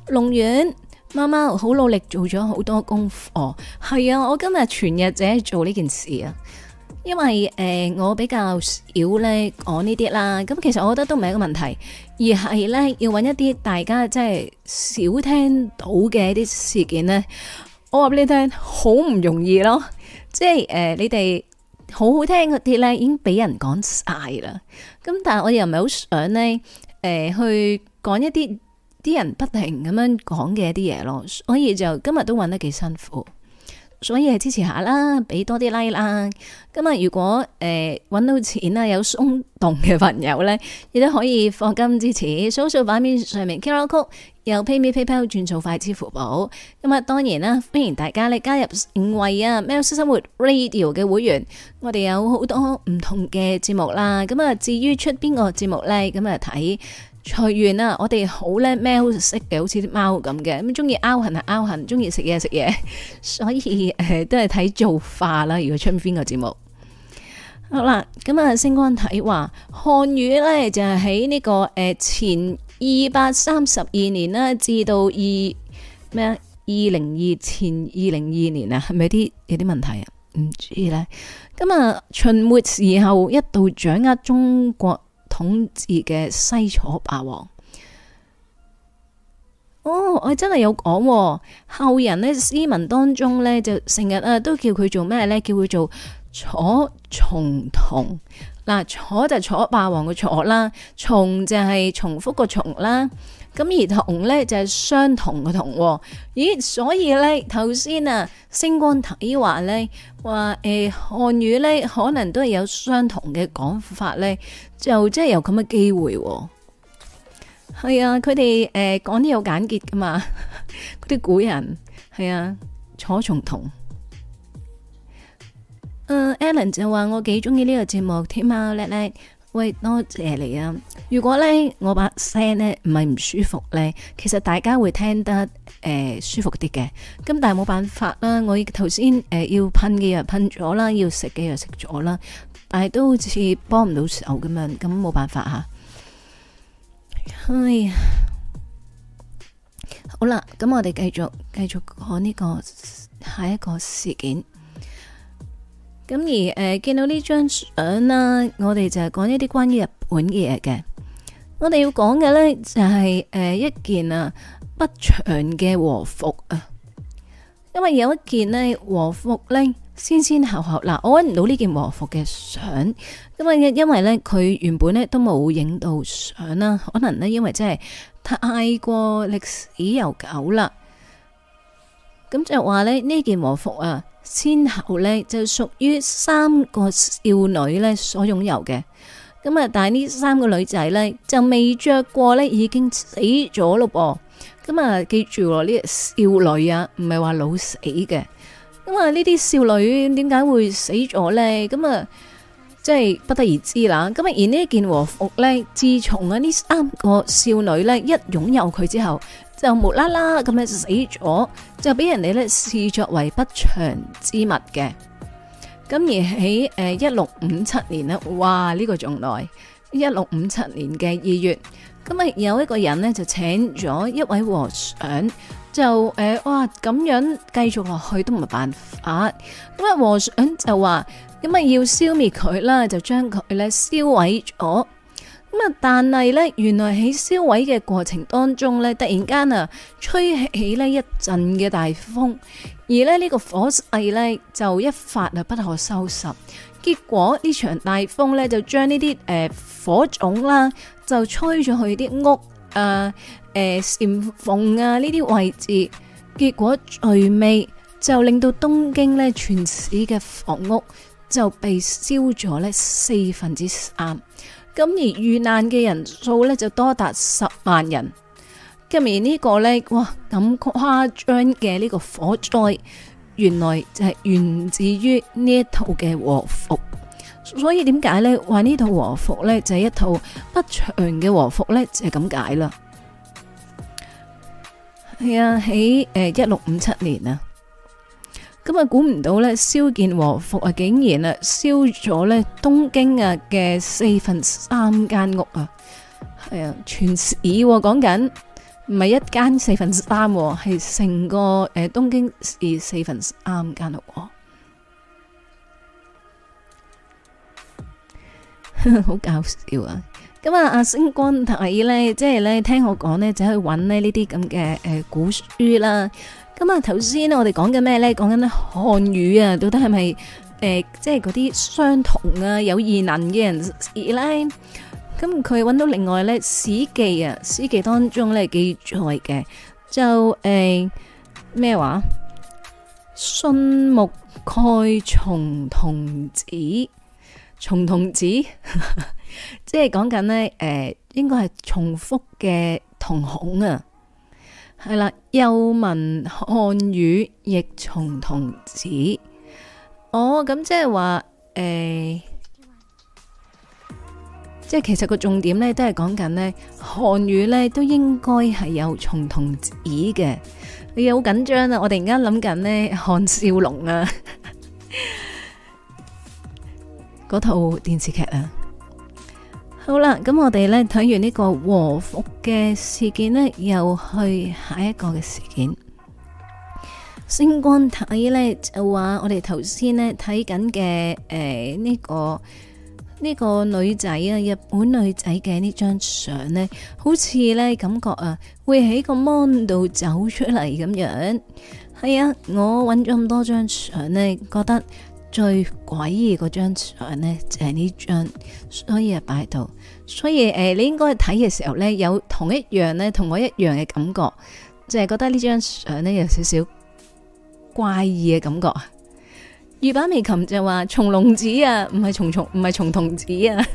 龍源媽媽好努力做咗好多功夫。哦，係啊，我今日全日淨係做呢件事啊。因為誒、呃、我比較少咧講呢啲啦，咁其實我覺得都唔係一個問題，而係咧要揾一啲大家真係少聽到嘅一啲事件咧。我話俾你聽，好唔容易咯，即係誒、呃、你哋。好好聽嘅啲咧，已經俾人講晒啦。咁但係我又唔係好想咧，誒、呃、去講一啲啲人不停咁樣講嘅一啲嘢咯。所以就今日都揾得幾辛苦。所以係支持下啦，俾多啲 like 啦。咁啊，如果誒揾、呃、到錢啦有鬆動嘅朋友咧，亦都可以放金支持。掃一掃版面上面 QR code，PayMe PayPal 轉數快支付寶。咁啊，當然啦，歡迎大家咧加入喵式生活 Radio 嘅會員。我哋有好多唔同嘅節目啦。咁啊，至於出邊個節目咧，咁啊睇。財員啊，我哋好叻咧，喵式嘅，好似啲貓咁嘅，咁中意 o 痕係 o 痕，中意食嘢食嘢，所以誒、呃、都係睇做化啦。如果出唔邊個節目，好啦，咁啊，星光睇話，漢語咧就係喺呢個誒、呃、前二百三十二年啦，至到二咩啊二零二前二零二年啊，係咪啲有啲問題啊？唔知咧，咁啊，秦末時候一度掌握中國統治嘅西楚霸王，哦、oh，我真係有講，後人呢，詩文當中呢，就成日啊都叫佢做咩呢？叫佢做楚重瞳，嗱，楚就楚霸王嘅楚啦，楚就重就係重複個重啦。咁而同咧就係、是、相同嘅同、哦，咦？所以咧頭先啊，星光提話咧話誒，漢語咧可能都係有相同嘅講法咧，就即係有咁嘅機會、哦。係啊，佢哋誒講啲又簡潔㗎嘛，啲 古人係啊，楚蟲同。誒、uh,，Allen 就話我幾中意呢個節目，點解咧？喂，多謝你啊！如果咧我把聲咧唔係唔舒服咧，其實大家會聽得誒、呃、舒服啲嘅。咁但係冇辦法啦，我頭先誒要噴嘅藥噴咗啦，要食嘅藥食咗啦，但係都好似幫唔到手咁樣，咁冇辦法吓、啊。唉呀，好啦，咁我哋繼續繼續講呢、呢個下一個事件。咁而誒、呃，見到呢張相啦，我哋就係講一啲關於日本嘅嘢嘅。我哋要講嘅呢就係、是、誒、呃、一件啊不祥嘅和服啊，因為有一件呢和服呢，先先後後嗱、呃，我揾唔到呢件和服嘅相，因為因為咧佢原本咧都冇影到相啦、啊，可能呢，因為真係太過歷史悠久啦。咁就話咧呢件和服啊。先後呢就屬於三個少女呢所擁有嘅，咁啊，但係呢三個女仔呢，就未着過呢已經死咗咯噃，咁、嗯、啊，記住呢少女啊，唔係話老死嘅，咁啊呢啲少女點解會死咗呢？咁、嗯、啊，即係不得而知啦。咁啊，而呢件和服呢，自從啊呢三個少女呢一擁有佢之後，就無啦啦咁樣死咗，就俾人哋咧視作為不祥之物嘅。咁而喺誒一六五七年呢，哇呢、呢個仲耐，一六五七年嘅二月，咁啊有一個人呢，就請咗一位和尚，就誒、呃、哇咁樣繼續落去都唔係辦法。咁啊和尚就話咁啊要消滅佢啦，就將佢咧燒毀咗。咁啊！但係呢，原來喺燒毀嘅過程當中呢，突然間啊，吹起呢一陣嘅大風，而呢呢個火勢呢，就一發啊不可收拾，結果呢場大風呢，就將呢啲誒火種啦，就吹咗去啲屋、呃呃、啊、誒檐縫啊呢啲位置，結果最尾就令到東京呢全市嘅房屋就被燒咗呢四分之三。咁而遇難嘅人數呢，就多達十萬人。今而呢個呢，哇咁誇張嘅呢個火災，原來就係源自於呢一套嘅和服。所以點解呢？話呢套和服呢，就係、是、一套不祥嘅和服呢，就係、是、咁解啦。係啊，喺誒一六五七年啊。咁啊，估唔到咧，燒建和服啊，竟然啊，燒咗咧東京啊嘅四分三間屋啊，係啊，全市講緊，唔係一間四分三，係成個誒東京市四分三間屋，好搞笑啊！咁啊，阿星光睇咧，即係咧聽我講咧，就去搵咧呢啲咁嘅誒古書啦。咁啊，頭先我哋講緊咩咧？講緊咧漢語啊，到底係咪誒，即係嗰啲相同啊，有異能嘅人而咧，咁佢揾到另外咧《史記》啊，《史記》當中咧係記載嘅，就誒咩話，信目蓋重瞳子，重瞳子， 即係講緊呢，誒、呃，應該係重複嘅瞳孔啊。係啦，又聞漢語亦從同子。哦，咁即係話誒，即、哎、係其實個重點咧，都係講緊呢漢語咧都應該係有從同子嘅。你好緊張啊！我突然間諗緊呢漢少龍啊，嗰 套電視劇啊。好啦，咁我哋咧睇完呢個和服嘅事件呢，又去下一個嘅事件。星光睇呢，就話，我哋頭先呢睇緊嘅誒呢個呢、呢個女仔啊，日本女仔嘅呢張相呢，好似呢感覺啊會喺個 mon 度走出嚟咁樣。係啊，我搵咗咁多張相呢，覺得。最詭異嗰張相呢，就係、是、呢張，所以啊擺喺度，所以誒、呃、你應該睇嘅時候呢，有同一樣呢，同我一樣嘅感覺，就係、是、覺得呢張相呢，有少少怪異嘅感覺啊！月板眉琴就話松龍子啊，唔係松松，唔係松童子啊！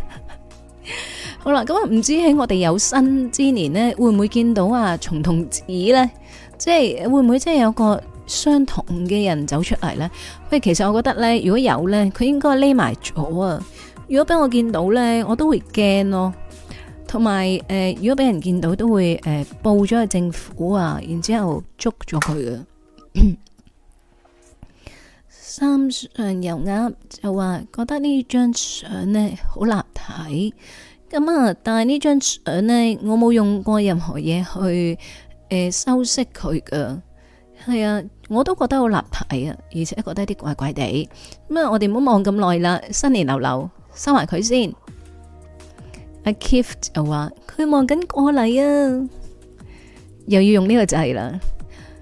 好啦，咁啊唔知喺我哋有生之年呢，會唔會見到啊松童子呢，即、就、係、是、會唔會即係有個？相同嘅人走出嚟呢，喂，其實我覺得呢，如果有呢，佢應該匿埋咗啊！如果俾我見到呢，我都會驚咯。同埋誒，如果俾人見到，都會誒報咗去政府啊，然之後捉咗佢嘅。三上油鴨就話覺得呢張相呢好難睇，咁啊，但係呢張相呢，我冇用過任何嘢去誒修飾佢噶。係啊，我都覺得好立體啊，而且覺得啲怪怪地。咁啊，我哋唔好望咁耐啦，新年流流，收埋佢先。阿 K 又話佢望緊過嚟啊，又要用呢個掣啦。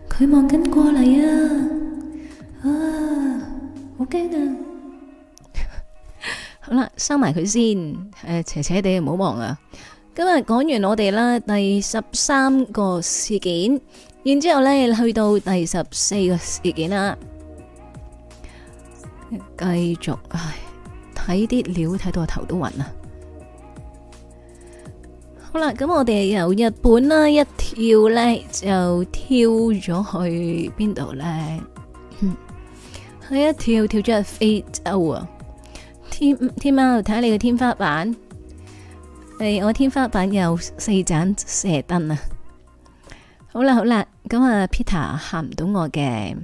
佢望緊過嚟啊，啊，好驚啊！好啦，收埋佢先，誒，斜斜地唔好望啊。今日講完我哋啦，第十三個事件。然之後咧，去到第十四個事件啦，繼續唉，睇啲料睇到我頭都暈啊！好啦，咁我哋由日本啦一跳咧，就跳咗去邊度咧？佢一跳跳咗去非洲啊！天天貓，睇下你嘅天花板，誒，我天花板有四盞射燈啊！好啦，好啦。咁啊，Peter 喊唔到我嘅。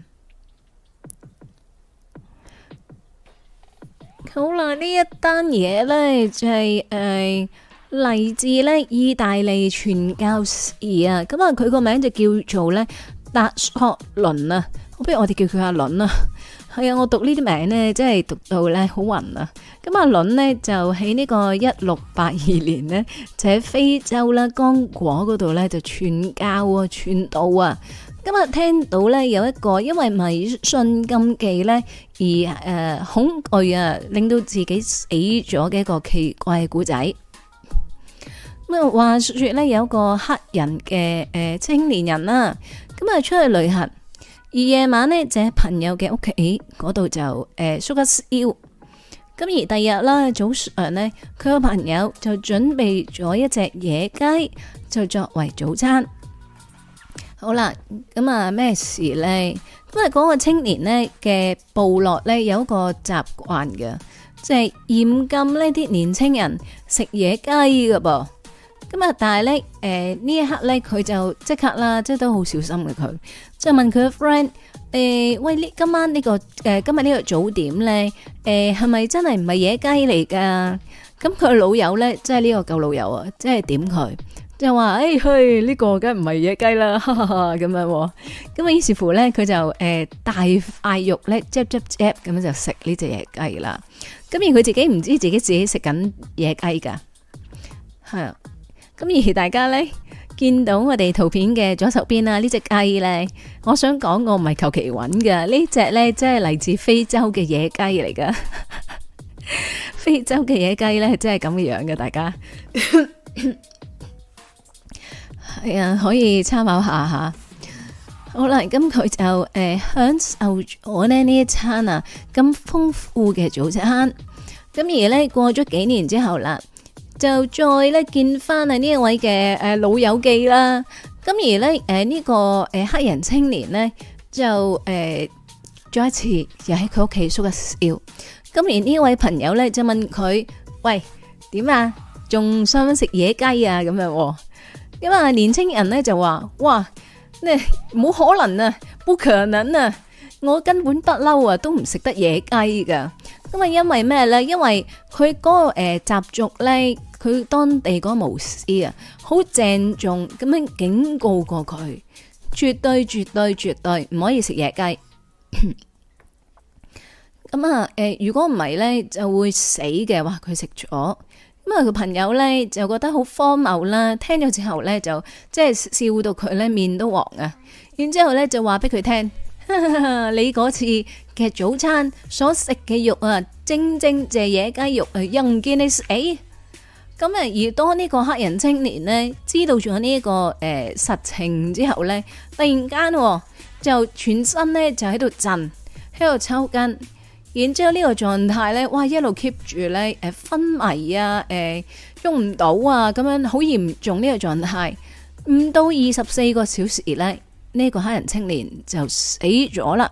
好啦，一呢一單嘢咧就係誒嚟自咧意大利傳教士啊，咁啊佢個名就叫做咧達索倫啊。好，不如我哋叫佢阿倫啊。係啊、嗯，我讀呢啲名呢，真係讀到咧好暈啊！咁、啊、阿倫呢，就喺呢個一六八二年呢，就喺非洲啦，剛果嗰度咧就傳教啊，傳道啊。今、啊、日聽到咧有一個因為迷信禁忌咧而誒、呃、恐懼啊，令到自己死咗嘅一個奇怪嘅古仔。咁啊，話說咧有一個黑人嘅誒、呃、青年人啦、啊，咁啊出去旅行。而夜晚呢，就喺朋友嘅屋企嗰度，就誒縮個腰。咁、呃、而第二日啦，早上呢，佢個朋友就準備咗一隻野雞，就作為早餐。好啦，咁啊咩事呢？咁啊嗰個青年呢嘅部落呢，有一個習慣嘅，即係嚴禁呢啲年青人食野雞噶噃。咁啊！但係咧，誒、呃、呢一刻咧，佢就即刻啦，即係都好小心嘅佢，即就問佢個 friend 誒喂呢今晚呢、呢個誒、呃、今日呢個早點咧誒係咪真係唔係野雞嚟㗎？咁佢老友咧，即係呢個舊老友啊，即係點佢，就係話誒去呢個梗唔係野雞啦，咁樣喎。咁啊，於是乎咧，佢就誒、呃、大塊肉咧，嚼嚼嚼咁樣就食呢隻野雞啦。咁而佢自己唔知自己自己食緊野雞㗎，係啊。咁而大家咧見到我哋圖片嘅左手邊啊，這隻雞，呢隻雞咧，我想講我唔係求其搵㗎。這隻呢隻咧即係嚟自非洲嘅野雞嚟噶。 非洲嘅野雞咧真係咁嘅樣嘅，大家係啊、 哎，可以參考一下吓。好啦，咁佢就誒、呃、享受我咧呢一餐啊咁豐富嘅早餐。咁而咧過咗幾年之後啦。就再咧見翻啊呢一位嘅誒、呃、老友記啦，咁而咧誒呢、呃這個誒、呃、黑人青年咧就誒再、呃、一次又喺佢屋企宿一宵，咁而呢位朋友咧就問佢：喂，點啊？仲想食野雞啊？咁樣、哦，因啊年青人咧就話：哇，呢冇可能啊，不可能啊！我根本不嬲啊，都唔食得野雞噶。咁啊，因為咩咧？因為佢嗰、那個誒習、呃、俗咧。佢當地嗰個巫師啊，好鄭重咁樣警告過佢，絕對、絕對、絕對唔可以食野雞。咁 啊，誒、呃，如果唔係咧，就會死嘅。話佢食咗。咁啊，佢朋友咧就覺得好荒謬啦。聽咗之後咧，就即係笑到佢咧面都黃啊。然之後咧就話俾佢聽，哈哈哈哈，你嗰次嘅早餐所食嘅肉啊，正正隻野雞肉啊，又唔見你死。咁啊，而當呢個黑人青年咧，知道咗呢、這個誒、呃、實情之後咧，突然間、哦、就全身咧就喺度震，喺度抽筋，然之後呢個狀態咧，哇一路 keep 住咧誒昏迷啊，誒、呃、喐唔到啊，咁樣好嚴重呢個狀態，唔到二十四個小時咧，呢、這個黑人青年就死咗啦。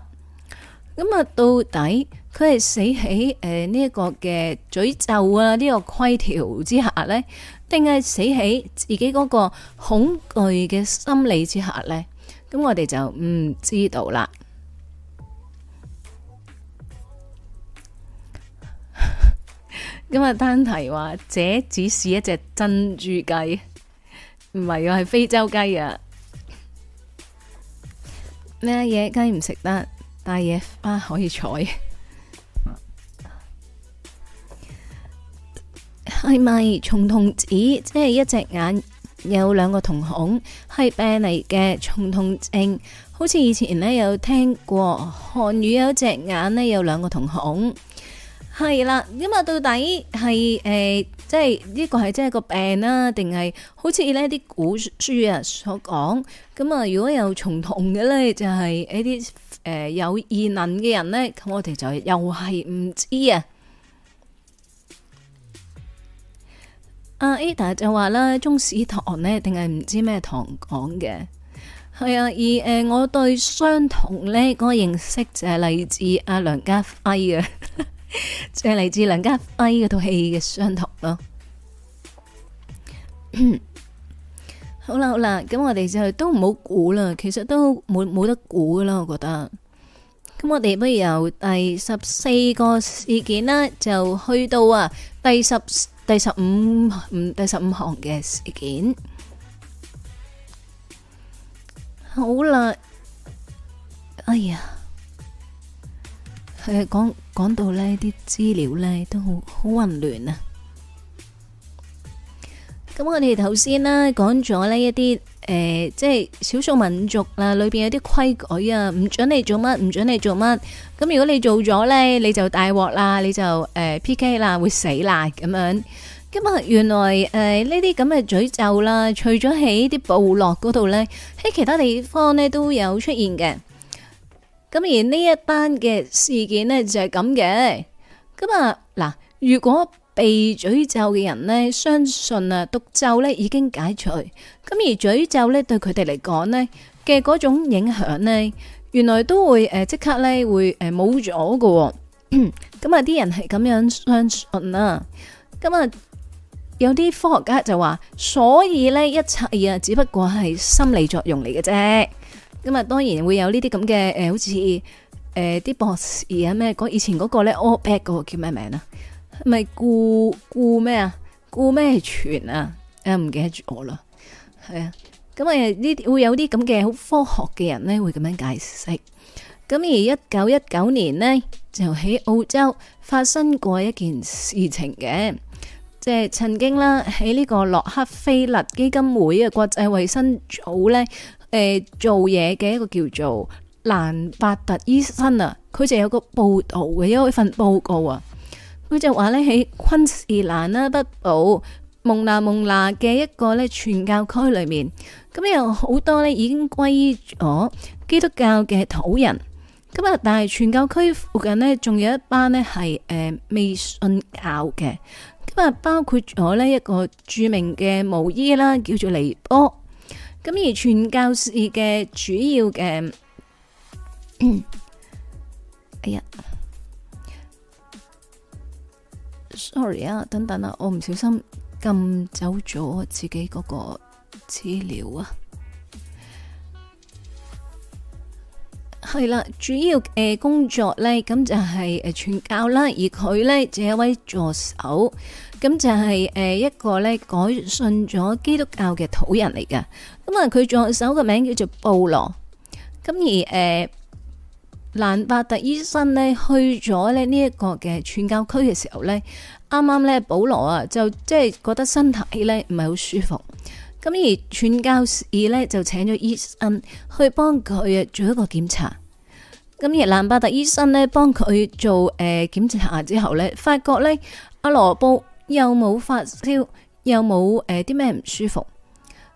咁、嗯、啊，到底？佢係死喺誒呢一個嘅詛咒啊呢，這個規條之下呢，定係死喺自己嗰個恐懼嘅心理之下呢？咁我哋就唔知道啦。 今日單題話，這只是一隻珍珠雞，唔係又係非洲雞啊？咩嘢雞唔食得，但嘢花可以採。係咪重瞳子？即係一隻眼有兩個瞳孔，係病嚟嘅重瞳症。好似以前咧有聽過，漢語有一隻眼咧有兩個瞳孔，係啦。咁啊，到底係誒、呃，即係呢個係即係個病啦，定係好似呢啲古書啊所講？咁啊，如果有重瞳嘅咧，就係呢啲誒有異能嘅人咧。咁我哋就又係唔知啊。阿 Ada 就話啦，中史堂呢定係唔知咩堂講嘅，係啊。而誒，我對雙瞳呢嗰個認識就係嚟自阿梁家輝嘅，就係嚟自梁家輝嗰套戲嘅雙瞳咯。 好啦好啦，咁我哋就都唔好估啦，其實都冇冇得估噶啦，我覺得。咁我哋不如由第十四個事件呢，就去到啊第十。第十五嗯，第十五行嘅事件，好啦，哎呀，誒，講講到呢啲資料呢都好好混亂啊。咁我哋頭先啦，講咗呢一啲誒，即係少數民族啦，裏邊有啲規矩啊，唔准你做乜，唔准你做乜。咁如果你做咗咧，你就大鑊啦，你就誒、呃、P K 啦，會死啦咁樣。咁啊，原來誒呢啲咁嘅詛咒啦，除咗喺啲部落嗰度咧，喺其他地方咧都有出現嘅。咁而呢一單嘅事件咧就係咁嘅。咁啊嗱，如果。被詛咒嘅人咧，相信啊，詛咒咧已經解除，咁而詛咒咧對佢哋嚟講咧嘅嗰種影響咧，原來都會誒即刻咧會誒冇咗噶，咁啊啲人係咁樣相信啦，咁啊有啲科學家就話，所以呢一切啊只不過係心理作用嚟嘅啫，咁啊當然會有呢啲咁嘅誒，好似誒啲博士啊咩以前嗰、嗰個呢 all back 嗰個叫咩名啊？係咪固固咩啊？固咩傳啊？誒，唔記得住我啦，係啊。咁啊，呢會有啲咁嘅好科學嘅人呢，會咁樣解釋。咁而一九一九年呢，就喺澳洲發生過一件事情嘅，即係曾經啦，喺呢個洛克菲勒基金會嘅國際衛生組呢，誒做嘢嘅一個叫做蘭伯特醫生啊，佢就有個報道嘅有一份報告啊。佢就話咧喺昆士蘭啦北部蒙娜蒙娜嘅一個咧傳教區裏面，咁有好多咧已經皈咗基督教嘅土人，咁啊但係傳教區附近呢，仲有一班咧係誒未信教嘅，咁啊包括咗咧一個著名嘅巫醫啦，叫做尼波，咁而傳教士嘅主要嘅， 哎呀。Sorry 啊，等等啊，我唔小心撳走咗自己嗰個資料啊。係啦， 主要嘅工作呢，咁就係誒傳教啦，而佢呢，就一位助手，咁就係、是、誒一個呢，改信咗基督教嘅土人嚟噶。咁啊，佢助手嘅名叫做布羅。咁而誒呃、蘭伯特醫生呢，去咗咧呢一個嘅傳教區嘅時候呢。啱啱咧，剛剛保羅啊，就即係覺得身體咧唔係好舒服，咁而傳教士咧就請咗醫生去幫佢做一個檢查，咁而蘭伯特醫生咧幫佢做誒、呃、檢查之後咧，發覺咧阿羅布又冇發燒，又冇誒啲咩唔舒服，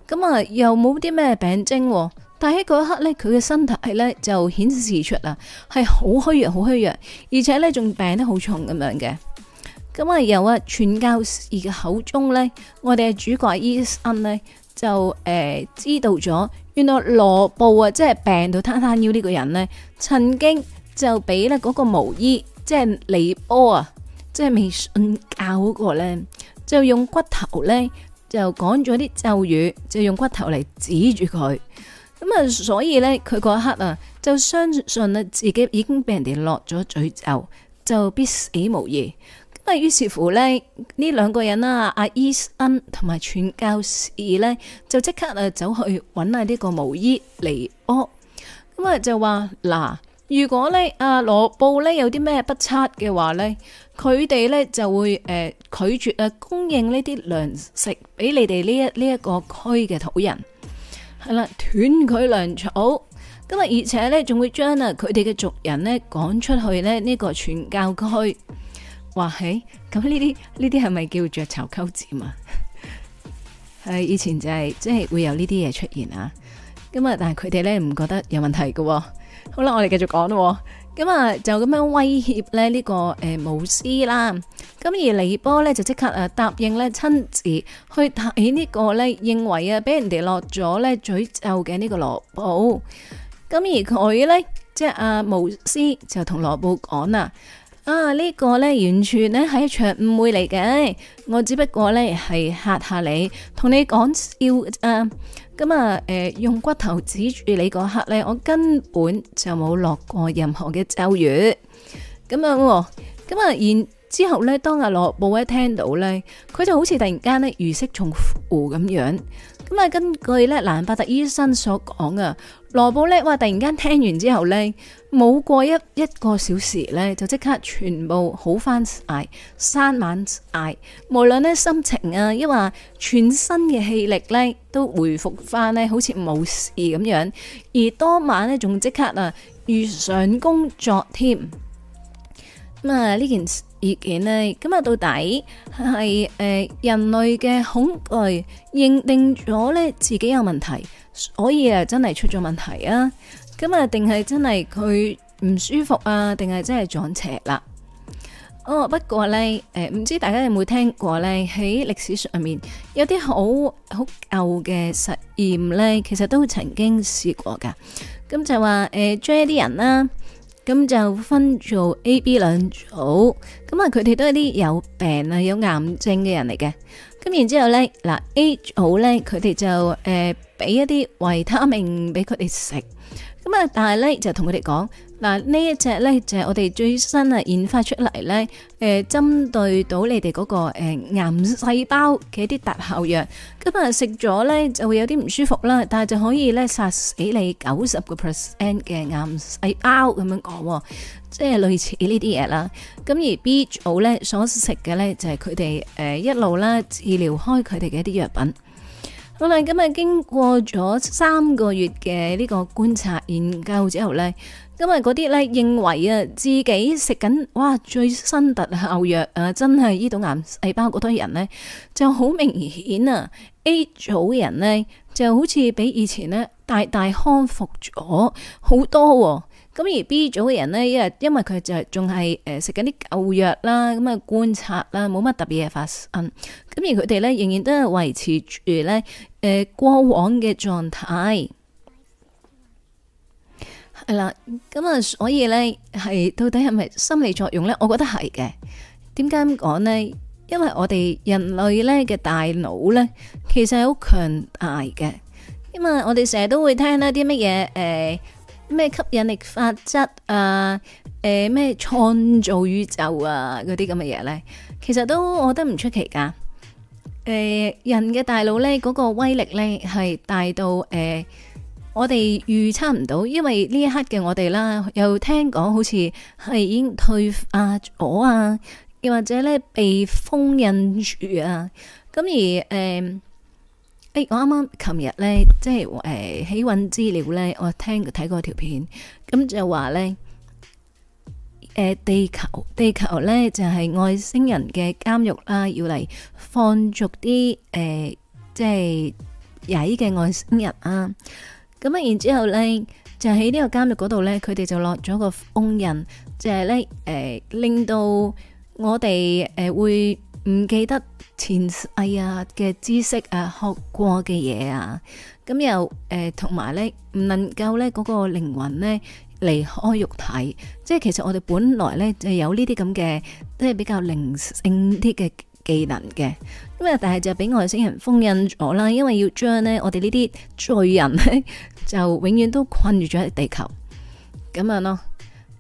咁啊又冇啲咩病徵，但喺嗰一刻咧，佢嘅身體咧就顯示出啦，係好虛弱，好虛弱，而且咧仲病得好重咁樣嘅。咁啊，由啊傳教士嘅口中咧，我哋嘅主角醫生咧就誒、呃、知道咗，原來羅布啊，即係病到癱癱腰呢個人咧，曾經就俾咧嗰個巫醫，即係尼波啊，即係未信教嗰、那個咧，就用骨頭咧就講咗啲咒語，就用骨頭嚟指住佢。咁啊，所以咧佢嗰一刻啊，就相信啊自己已經俾人哋落咗詛咒，就必死無疑。啊，於是乎呢，呢兩個人啦，阿伊斯恩同埋傳教士呢，就即刻啊走去揾下呢個巫醫尼屋。咁啊就話嗱，如果呢阿羅布呢有啲咩不測嘅話呢，佢哋呢就會誒、呃、拒絕啊供應呢啲糧食俾你哋呢一呢一個區嘅土人。係啦，斷佢糧草。咁啊，而且呢，仲會將啊佢哋嘅族人呢趕出去呢，呢個傳教區。哇嘿！咁呢啲呢啲係咪叫做雀巢鳩佔啊？係 以前就係、是、即係會有呢啲嘢出現啊！咁啊，但係佢哋咧唔覺得有問題噶。好啦，我哋繼續講咯。咁、就是、啊，就咁樣威脅咧呢個誒巫師啦。咁而李波咧就即刻誒答應咧親自去睇呢個咧認為啊俾人哋落咗咧詛咒嘅呢個羅布。咁而佢咧即係阿巫師就同羅布講啦。啊！呢、呢個呢，完全咧係一場誤會嚟嘅，我只不過呢，係吓下你說，同你講笑啊！咁啊，誒，用骨頭指住你嗰刻咧，我根本就冇落過任何嘅咒語，咁、嗯、樣，咁、嗯、啊、嗯嗯嗯嗯，然之後咧，當阿羅布一聽到呢，佢就好似突然間呢，如釋重負咁樣。咁啊，根據咧蘭柏特醫生所講啊，羅布咧話突然間聽完之後咧，冇過一一個小時咧，就即刻全部好翻曬，三晚嗌，無論呢心情啊，抑或全身嘅氣力咧，都回復翻咧，好似冇事咁樣。而當晚咧，仲即刻啊，遇上工作添。咁啊！呢件事件呢，咁啊到底係誒人類嘅恐懼認定咗咧自己有問題，所以啊真係出咗問題啊！咁啊定係真係佢唔舒服啊？定係真係撞邪啦？哦，不過呢，誒，唔知大家有冇聽過呢？喺歷史上面有啲好好舊嘅實驗呢，其實都曾經試過噶。咁就話誒追啲人啦。咁就分做 A、B 兩組，咁啊佢哋都係啲有病啊有癌症嘅人嚟嘅，咁然之後咧，嗱 A 組咧佢哋就誒俾、呃、一啲維他命俾佢哋食，咁啊但係咧就同佢哋講。嗱，呢一隻呢，就係我哋最新啊研發出嚟呢，誒、呃，針對到你哋嗰、那個、呃、癌細胞嘅一啲特效藥。咁、嗯、啊，食咗呢，就會有啲唔舒服啦，但係就可以呢，殺死你九十個 percent 嘅癌細胞咁樣講，即係類似呢啲嘢啦。咁、嗯、而 B 組呢，所食嘅呢，就係佢哋誒一路咧治療開佢哋嘅一啲藥品。好、嗯、啦，今、嗯、日、嗯、經過咗三個月嘅呢個觀察研究之後呢。咁啊，嗰啲咧認為啊，自己食緊哇最新特效藥啊，真係醫到癌細胞嗰堆人咧，就好明顯啊。A 組嘅人咧就好似比以前咧大大康復咗好多，哦，咁而 B 組嘅人咧，因為因為佢就仲係誒食緊啲舊藥啦，咁啊觀察啦，冇乜特別嘢發生，咁而佢哋咧仍然都係維持住咧誒過往嘅狀態。係啦，因為，所以咧，係到底係咪心理作用咧？我覺得係嘅。點解咁講咧？因為我哋人類咧嘅大腦咧，其實係好強大嘅。咁啊，我哋成日都會聽一啲乜嘢誒咩吸引力法則啊，誒咩創造宇宙啊嗰啲咁嘅嘢咧，其實都我覺得唔出奇噶。誒，人嘅大腦咧嗰個威力咧係大到誒。我哋預測唔到，因為呢一刻嘅我哋啦，又聽講好似係已經退化咗啊，又或者咧被封印住啊。咁而誒誒、欸，我啱啱琴日咧，即係誒，起搵資料咧，我聽睇過條片，咁就話咧誒，地球地球咧就係外星人嘅監獄啦，要嚟放逐啲誒、欸，即係曳嘅外星人啊。咁啊，然之後咧，就喺呢個監獄嗰度咧，佢哋就落咗個封印，就係咧誒令到我哋誒、呃、會唔記得前世啊嘅知識啊學過嘅嘢啊，咁、嗯、又誒同埋咧唔能夠咧嗰個靈魂咧離開肉體，即係其實我哋本來咧就有呢啲咁嘅，即係比較靈性啲嘅技能嘅。咁啊！但係就俾外星人封印咗啦，因為要將咧我哋呢啲罪人咧， 就永遠都困住咗喺地球咁樣咯。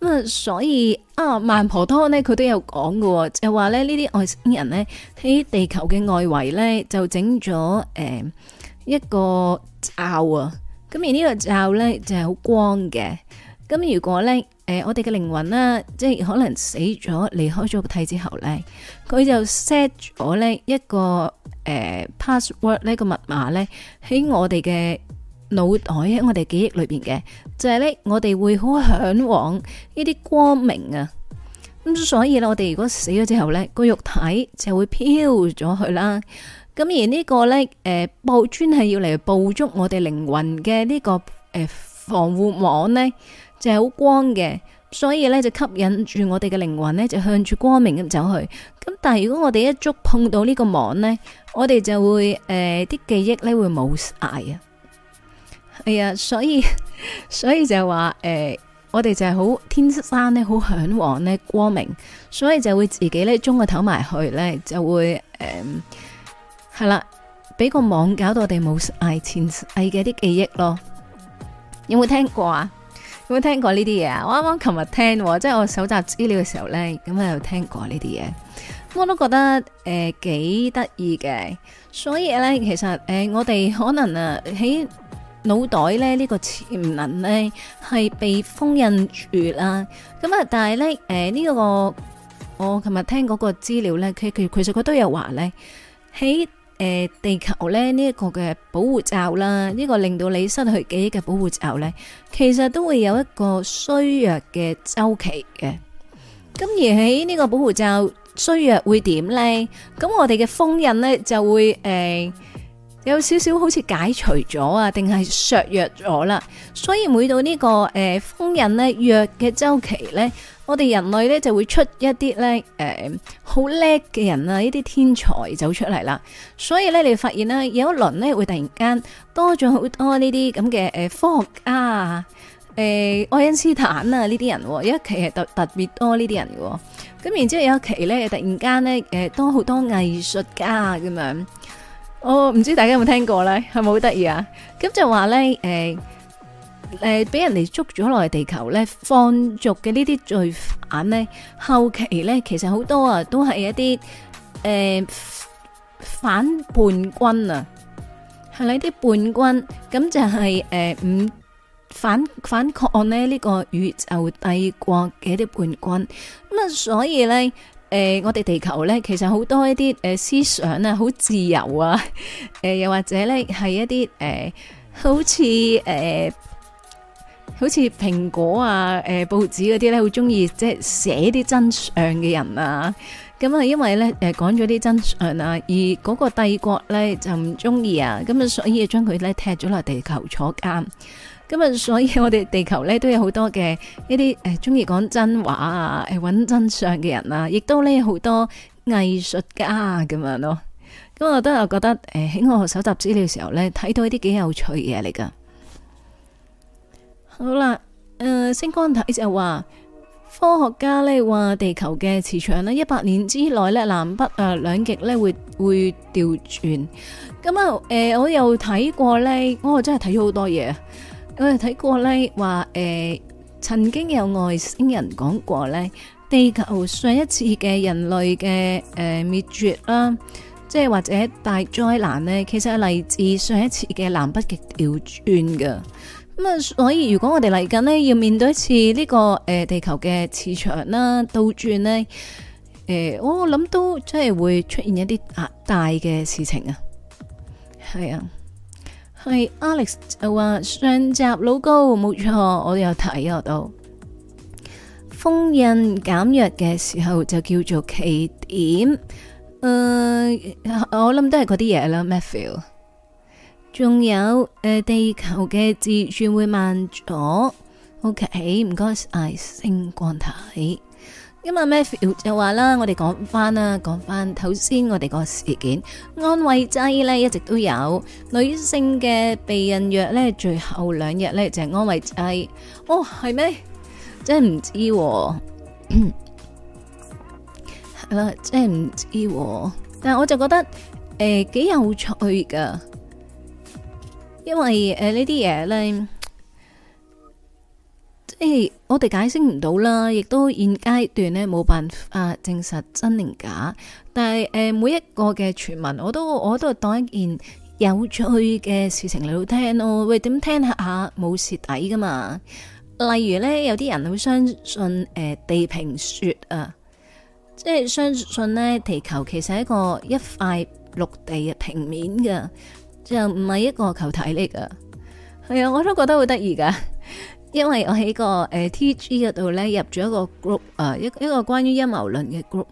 咁啊，所以啊，曼、哦、婆湯咧，佢都有講嘅，就話咧呢啲外星人咧喺地球嘅外圍咧，就整咗誒一個罩啊。咁而呢個罩咧就係好光嘅。咁如果咧，誒、呃，我哋嘅靈魂啦、啊，即係可能死咗，離開咗個體之後咧，佢就 set 咗呢一個誒、呃、password 碼呢個密碼咧喺我哋嘅腦袋，喺我哋記憶裏邊嘅，就係、是、咧我哋會好向往呢啲光明啊。咁所以咧，我哋如果死咗之後咧，個肉體就會飄咗去啦。咁而這個呢個咧，誒、呃，布專係要嚟捕捉我哋靈魂嘅、這個呃、呢個誒防護網咧。就係好光嘅，所以咧就吸引住我哋嘅靈魂咧，就向住光明咁走去。咁但係如果我哋一觸碰到呢個網呢，我哋就會誒啲、呃、記憶咧會冇晒啊，係、哎、啊，所以所以就係話誒，我哋就係好天生咧，好向往呢光明，所以就會自己咧中個頭埋去呢，就會誒係啦，俾、呃、個網搞到我哋冇晒前世嘅啲記憶咯，有冇聽過啊？有冇聽過呢啲嘢啊？我啱啱琴日聽，即係我搜集資料嘅時候咧，咁我有聽過呢啲嘢，咁我都覺得誒幾得意嘅。所以咧，其實誒、呃、我哋可能啊喺腦袋咧呢、呢個潛能咧係被封印住啦。咁啊，但係咧誒呢、呃呢個我琴日聽嗰個資料咧，佢佢其實佢都有話咧喺。誒，地球咧呢一、這個嘅保護罩啦，呢、這個令到你失去記憶嘅保護罩咧，其實都會有一個衰弱嘅周期嘅。咁而喺呢個保護罩衰弱會點咧？咁我哋嘅封印咧就會誒、呃、有少少好似解除咗啊，定係削弱咗啦。所以每到呢、這個誒、呃、封印咧弱嘅周期咧。我哋人類咧就會出一啲咧，誒、呃，好叻嘅人啊，呢啲天才走出嚟啦。所以咧，你發現咧有一輪咧會突然間多咗好多呢啲咁嘅誒科學家，誒、呃、愛因斯坦啊呢啲人，有一期係特特別多呢啲人嘅。咁然之後有一期咧突然間咧，誒多好多藝術家咁樣。我唔知大家有冇聽過咧，係咪好得意啊？咁就話咧，誒、呃。誒，俾人哋捉咗落嚟地球咧，放逐嘅呢啲罪犯咧，後期咧，其實好多啊，都係一啲誒反叛軍啊，係呢啲叛軍，咁就係誒唔反反抗咧呢個宇宙帝國嘅一啲叛軍咁啊。所以咧，誒我哋地球咧，其實好多一啲誒思想啊，好自由啊，誒又或者咧係一啲誒好似誒。好似蘋果啊、誒、呃、報紙嗰啲咧，好中意即係寫啲真相嘅人啊，咁、嗯、啊，因為咧誒講咗啲真相啊，而嗰個帝國咧就唔中意啊，咁、嗯、啊，所以將將佢咧踢咗落地球坐監，咁、嗯、啊，所以我哋地球咧都有好多嘅一啲誒中意講真話啊、誒搵真相嘅人啊，亦都咧好多藝術家咁樣咯，咁、嗯、我都啊覺得誒喺、嗯、我搜集資料嘅時候咧睇到一啲幾有趣嘅嘢嚟噶。好啦，誒、呃，星光體就話科學家咧話地球嘅磁場呢，一百年之內咧南北誒、呃、兩極咧會會調轉。咁啊，誒、呃，我又睇過咧、哦，我真係睇咗好多嘢。我又睇過咧話，誒、呃，曾經有外星人講過咧，地球上一次嘅人類嘅誒滅絕啦，即係或者大災難呢，其實係嚟自上一次嘅南北極調轉嘅。咁啊、嗯，所以如果我哋嚟緊呢，要面對一次呢、這個誒、呃、地球嘅磁場啦倒轉呢，誒、呃、我諗都真係會出現一啲壓力大嘅事情啊，係啊，係 Alex 就話上集老高冇錯，我都有睇到封印減弱嘅時候就叫做奇點，誒、呃、我諗都係嗰啲嘢啦，Matthew。仲有誒、呃，地球嘅自轉會慢咗。OK 唔該，係星光體。今日咩 feel 就話啦，我哋講翻啦，講翻頭先我哋個事件安慰劑咧，一直都有女性嘅避孕藥咧，最後兩日咧就係、是、安慰劑哦，係咩？真係唔知係啦、啊， 真係唔知、啊，但係我就覺得誒幾、呃、有趣噶。因為、呃、這些東西誒呢啲嘢呢，即係我哋解釋唔到啦，亦都現階段呢冇辦法證實真定假。但係誒、呃、每一個嘅傳聞，我都我都當一件有趣嘅事情嚟到聽咯。喂，點聽下下冇蝕底噶嘛？例如呢，有啲人會相信誒、呃、地平說啊，即係相信呢，地球其實係一個一塊陸地嘅平面嘅。就唔係一個球體嚟噶，係啊，我都覺得好得意噶，因為我喺個誒、呃、T G 嗰度呢，入咗一個 group，誒、呃、一一個關於陰謀論嘅 group，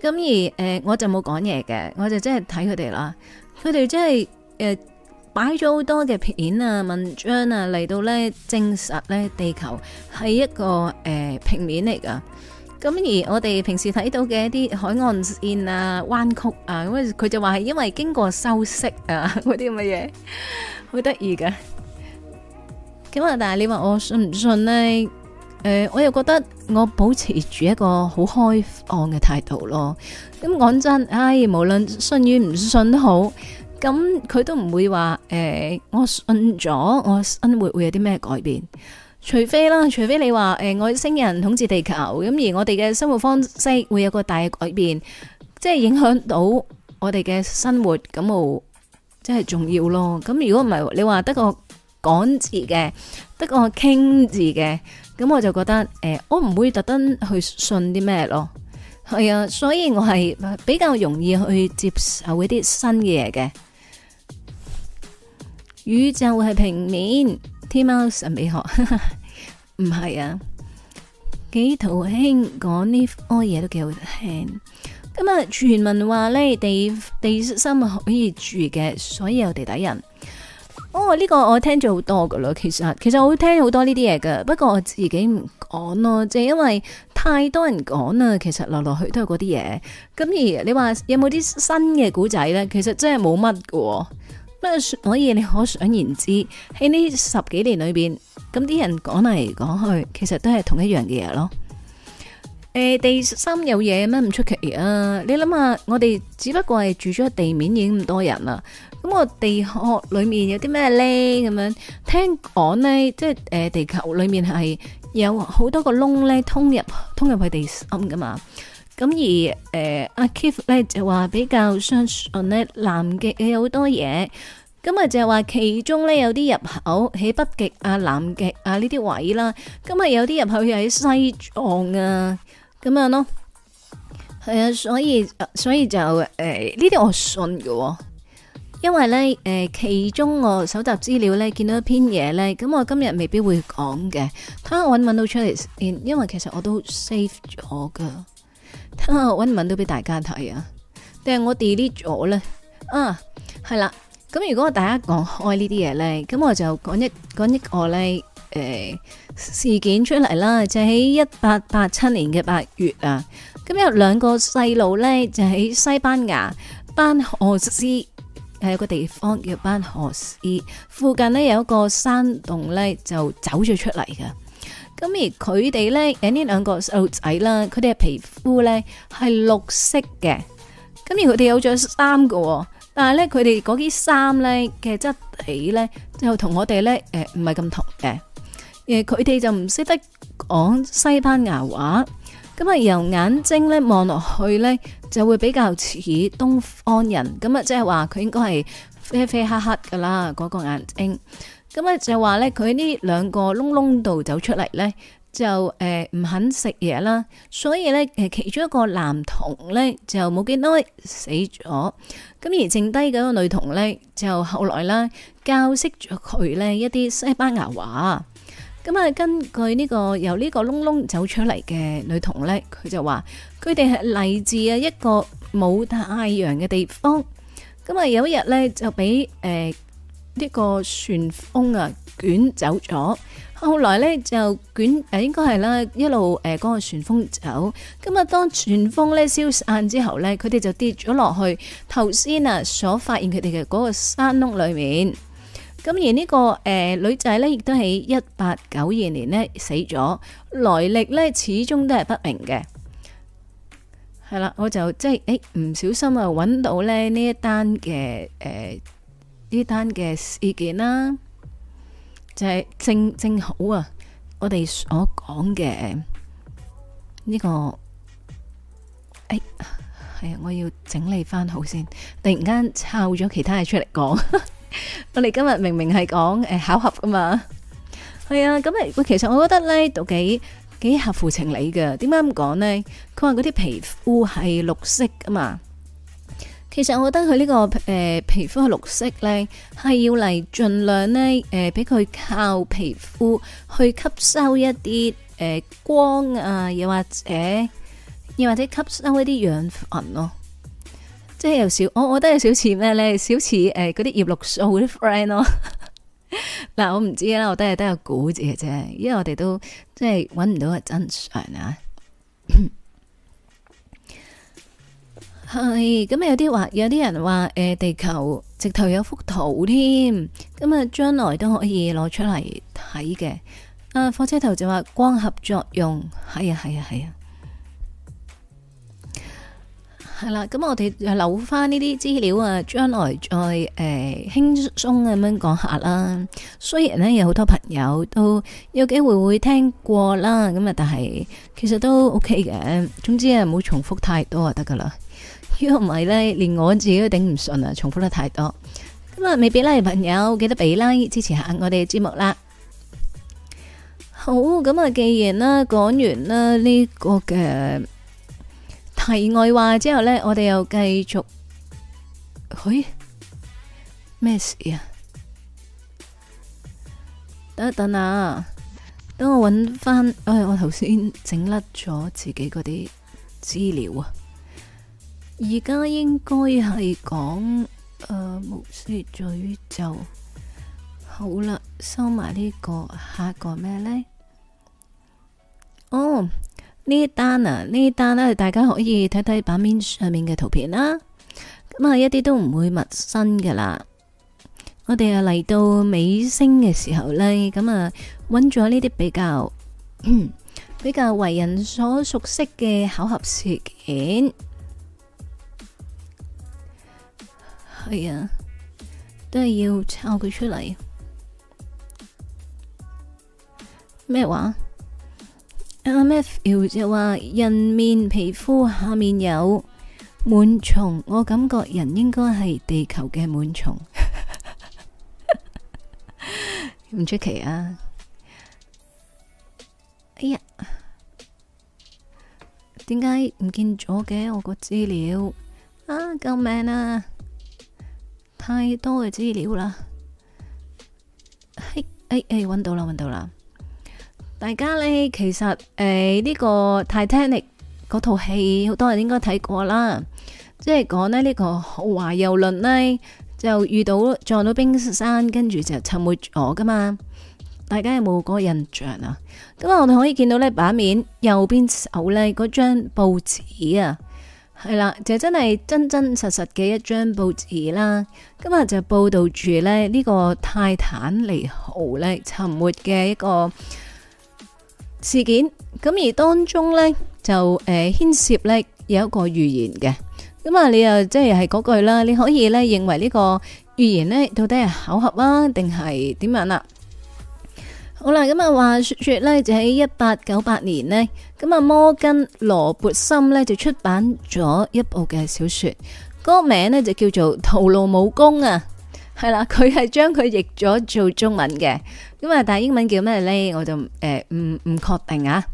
咁而誒我就冇講嘢嘅，我就即係睇佢哋啦，佢哋即係誒擺咗好多嘅片啊、文章啊嚟到呢，證實呢，地球係一個誒、呃、平面嚟噶。咁而我哋平時睇到嘅一啲海岸綫啊、彎曲啊，咁佢就話係因為經過修飾啊，嗰啲咁嘅嘢，好得意噶。咁啊，但係你話我信唔信呢？誒，我又覺得我保持住一個好開放嘅態度咯。咁講真，唉，無論信與唔信都好，咁佢都唔會話誒，我信咗，我生活會有啲咩改變？除非啦，除非你話誒外星人統治地球，咁而我哋嘅生活方式會有個大改變，即係影響到我哋嘅生活，咁冇即係重要咯。咁如果唔係，你話得個講字嘅，得個傾字嘅，咁我就覺得誒、欸，我唔會特登去信啲咩咯。係啊，所以我係比較容易去接受一啲新嘢嘅。宇宙係平面。天喵神秘學唔係啊，幾討兄講呢啲嘢，都幾好聽。咁、嗯、啊，傳聞話咧地地心，可以住嘅，所以有地底人。哦、呢、這個我聽咗好多噶啦，其實其實我會聽好多呢啲嘢噶，不過我自己唔講咯，即係因為太多人講啦，其實嚟嚟去去都係嗰啲嘢。咁、嗯、而你話有冇啲新嘅古仔咧？其實真係冇乜噶。乜，所以你可想而知，喺呢十幾年裏邊，咁啲人講嚟講去，其實都係同一樣嘅嘢咯。誒、呃，地心有嘢咩唔出奇啊？你諗下，我哋只不過係住咗地面，已經咁多人啦。咁我地殼裏面有啲咩咧？咁樣聽講咧，即係誒、呃，地球裏面係有好多個窿咧，通入通入去地心噶嘛。咁而誒，阿 Keith 咧就話比較相信咧，南極有好多嘢，咁啊就話其中咧有啲入口喺北極啊、南極啊呢啲位啦，咁啊有啲入口又喺西藏啊咁樣咯。係啊，所以所以就誒呢啲我信嘅。哦，因為咧誒、呃、其中我蒐集資料咧見到一篇嘢咧，咁我今日未必會講嘅，睇下搵唔搵到出嚟，因為其實我都 save 咗噶。溫文到俾大家睇啊，定係我 delete 咗咧。啊係啦，咁如果大家講開呢啲嘢咧，咁我就講一講一個咧，誒、呃、事件出嚟啦，就喺一八八七年嘅八月啊，咁有兩個細路咧，就喺西班牙班荷斯係一個地方叫班荷斯，附近咧有一個山洞咧，就走咗出嚟噶。咁而佢哋咧，誒呢兩個細路仔啦，佢哋嘅皮膚咧係綠色嘅。咁而佢哋有着衫嘅，但係咧佢哋嗰啲衫咧嘅質地咧就我呢、呃、同我哋咧唔係咁同嘅。誒佢哋就唔識得講西班牙話。咁啊由眼睛咧望落去咧就會比較似東方人。咁啊即係話佢應該係啡啡黑黑㗎啦嗰個眼睛。咁咧就話咧，佢呢兩個窿窿度走出嚟咧，就誒唔肯食嘢啦，所以咧誒其中一個男童咧就冇幾耐死咗，咁而剩低嗰個女童咧就後來啦，教識咗佢咧一啲西班牙話，咁啊根據呢個由呢個窿窿走出嚟嘅女童咧，佢就話佢哋係嚟自啊一個冇太陽嘅地方，咁啊有一日咧就俾誒。呢個旋風啊，捲走咗。後來咧就捲誒，應該係啦，一路誒，嗰個旋風走。咁啊，當旋風咧消散之後咧，佢哋就跌咗落去頭先啊所發現佢哋嘅嗰個山窿裏面。咁而呢個、這個誒、呃、女仔咧，亦都喺一八九二年咧死咗，來歷咧始終都係不明嘅。係啦，我就即係誒唔小心啊揾到咧呢一單嘅誒。呢單嘅事件啦，就係正正好啊，我哋所講嘅呢個，誒，係啊，我要整理翻好先。突然間抄咗其他嘢出嚟講，我哋今日明明係講誒巧合噶嘛。係啊，咁啊，其實我覺得咧，都幾幾合乎情理噶。點解咁講呢？佢話嗰啲皮膚係綠色噶嘛。其實我覺得佢呢、這個誒、呃、皮膚嘅綠色咧，係要嚟，盡量咧誒，俾、呃、佢靠皮膚去吸收一啲誒、呃、光啊，又或者又或者吸收一啲養分咯、啊。即係有少，我我覺得有少似咩咧？少似誒嗰啲葉綠素啲 friend 咯、啊。嗱，我唔知啦，我都係都有估字嘅啫，因為我哋都即係搵唔到個真相啊。 係咁有啲話，有啲人話，誒，地球直頭有幅圖添。咁啊，將來都可以攞出嚟睇嘅。啊，火車頭就話光合作用係啊，係啊，係啊，係啦。咁我哋留翻呢啲資料啊，將來再誒輕鬆咁樣講下啦。雖然呢有好多朋友都有機會會聽過啦，咁啊，但係其實都 OK 嘅。總之啊，唔好重複太多就得噶啦。如果唔係咧，連我自己都頂唔順啊！重複得太多，咁啊，未俾啦，朋友記得俾啦，支持下我哋嘅節目啦。好，咁啊，既然啦，講完啦呢個嘅題外話之後呢，我哋又繼續。嘿，咩事啊？等一等啊，等我搵翻。哎，我頭先整甩咗自己嗰啲資料啊！而家應該係講誒，目視咀咒好啦，收埋呢、這個下一個咩咧？哦，呢單啊，呢單咧、啊，大家可以睇睇版面上面嘅圖片啦。咁、嗯、啊，一啲都唔會陌生噶啦。我哋又嚟到尾聲嘅時候咧，咁、嗯、啊，揾咗呢啲比較、嗯、比較為人所熟悉嘅巧合事件。係啊、哎，都係要抄佢出嚟。咩話？阿 Matthew 就話人面皮膚下面有蟎蟲，我感覺人應該係地球嘅蟎蟲，唔 出奇啊！哎呀，點解唔見咗嘅我個資料啊？救命啊！太多嘅資料啦，誒、哎、誒，揾、哎哎、到啦，揾到啦！大家呢，其實誒呢、哎呢個 Titanic 嗰套戲，好多人應該睇過啦，即係講呢呢、呢個豪華遊輪呢就遇到撞到冰山，跟住就沉沒咗噶嘛。大家有冇嗰個印象啊？咁啊，我哋可以見到呢版面右邊手呢嗰張報紙啊。係啦，就真、是、係真真實實嘅一張報紙啦。今日就報道住呢個泰坦尼號呢沉沒嘅一個事件，咁而當中呢，就誒牽涉呢有一個預言嘅。咁啊，你又即係係嗰句啦，你可以呢認為呢個預言呢到底係巧合啊，定係點樣啦，啊？好啦，咁啊，話說說咧，就喺一八九八年呢，咁啊，摩根羅勃森咧就出版咗一部嘅小說，個名呢，就叫做《徒勞無功》啊，係啦，佢係將佢譯咗做中文嘅，咁啊，但係英文叫咩咧，我就誒唔唔確定啊，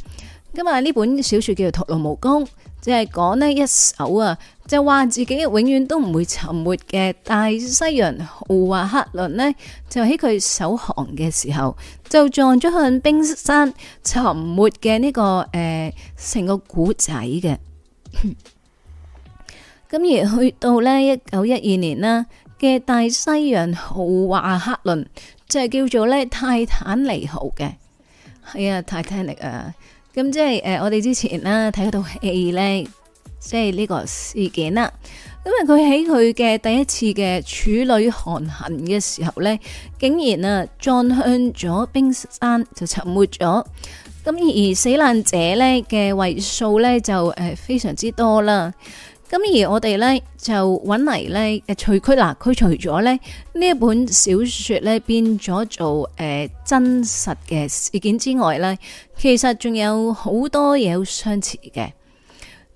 咁啊，呢本小說叫做《徒勞無功》，即係講呢一首啊。就話自己永遠都唔會沉沒嘅大西洋豪華客輪咧，就喺佢首航嘅時候，就撞咗向冰山沉沒嘅呢個誒成個古仔嘅。咁而去到咧一九一二年啦嘅大西洋豪華客輪，就係叫做咧泰坦尼克號嘅，係啊泰坦尼克啊。咁即係誒，我哋之前啦睇嗰套戲咧。即係呢個事件啦，咁啊佢喺佢嘅第一次嘅處女航行嘅時候呢，竟然啊撞向咗冰山就沉沒咗。咁而死難者呢嘅位數呢，就誒非常之多啦。咁而我哋呢，就搵嚟呢，除居啦，佢除咗呢呢一本小說呢，變咗做誒真實嘅事件之外呢，其實仲有好多嘢好相似嘅。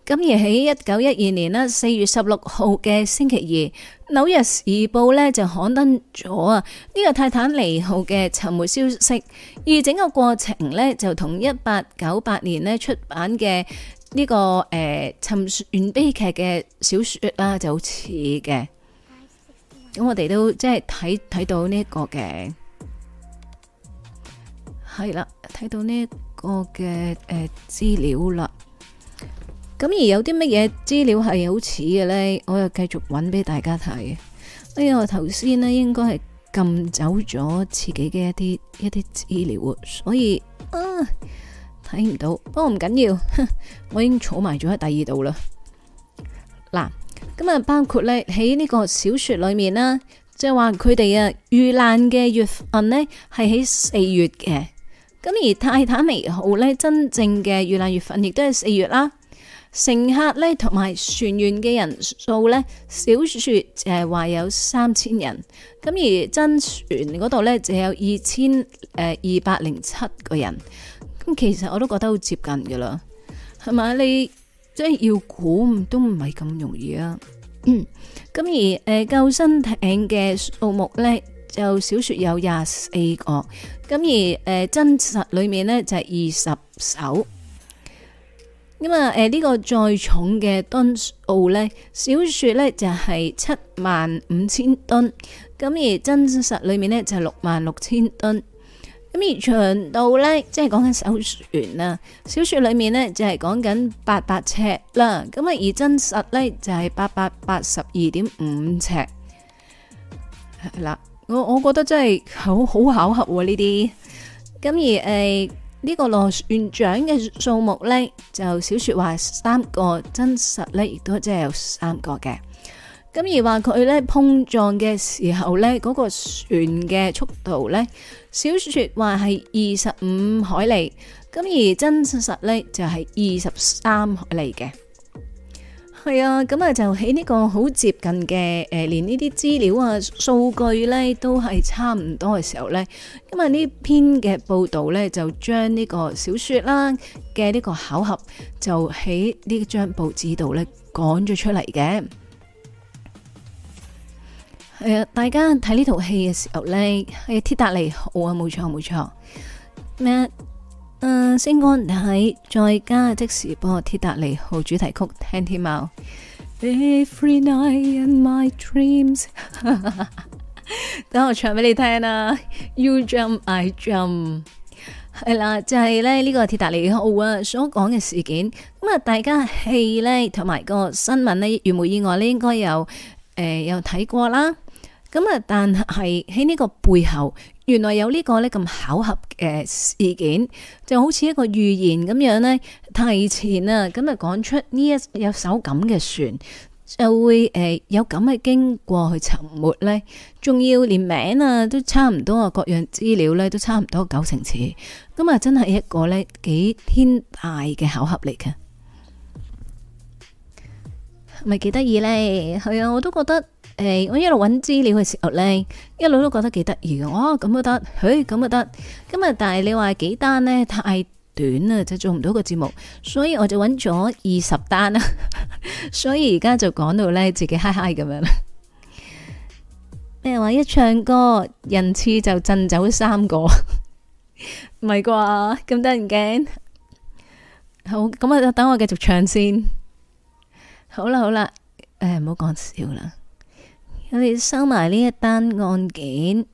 咁而喺一九一二年啦，四月十六號嘅星期二，《紐約時報》呢就刊登咗啊呢個泰坦尼號嘅沉沒消息，而整個過程呢、這個呃，就同一八九八年呢出版嘅呢個誒沉船悲劇嘅小說啦就好似嘅，咁我哋都即係睇睇到呢個嘅係啦，睇到呢個嘅誒資料啦。咁而有啲乜嘢資料係好似嘅呢？我又繼續揾俾大家睇。哎呀，頭先呢應該係撳走咗自己嘅一啲一啲資料，所以啊睇唔到。不過唔緊要，我已經儲埋咗喺第二度啦。嗱，咁啊包括呢喺呢個小說裏面啦，即係話佢哋啊遇難嘅月份呢係喺四月嘅。咁而泰坦尼克號呢，真正嘅遇難月份亦都係四月啦。乘客咧同埋船員嘅人數咧，小說誒話有三千人，咁而真船嗰度咧就有二千誒二百零七個人，咁其實我都覺得好接近噶啦，係咪？你即係要估都唔係咁容易啊。咁、嗯、而誒救生艇嘅數目咧，就小說有廿四個，咁而誒真實裏面咧就係二十艘。咁啊，誒，呢個最重嘅噸數呢，小說呢，就係七萬五千噸，咁而真實裡面呢，就係六萬六千噸。咁而長度呢，即係講緊艘船啦，小說裡面呢，就係講緊八百尺啦，咁啊而真實呢，就係八百八十二點五尺。嗱，我我覺得真係好好巧合呢、啊、啲，咁而誒。呃呢個螺旋槳嘅數目呢，就小說話是三個，真實呢，亦都即係有三個嘅。咁而話佢呢，碰撞嘅時候呢，嗰、那個船嘅速度呢，小說話係二十五海里，咁而真實呢，就係、是、二十三海里嘅。係啊，咁啊就喺呢個好接近嘅，誒、呃、連呢啲資料啊數據呢都係差唔多嘅時候呢。咁啊呢篇嘅報道呢，就將呢個小說啦嘅呢個巧合就喺呢張報紙度呢講咗出嚟嘅。係啊，大家睇呢套戲嘅時候呢，咧、哎，啊，鐵達尼號啊，冇錯冇錯咩？誒、呃，星安喺，在家即時播《鐵達尼號》主題曲聽添啊！Every night in my dreams，等 我唱俾你聽啊！You jump, I jump，係啦，就係、呢、呢個《鐵達尼號》啊所講嘅事件。咁啊，大家戲呢同埋個新聞呢，如無意外呢應該有誒、呃、有睇過啦。咁啊，但係喺呢個背後。原來有呢個咧咁巧合嘅事件，就好似一個預言咁樣咧，提前啊咁啊講出呢一有艘咁嘅船，就會誒有咁嘅經過去沉沒呢。仲要連名啊都差唔多啊，各樣資料呢，都差唔多九成似，咁啊真係一個咧幾天大嘅巧合嚟嘅，咪幾得意呢？係啊，我都覺得。誒、欸，我一路搵資料嘅時候呢，一路都覺得幾得意嘅。哦，咁都得，嘿，咁都得。今日但係你話幾單呢？太短啦，就做唔到個節目，所以我就搵咗二十單啦。 所以而家就講到呢，自己嗨嗨咁樣啦。咩話？一唱歌人次就震走三個，唔係啩？咁得人驚？好咁啊，等我繼續唱先。好啦，好啦，誒、欸，唔好講笑啦。我哋收埋呢一單案件，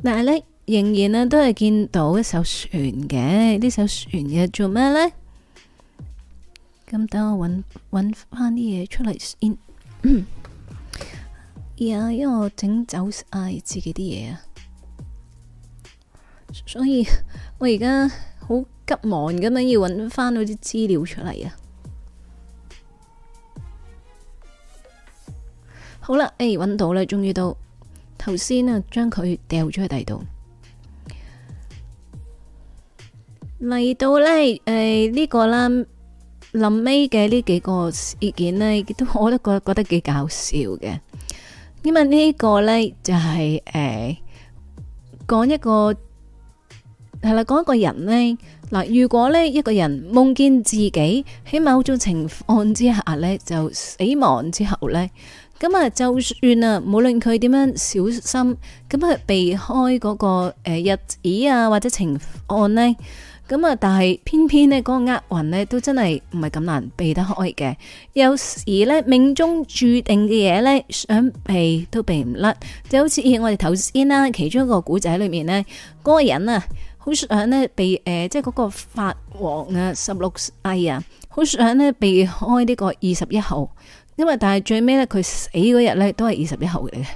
但係咧仍然咧都係見到一艘船嘅，呢艘船嘅做咩咧？咁等我揾揾翻啲嘢出嚟先。而家因為我整走晒自己啲嘢啊，所以我而家好急忙咁樣要揾翻到啲資料出嚟啊！好啦，誒、哎，揾到啦，終於到頭先啊，將佢掉咗去第二度嚟到咧。誒，呢、呃這個啦，臨尾嘅呢幾個事件呢，都我都覺得覺得幾搞笑嘅。因為呢個呢，就係誒講一個係啦，講一個人呢。嗱，如果呢，一個人夢見自己喺某種情況之下呢，就死亡之後呢。咁啊，就算啊，無論佢點樣小心，咁啊，避開嗰，那個誒、呃、日子啊或者情案咧，咁啊，但係偏偏咧嗰，那個厄運咧都真係唔係咁難避得開嘅。有時咧命中注定嘅嘢咧想避都避唔甩，就好似我哋頭先啦，其中一個古仔裏面咧，個人啊好想咧避誒，即係嗰個法王啊十六世啊，好、啊、想咧避開呢個二十一號。因為但係最尾咧，佢死嗰日咧都係二十一號嚟嘅。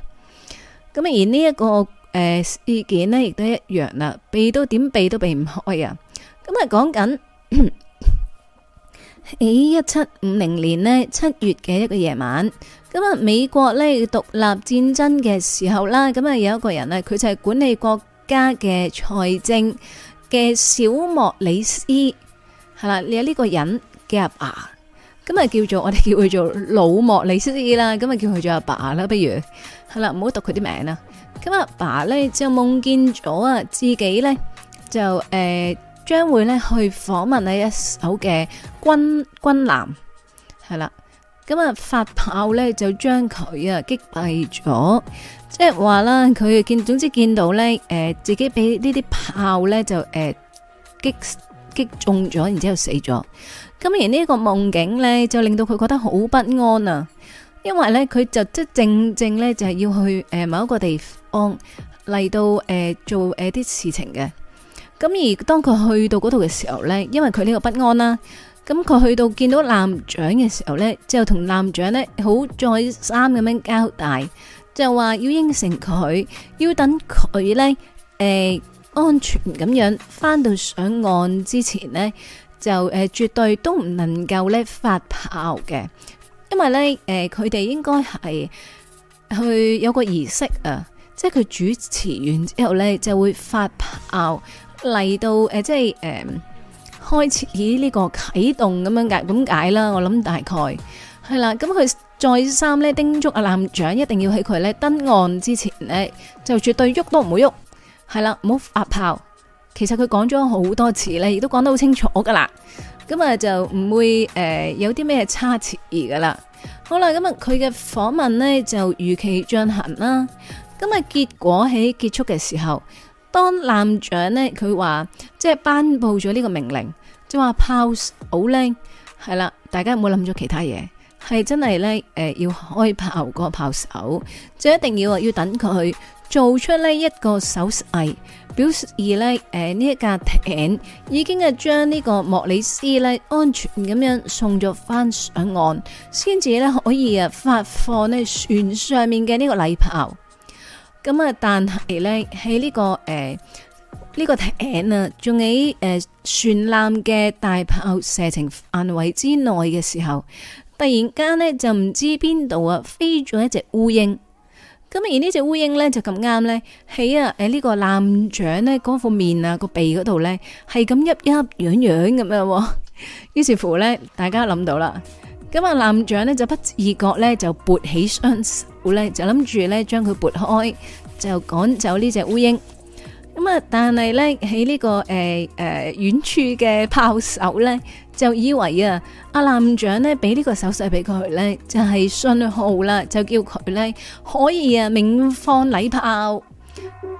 咁而呢一個誒事件咧，亦都一樣啦，避都點避都避唔開啊！咁啊，講緊喺一七五零年呢七月嘅一個夜晚，咁啊，美國呢要獨立戰爭嘅時候啦，咁啊，有一個人啊，佢就係管理國家嘅財政嘅小莫里斯，係啦，你有呢個人夾牙。咁啊叫做我哋叫佢做老莫利斯啦。咁啊叫佢做阿爸，爸啦，不如係啦，唔好讀佢啲名字啦。咁阿爸咧就夢見咗啊自己咧就誒、呃、將會咧去訪問你一艘嘅軍軍艦係啦。咁啊發炮咧就將佢啊擊斃咗，即係話啦，佢見總之見到咧誒、呃、自己俾呢啲炮咧就誒、呃、擊擊中咗，然之後死咗。咁而呢個夢境呢，就令到佢覺得好不安啊！因為呢，佢就即正正呢，就係、是、要去誒、呃、某一個地方嚟到誒、呃、做誒啲、呃、事情嘅。咁而當佢去到嗰度嘅時候呢，因為佢呢個不安啦、啊，咁佢去到見到艦長嘅時候呢，之就同艦長呢，好再三咁樣交代，就話要應承佢，要等佢呢，誒、呃、安全咁樣返到上岸之前呢。就誒、呃、絕對都唔能夠咧發炮嘅，因為咧誒佢哋應該係去有個儀式啊，即係佢主持完之後咧就會發炮嚟到誒，即係誒、呃、開始以呢個啟動咁樣解咁解啦。我諗大概係啦，咁佢再三咧叮囑阿艦長一定要喺佢咧登岸之前咧就絕對喐都唔好喐，係啦，唔好發炮。其實佢講咗好多次咧，亦都講得好清楚噶啦，咁啊就唔會誒、呃、有啲咩差池噶啦。好啦，咁啊佢嘅訪問呢就如期進行啦。咁啊結果喺結束嘅時候，當艦長呢，佢話即係頒布咗呢個命令，即係話炮手呢，好靚係啦。大家有冇諗咗其他嘢，係真係咧誒要開炮個炮手，就一定要要等佢做出呢一個手勢。而咧，誒呢一架艇已經啊將呢個莫里斯咧安全咁樣送咗返上岸，先至咧可以啊發放呢船上面嘅呢個禮炮。咁啊，但係呢，喺呢個誒呢個艇啊仲喺誒船艦嘅大炮射程範圍之內嘅時候，突然間呢就唔知邊度啊飛咗一隻烏蠅。咁而呢隻烏蠅咧就咁啱咧，喺啊誒呢個艦長咧嗰副面啊個鼻嗰度咧係咁一一癢癢咁樣，於是乎咧大家諗到啦，咁啊艦長咧就不自覺咧就撥起雙手咧就諗住咧將佢撥開，就趕走呢隻烏蠅咁啊，但係咧喺呢個誒誒遠處嘅炮手咧。就以為啊，阿艦長咧俾呢給個手勢俾佢咧，就係、是、信號啦，就叫佢咧可以啊，明放禮炮。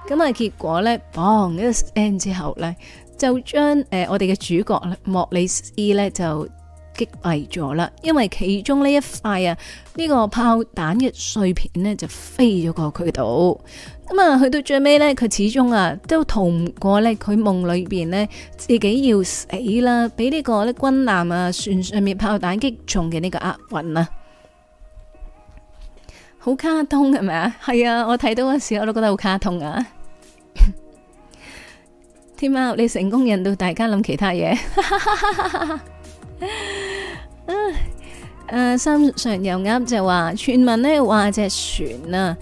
咁啊，結果咧，bang 一聲之後咧，就將誒、呃、我哋嘅主角呢莫里斯咧就擊斃咗啦，因為其中呢一塊啊，呢、這個炮彈嘅碎片咧就飛咗過佢度。咁啊，去到最尾咧，佢始終啊都逃唔過咧，佢夢裏邊呢，自己要死啦，俾呢個咧軍艦啊船上面炮彈擊中嘅呢個厄運啊，好卡通係咪啊？係啊，我睇到嗰時我都覺得好卡通啊！ 天貓，你成功引導大家諗其他嘢，誒 誒、啊，心上又啱就話，村民呢話隻船啊。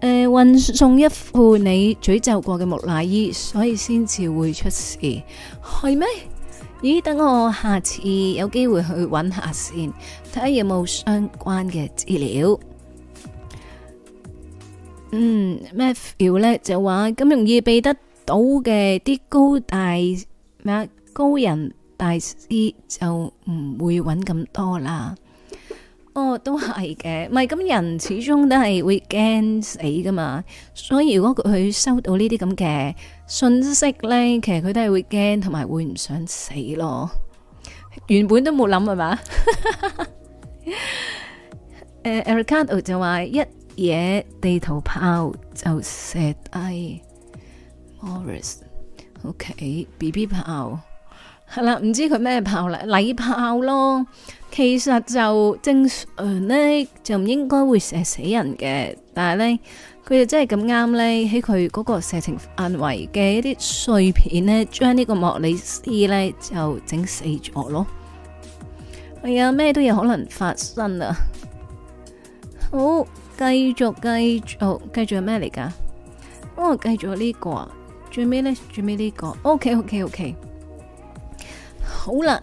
誒，運、呃、送一副你詛咒過嘅木乃伊，所以先至會出事，係咩？咦，等我下次有機會去揾下先，睇下有冇相關嘅資料。嗯，咩 feel 咧？就話咁容易避得到嘅啲高大咩高人大師就，就唔會揾咁多啦。哦，都係嘅，唔係咁人始終都係會驚死噶嘛，所以如果佢收到呢啲咁嘅信息咧，其實佢都係會驚，同埋會唔想死咯。原本都冇諗係嘛，誒，Ericado 就話一嘢地圖炮就射低 Morris，OK，B B 炮。係啦，唔、嗯、知佢咩炮嚟，禮炮咯。其實就正常咧，就唔應該會射死人嘅。但係咧，佢又真係咁啱咧，喺佢嗰個射程範圍嘅一啲碎片咧，將呢個莫里斯咧就整死咗咯。係、哎、啊，咩都有可能發生啊。好，繼續繼續，繼續係咩嚟噶？我繼續呢、哦呢個啊，最尾咧，最尾呢、呢個。O K，O K，O K。好啦，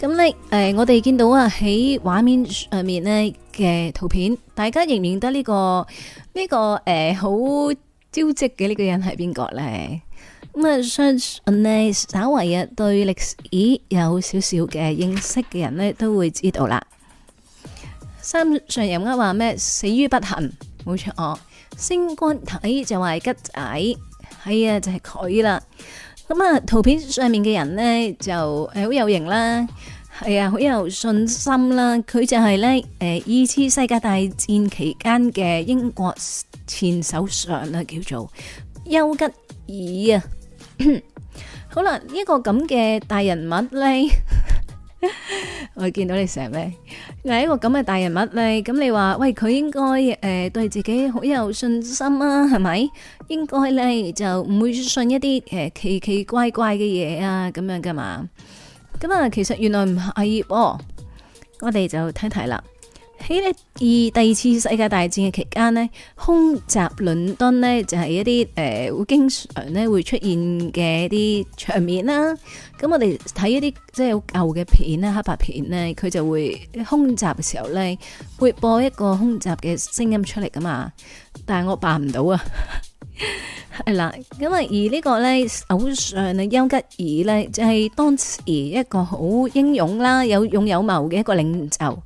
咁咧誒，我哋見到啊，喺畫面上面咧嘅圖片，大家認唔認得呢、這個呢、這個誒好招積嘅呢個人係邊個咧？咁啊相信呢，稍微啊對歷史有少少嘅認識嘅人咧，都會知道啦。三上人家話咩死於不幸，冇錯。星光體就話吉仔，係啊就係佢啦。咁啊，圖片上面嘅人呢，就誒好有型啦，係啊，好有信心啦。佢就係呢，誒二次世界大戰期間嘅英國前首相啦，啊，叫做丘吉爾啊。 好啦，呢個咁嘅大人物呢。 我見到你成日咩？你一個咁嘅大人物嚟，咁你話喂佢應該誒、呃、對自己好有信心啊？係咪？應該咧就唔會信一啲誒、呃、奇奇怪怪嘅嘢啊咁樣噶嘛？咁啊，其實原來唔係喎。我哋就睇睇啦。喺咧，二第二次世界大戰嘅期間咧，空襲倫敦咧就係一啲誒會經常咧會出現嘅一啲場面啦。咁我哋睇一啲即係好舊嘅片咧，黑白片咧，佢就會空襲嘅時候咧會播一個空襲嘅聲音出嚟噶嘛。但係我扮唔到啊，係啦。咁啊，而呢個咧，偶像啊丘吉爾咧就係當時一個好英勇啦，有勇有謀嘅一個領袖。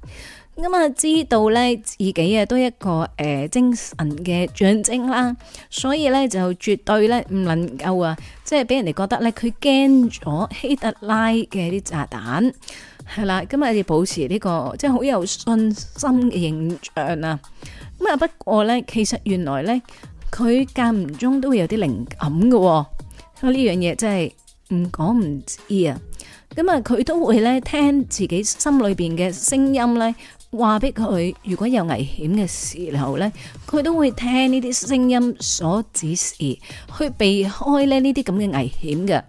咁啊，知道咧自己啊都一個誒精神嘅象徵啦，所以咧就絕對咧唔能夠啊，即係俾人哋覺得咧佢驚咗希特拉嘅啲炸彈係啦，咁啊要保持呢個即係好有信心嘅形象啊。咁啊，不過咧其實原來咧佢間唔中都會有啲靈感㗎，所以呢樣嘢真係唔講唔知啊。咁啊，佢都會咧聽自己心裏邊嘅聲音咧。話俾佢，如果有危險嘅時候咧，佢都會聽呢啲聲音所指示，去避開咧呢啲咁嘅危險嘅。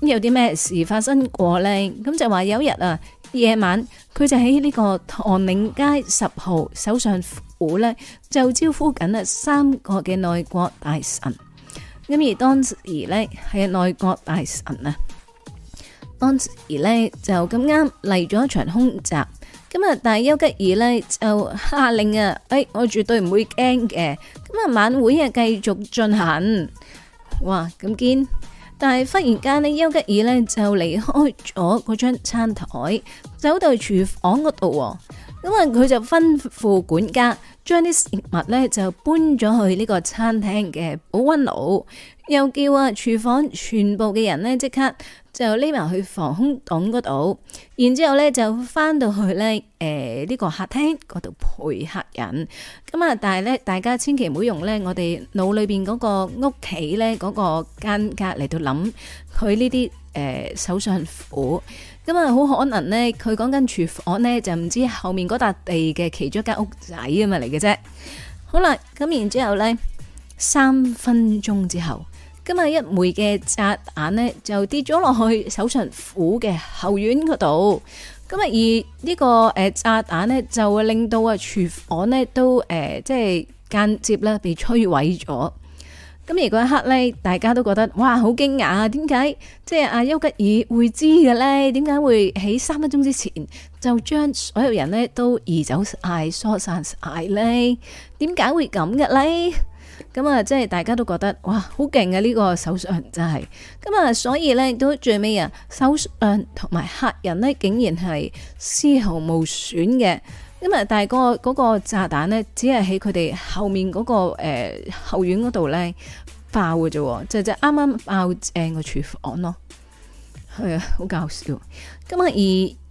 咁有啲咩事發生過咧？咁就話有一日啊，夜晚佢就喺呢個唐寧街十號首相府咧，就招呼緊咧三個嘅內閣大臣。咁而當時咧係內閣大臣啊。安琪兒咧就咁啱嚟咗一場空襲，咁啊，但係丘吉爾咧就下令啊，誒、哎，我絕對唔會驚嘅，咁啊，晚會啊繼續進行，哇，咁堅，但係忽然間呢，丘吉爾咧就離開咗嗰張餐台，走到廚房嗰度，哦。咁啊！佢就吩咐管家將啲食物咧就搬咗去呢個餐廳嘅保溫爐，又叫啊廚房全部嘅人咧即刻就匿埋去防空洞嗰度，然之後咧就翻到去咧誒呢、呃這個客廳嗰度陪客人。咁啊，但係咧大家千祈唔好用咧我哋腦裏邊嗰個屋企咧嗰個間隔嚟到諗佢呢啲誒首相府。咁啊，好可能咧，佢講緊廚房咧，就唔知後面嗰笪地嘅其中一間屋仔啊嘛嚟嘅啫。好啦，咁然之後咧，三分鐘之後，今日一枚嘅炸彈咧就跌咗落去首相府嘅後院嗰度。咁啊，而、這個呃、呢個誒炸彈咧就會令到啊廚房咧都誒即係間接咧被摧毀咗。咁而嗰一刻咧，大家都覺得哇，好驚訝啊！點解即係阿丘吉爾會知嘅咧？點解會喺三分鐘之前就將所有人咧都移走晒疏散晒咧？點解會咁嘅咧？咁啊，即係大家都覺得哇，好勁啊！呢個手術真係，咁啊，所以咧都最尾啊，手術同埋客人咧，竟然係絲毫無損嘅。咁啊！但係個炸彈咧，只係喺佢哋後面嗰、那個誒、呃、後院嗰度咧爆嘅啫，就就啱啱爆誒個廚房咯。係、哎、啊，好搞笑！咁啊，而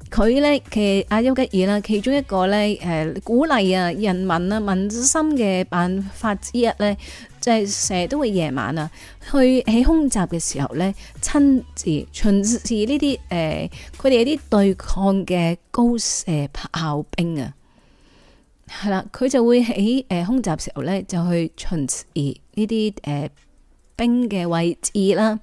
佢咧，其實阿丘吉爾啦，其中一個咧誒、呃、鼓勵啊人民啊民心嘅辦法之一咧，就係成日都會夜晚啊去喺空襲嘅時候咧，親自巡視呢啲誒佢哋啲對抗嘅高射炮兵啊！係啦，佢就會喺誒空襲時候咧，就去巡視呢啲誒兵嘅位置啦。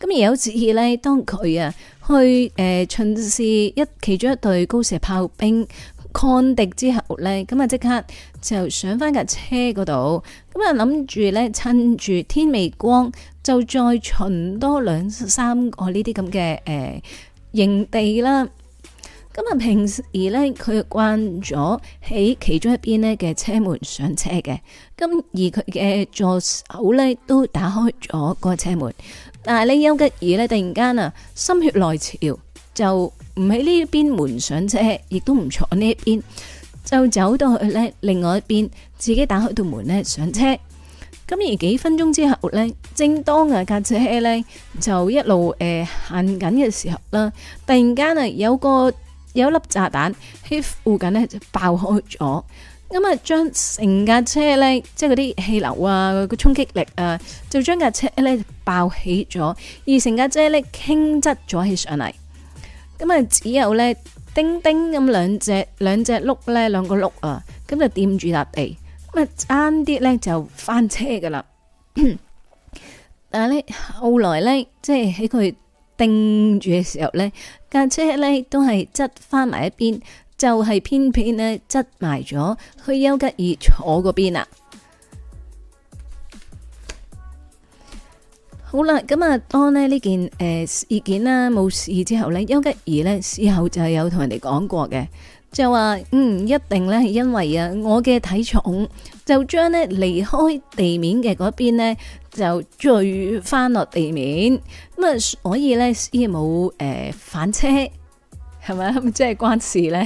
咁而有時咧，當佢啊去誒、呃、巡視一其中一隊高射炮兵抗敵之後咧，咁啊即刻就上翻架車嗰度，咁啊諗住咧趁住天未光就再巡多兩三個呢啲咁嘅誒營地啦。咁啊，平時咧佢慣咗喺其中一邊咧嘅車門上車嘅，咁而佢嘅助手咧都打開咗個車門，但係呢，邱吉爾呢，突然間啊心血來潮，就唔喺呢一邊門上車，亦都唔坐呢一邊，就走到去咧另外一邊，自己打開道門咧上車。咁而幾分鐘之後咧，正當架車咧就一路誒行緊嘅時候啦，突然間啊有個。有一粒炸彈喺附近咧就爆開咗，咁啊將成架車咧，即係嗰啲氣流啊，個衝擊力啊，就將架車咧爆起咗，而成架車咧傾側咗起上嚟，咁啊只有咧叮叮咁兩隻兩隻碌咧兩個碌啊，咁就掂住笪地，咁啊差啲咧就翻車噶啦，但係咧後來咧即係喺佢叮住嘅時候咧。架車呢都係側翻埋一邊，就係偏偏咧側埋咗去丘吉爾坐嗰邊啊！好啦，咁啊當咧呢件誒事件啦冇事之後咧，丘吉爾咧事後就係有同人哋講過嘅。就話嗯，一定咧，因為啊，我嘅體重就將咧離開地面嘅嗰邊咧，就墜翻落地面，咁啊，所以咧先冇誒翻車，係咪？咁、嗯、即係關事咧。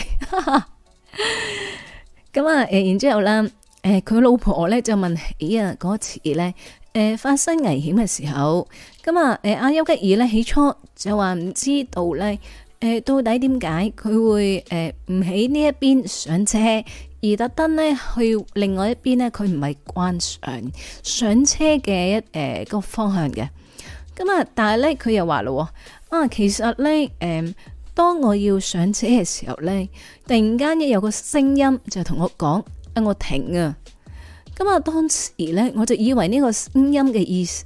咁啊，誒，然之後啦，誒、呃，佢老婆咧就問起呢：起啊，嗰次咧，誒，發生危險嘅時候，咁、嗯、啊，誒，阿丘吉爾咧起初就話唔知道咧。誒，到底點解佢會誒唔喺呢一邊上車，而特登咧去另外一邊呢？佢唔係慣上上車嘅一誒、呃那個方向嘅。咁啊，但係呢，佢又話咯，啊其實呢，誒、呃、當我要上車嘅時候呢，突然間咧有個聲音就同我講，啊我停啊！咁啊當時咧我就以為呢個聲音嘅意思。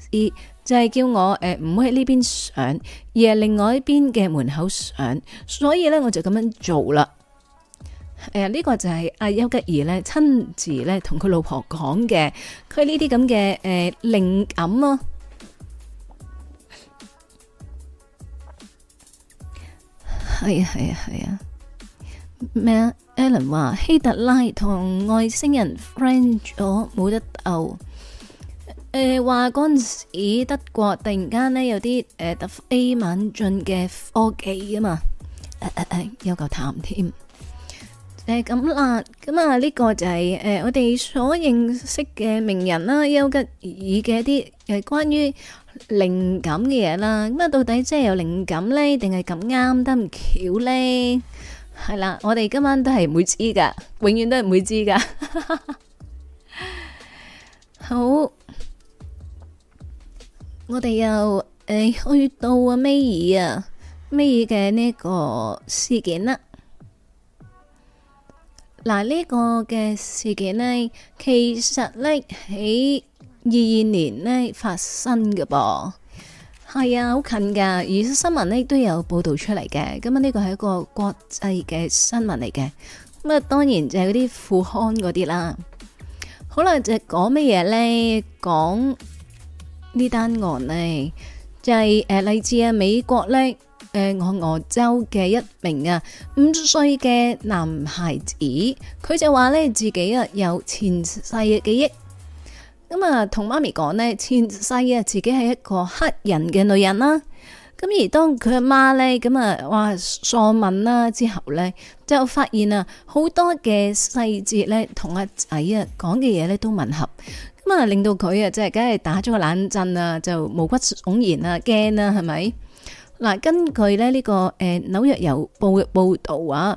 就係叫我誒唔好喺呢邊上，而係另外一邊嘅門口上，所以咧我就咁樣做啦。誒、呃，呢、這個就係阿丘吉爾咧親自咧同佢老婆講嘅，佢呢啲咁嘅誒靈感咯、哦。係啊係啊係啊。咩？Alan 話希特拉同外星人 friend 咗冇得鬥。誒，話嗰陣時德國突然間咧有啲誒突飛猛進嘅科技啊嘛，誒誒誒，又夠談添。誒咁啦，咁啊呢個就係誒我哋所認識嘅名人啦，丘吉爾嘅一啲誒關於靈感嘅嘢啦。咁啊到底真係有靈感咧，定係咁啱得唔巧咧？係啦，我哋今晚都係唔會知噶，永遠都係唔會知噶。好。我哋又誒、哎、去到阿美兒啊，美兒嘅呢個事件啦。嗱、啊、呢、這個嘅事件呢，其實呢，喺二二年呢發生嘅噃。係啊，好近噶，而新聞呢，都有報道出嚟嘅。咁、嗯、啊、呢、這個係一個國際嘅新聞嚟嘅。咁、嗯、啊，當然就係嗰啲富刊嗰啲啦。好啦，就講咩嘢呢？講。呢單案呢，就係、是、誒，嚟自啊，美國咧，誒、呃，我俄州嘅一名啊，五歲嘅男孩子，佢就話咧，自己啊有前世嘅記憶，咁、嗯、啊，同媽咪講呢，前世啊，自己係一個黑人嘅女人啦，咁而當佢阿媽咧，咁啊，話素問啦之後咧，就發現啊，好多嘅細節咧，同阿仔啊講嘅嘢咧，都吻合。咁啊，令到佢啊，即係梗係打咗個冷震啊，就毛骨悚然啊，驚啦，係咪？嗱，根據咧呢個誒紐約郵報嘅報道啊，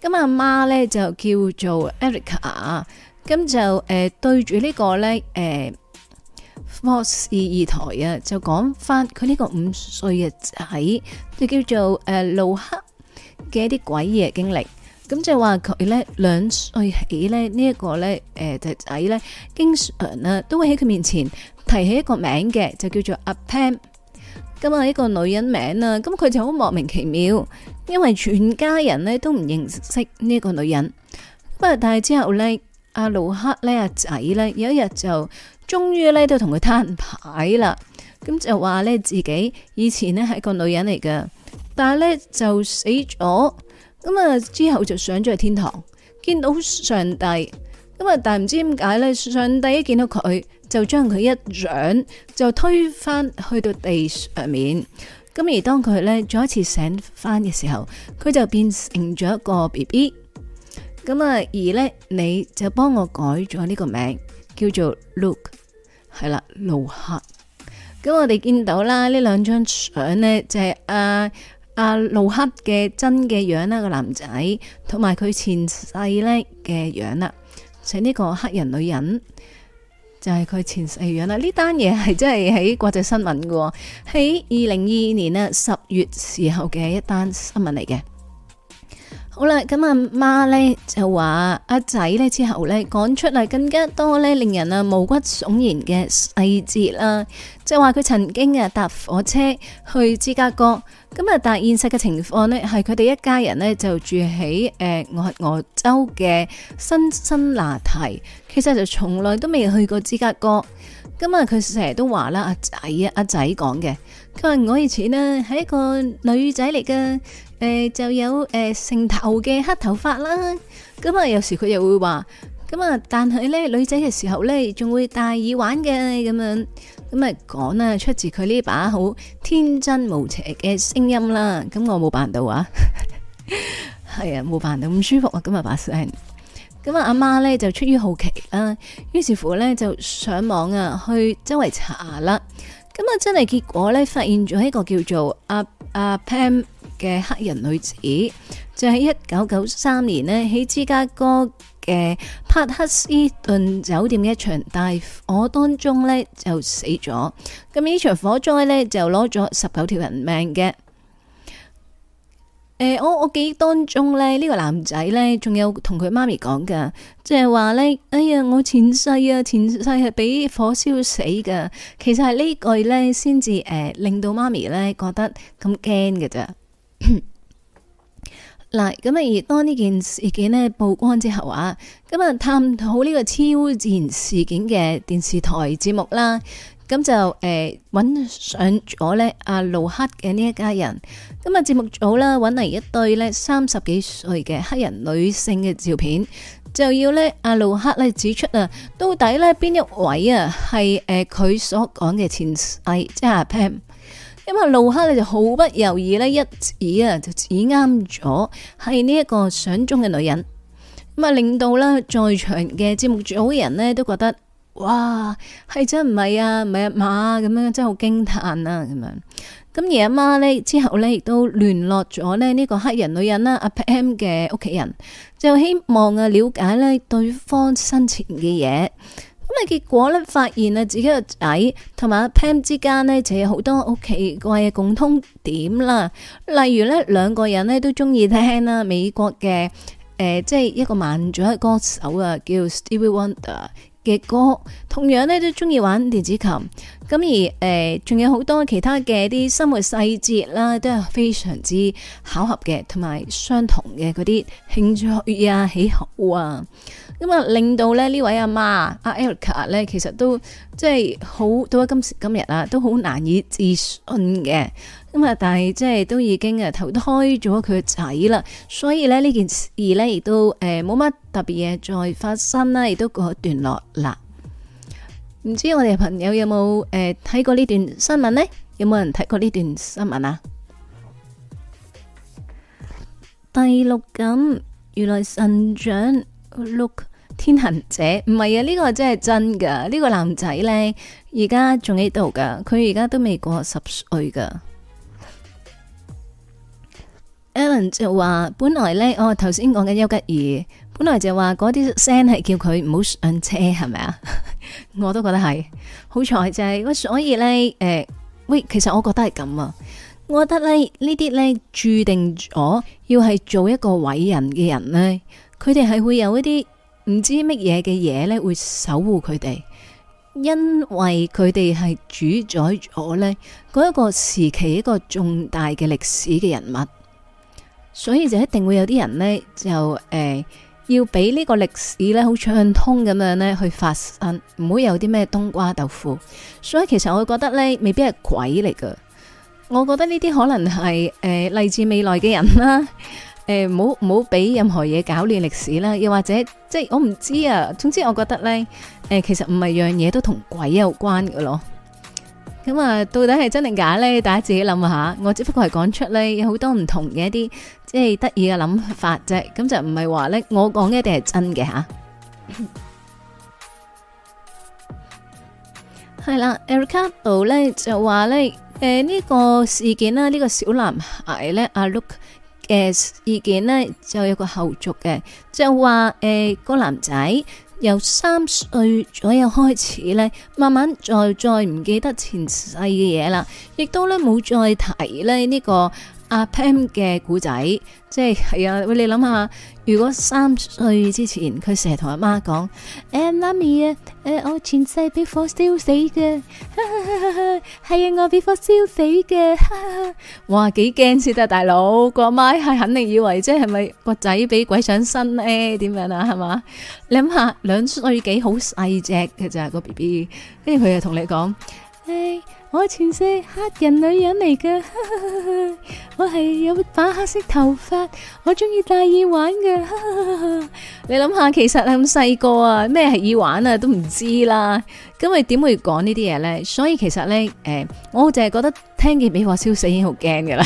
咁阿媽咧就叫做 Erica，咁就誒對住呢個咧誒 Fox 二二台啊，就講翻佢呢個五歲嘅仔，就叫做誒盧克嘅一啲鬼嘢經歷。咁就話話佢咧兩歲起咧呢一，這個咧誒、呃、仔咧經常啊都會喺佢面前提起一個名嘅，就叫做阿 Pam 咁啊呢個女人名啊，咁、嗯、佢就好莫名其妙，因為全家人咧都唔認識呢，呢，啊呢，一，呢，嗯、呢一個女人。不過但係之後咧阿盧克咧阿仔咧有一日就終於咧都同佢攤牌啦，咁就話咧自己以前咧係一個女人嚟㗎，但係咧就死咗。咁啊，之後就上咗去天堂，見到上帝。咁啊，但係唔知點解咧，上帝一見到佢，就將佢一掌就推翻去到地上面。咁而當佢咧再一次醒翻嘅時候，佢就變成咗一個 BB。咁啊，而咧你就幫我改咗呢個名，叫做 Luke，係啦，盧克。咁、oh、我哋見到啦，呢兩張相咧就係、是、啊。阿露克嘅真嘅樣啦，個男仔同埋佢前世咧嘅樣啦，請、就、呢、是、個黑人女人就係、是、佢前世嘅樣啦。呢單嘢係真係喺國際新聞嘅喎，喺二零二二年呢十月時候嘅一單新聞嚟嘅。好啦，咁阿媽咧就話阿仔咧之後咧講出嚟更加多咧令人啊毛骨悚然嘅細節啦，就話佢曾經啊搭火車去芝加哥，咁啊但係現實嘅情況呢，係佢哋一家人呢就住喺我俄俄州嘅辛辛那提，其實就從來都未去過芝加哥。咁啊佢成日都話啦，阿仔啊阿仔講嘅，佢話我以前呢係一個女仔嚟嘅。誒、呃，就有誒成、呃、頭嘅黑頭髮啦，咁、嗯、啊有時佢又會話，咁啊但係咧女仔嘅時候咧，仲會戴耳環嘅咁樣，咁啊講啊出自佢呢把好天真無邪嘅聲音啦，咁我冇扮到啊，係啊冇扮到咁舒服啊，今日把聲，咁啊阿媽咧就出於好奇啦，於是乎咧就上網啊去周圍查啦，咁啊真係結果咧發現咗一個叫做阿阿潘。嘅黑人女子就喺一九九三年呢，喺芝加哥嘅帕克斯頓酒店嘅一場大火當中呢，就死咗。咁呢場火災呢，就攞咗十九條人命嘅。誒、欸，我我記憶當中呢，呢、呢個男仔呢，仲有同佢媽咪講噶，即係話呢，哎呀，我前世啊，前世係俾火燒死噶。其實係呢句呢，先至誒令到媽咪呢覺得咁驚噶咋。嗱，咁啊，而 當呢件事件呢曝光之後啊，咁啊，探討呢個超自然事件嘅電視台節目啦，咁就誒，揾上咗呢阿盧克嘅呢一家人，咁啊，節目組啦揾嚟一對呢三十幾歲嘅黑人女性嘅照片，就要呢阿盧克呢指出啊，到底呢邊一位啊係誒佢所講嘅前世，即係阿 Pam。因為盧克咧就毫不猶豫咧，一指啊就指啱咗，係呢一個相中嘅女人，咁啊令到咧在場嘅節目組的人呢都覺得，哇，係真唔係啊？唔係阿媽咁樣，真好驚嘆啦咁樣。咁而阿媽咧之後咧亦都聯絡咗咧呢個黑人女人啦，阿 Pam 嘅屋企人，就希望啊了解咧對方生前嘅嘢。咁啊！結果咧，發現啊，自己個仔同埋 Pam 之間咧，就有好多好奇怪嘅共通點啦。例如咧，兩個人咧都中意聽啦美國嘅誒，即、呃、係、就是、一個慢進歌手啊，叫 Stevie Wonder 嘅歌。同樣咧都中意玩電子琴。咁而誒，仲、呃、有好多其他嘅啲生活細節啦，都係非常之巧合嘅，同埋相同嘅嗰啲興趣啊、喜好啊。咁啊，令到咧呢位阿媽阿 Elka 咧，其實都即係好到今時今日啊，都好難以置信嘅。咁啊，但係即係都已經啊投胎咗佢仔啦，所以咧呢件事咧亦都誒冇乜特別嘢再發生啦，亦都告段落啦。唔知我哋朋友有冇誒睇過呢段新聞呢？有冇人睇過呢段新聞啊？第六感，原來神掌。look 天行者唔係啊，呢、這個真係真噶，呢、這個男仔呢，而家仲喺度噶，佢而家都未過十歲噶。Alan 就話本來呢，我頭先講緊丘吉爾，本來就話嗰啲聲係叫佢唔好上車，係咪啊？ 我都覺得係，好彩就係、是，咁所以呢，誒、呃、喂，其實我覺得係咁啊，我覺得咧呢啲呢，注定咗要係做一個偉人嘅人呢。」佢哋係會有一啲唔知乜嘢嘅嘢咧，會守護佢哋，因為佢哋係主宰咗呢嗰一個時期一個重大嘅歷史嘅人物，所以就一定會有啲人呢，就、呃、誒要俾呢個歷史呢好暢通咁樣呢去發生，唔會有啲咩冬瓜豆腐。所以其實我覺得呢未必係鬼嚟噶，我覺得呢啲可能係誒嚟自未來嘅人啦。誒，唔好唔好俾任何嘢搞亂歷史啦，又或者即係我唔知啊。總之我覺得咧，誒其實唔係樣嘢都同鬼有關嘅咯。咁啊，到底係真定假咧？大家自己諗下。我只不過係講出咧有好多唔同嘅一啲即係得意嘅諗法啫。咁就唔係話咧我講嘅一定係真嘅吓。係啦，Erica 度咧就話咧，誒呢個事件啦，呢個小男孩咧，阿 Look。嘅意見咧，就有個後續嘅，就話誒，呃個男仔由三歲左右開始咧，慢慢再再唔記得前世嘅嘢啦，亦都咧冇再提咧呢個阿 Pam 嘅故仔。即係啊，喂，你諗下，如果三歲之前佢成日同阿媽講，誒，媽、欸、咪啊，誒、呃，我前世俾火燒死嘅，係啊，我俾火燒死嘅，哈哈哈哈哇，幾驚先得，大佬個阿媽係肯定以為即係咪個仔俾鬼上身咧？點、欸、樣啊？係嘛？想想寶寶那個、寶寶你諗下，兩歲幾好細隻嘅咋個 B B，跟住佢又同你講，誒。我前世黑人女人嚟㗎，我係有把黑色頭髮，我中意戴耳環㗎。你諗下，其實你咁細個啊，咩係耳環啊都唔知啦。咁你點會講呢啲嘢咧？所以其實咧，誒，我淨係覺得聽見俾我燒死已經好驚㗎啦。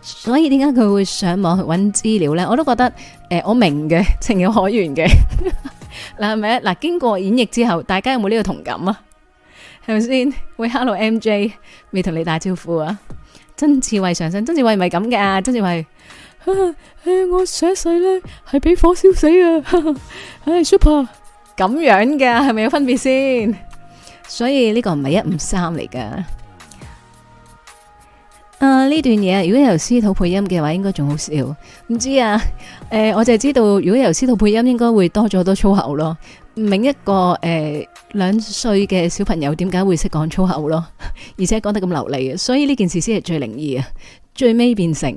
所以點解佢會上網去搵資料咧？我都覺得誒，我明嘅，情有可原嘅。嗱係咪啊？嗱，經過演繹之後，大家有冇呢個同感啊？係咪先？喂，Hello，M J，未同你打招呼啊！曾志偉上身，曾志偉唔係咁嘅，啊，曾志偉，係我上一世咧，係俾火燒死啊！唉、欸、Super 咁樣嘅，係咪有分別先？所以呢個唔係一五三嚟噶。啊、呃，呢段嘢，如果由司徒配音嘅話，應該仲好笑。唔知啊，誒、呃，我就係知道，如果由司徒配音，應該會多咗好多粗口咯。另一個誒，兩歲嘅小朋友點解會識講粗口咯？而且講得咁流利嘅，所以呢件事先係最靈異啊！最尾變成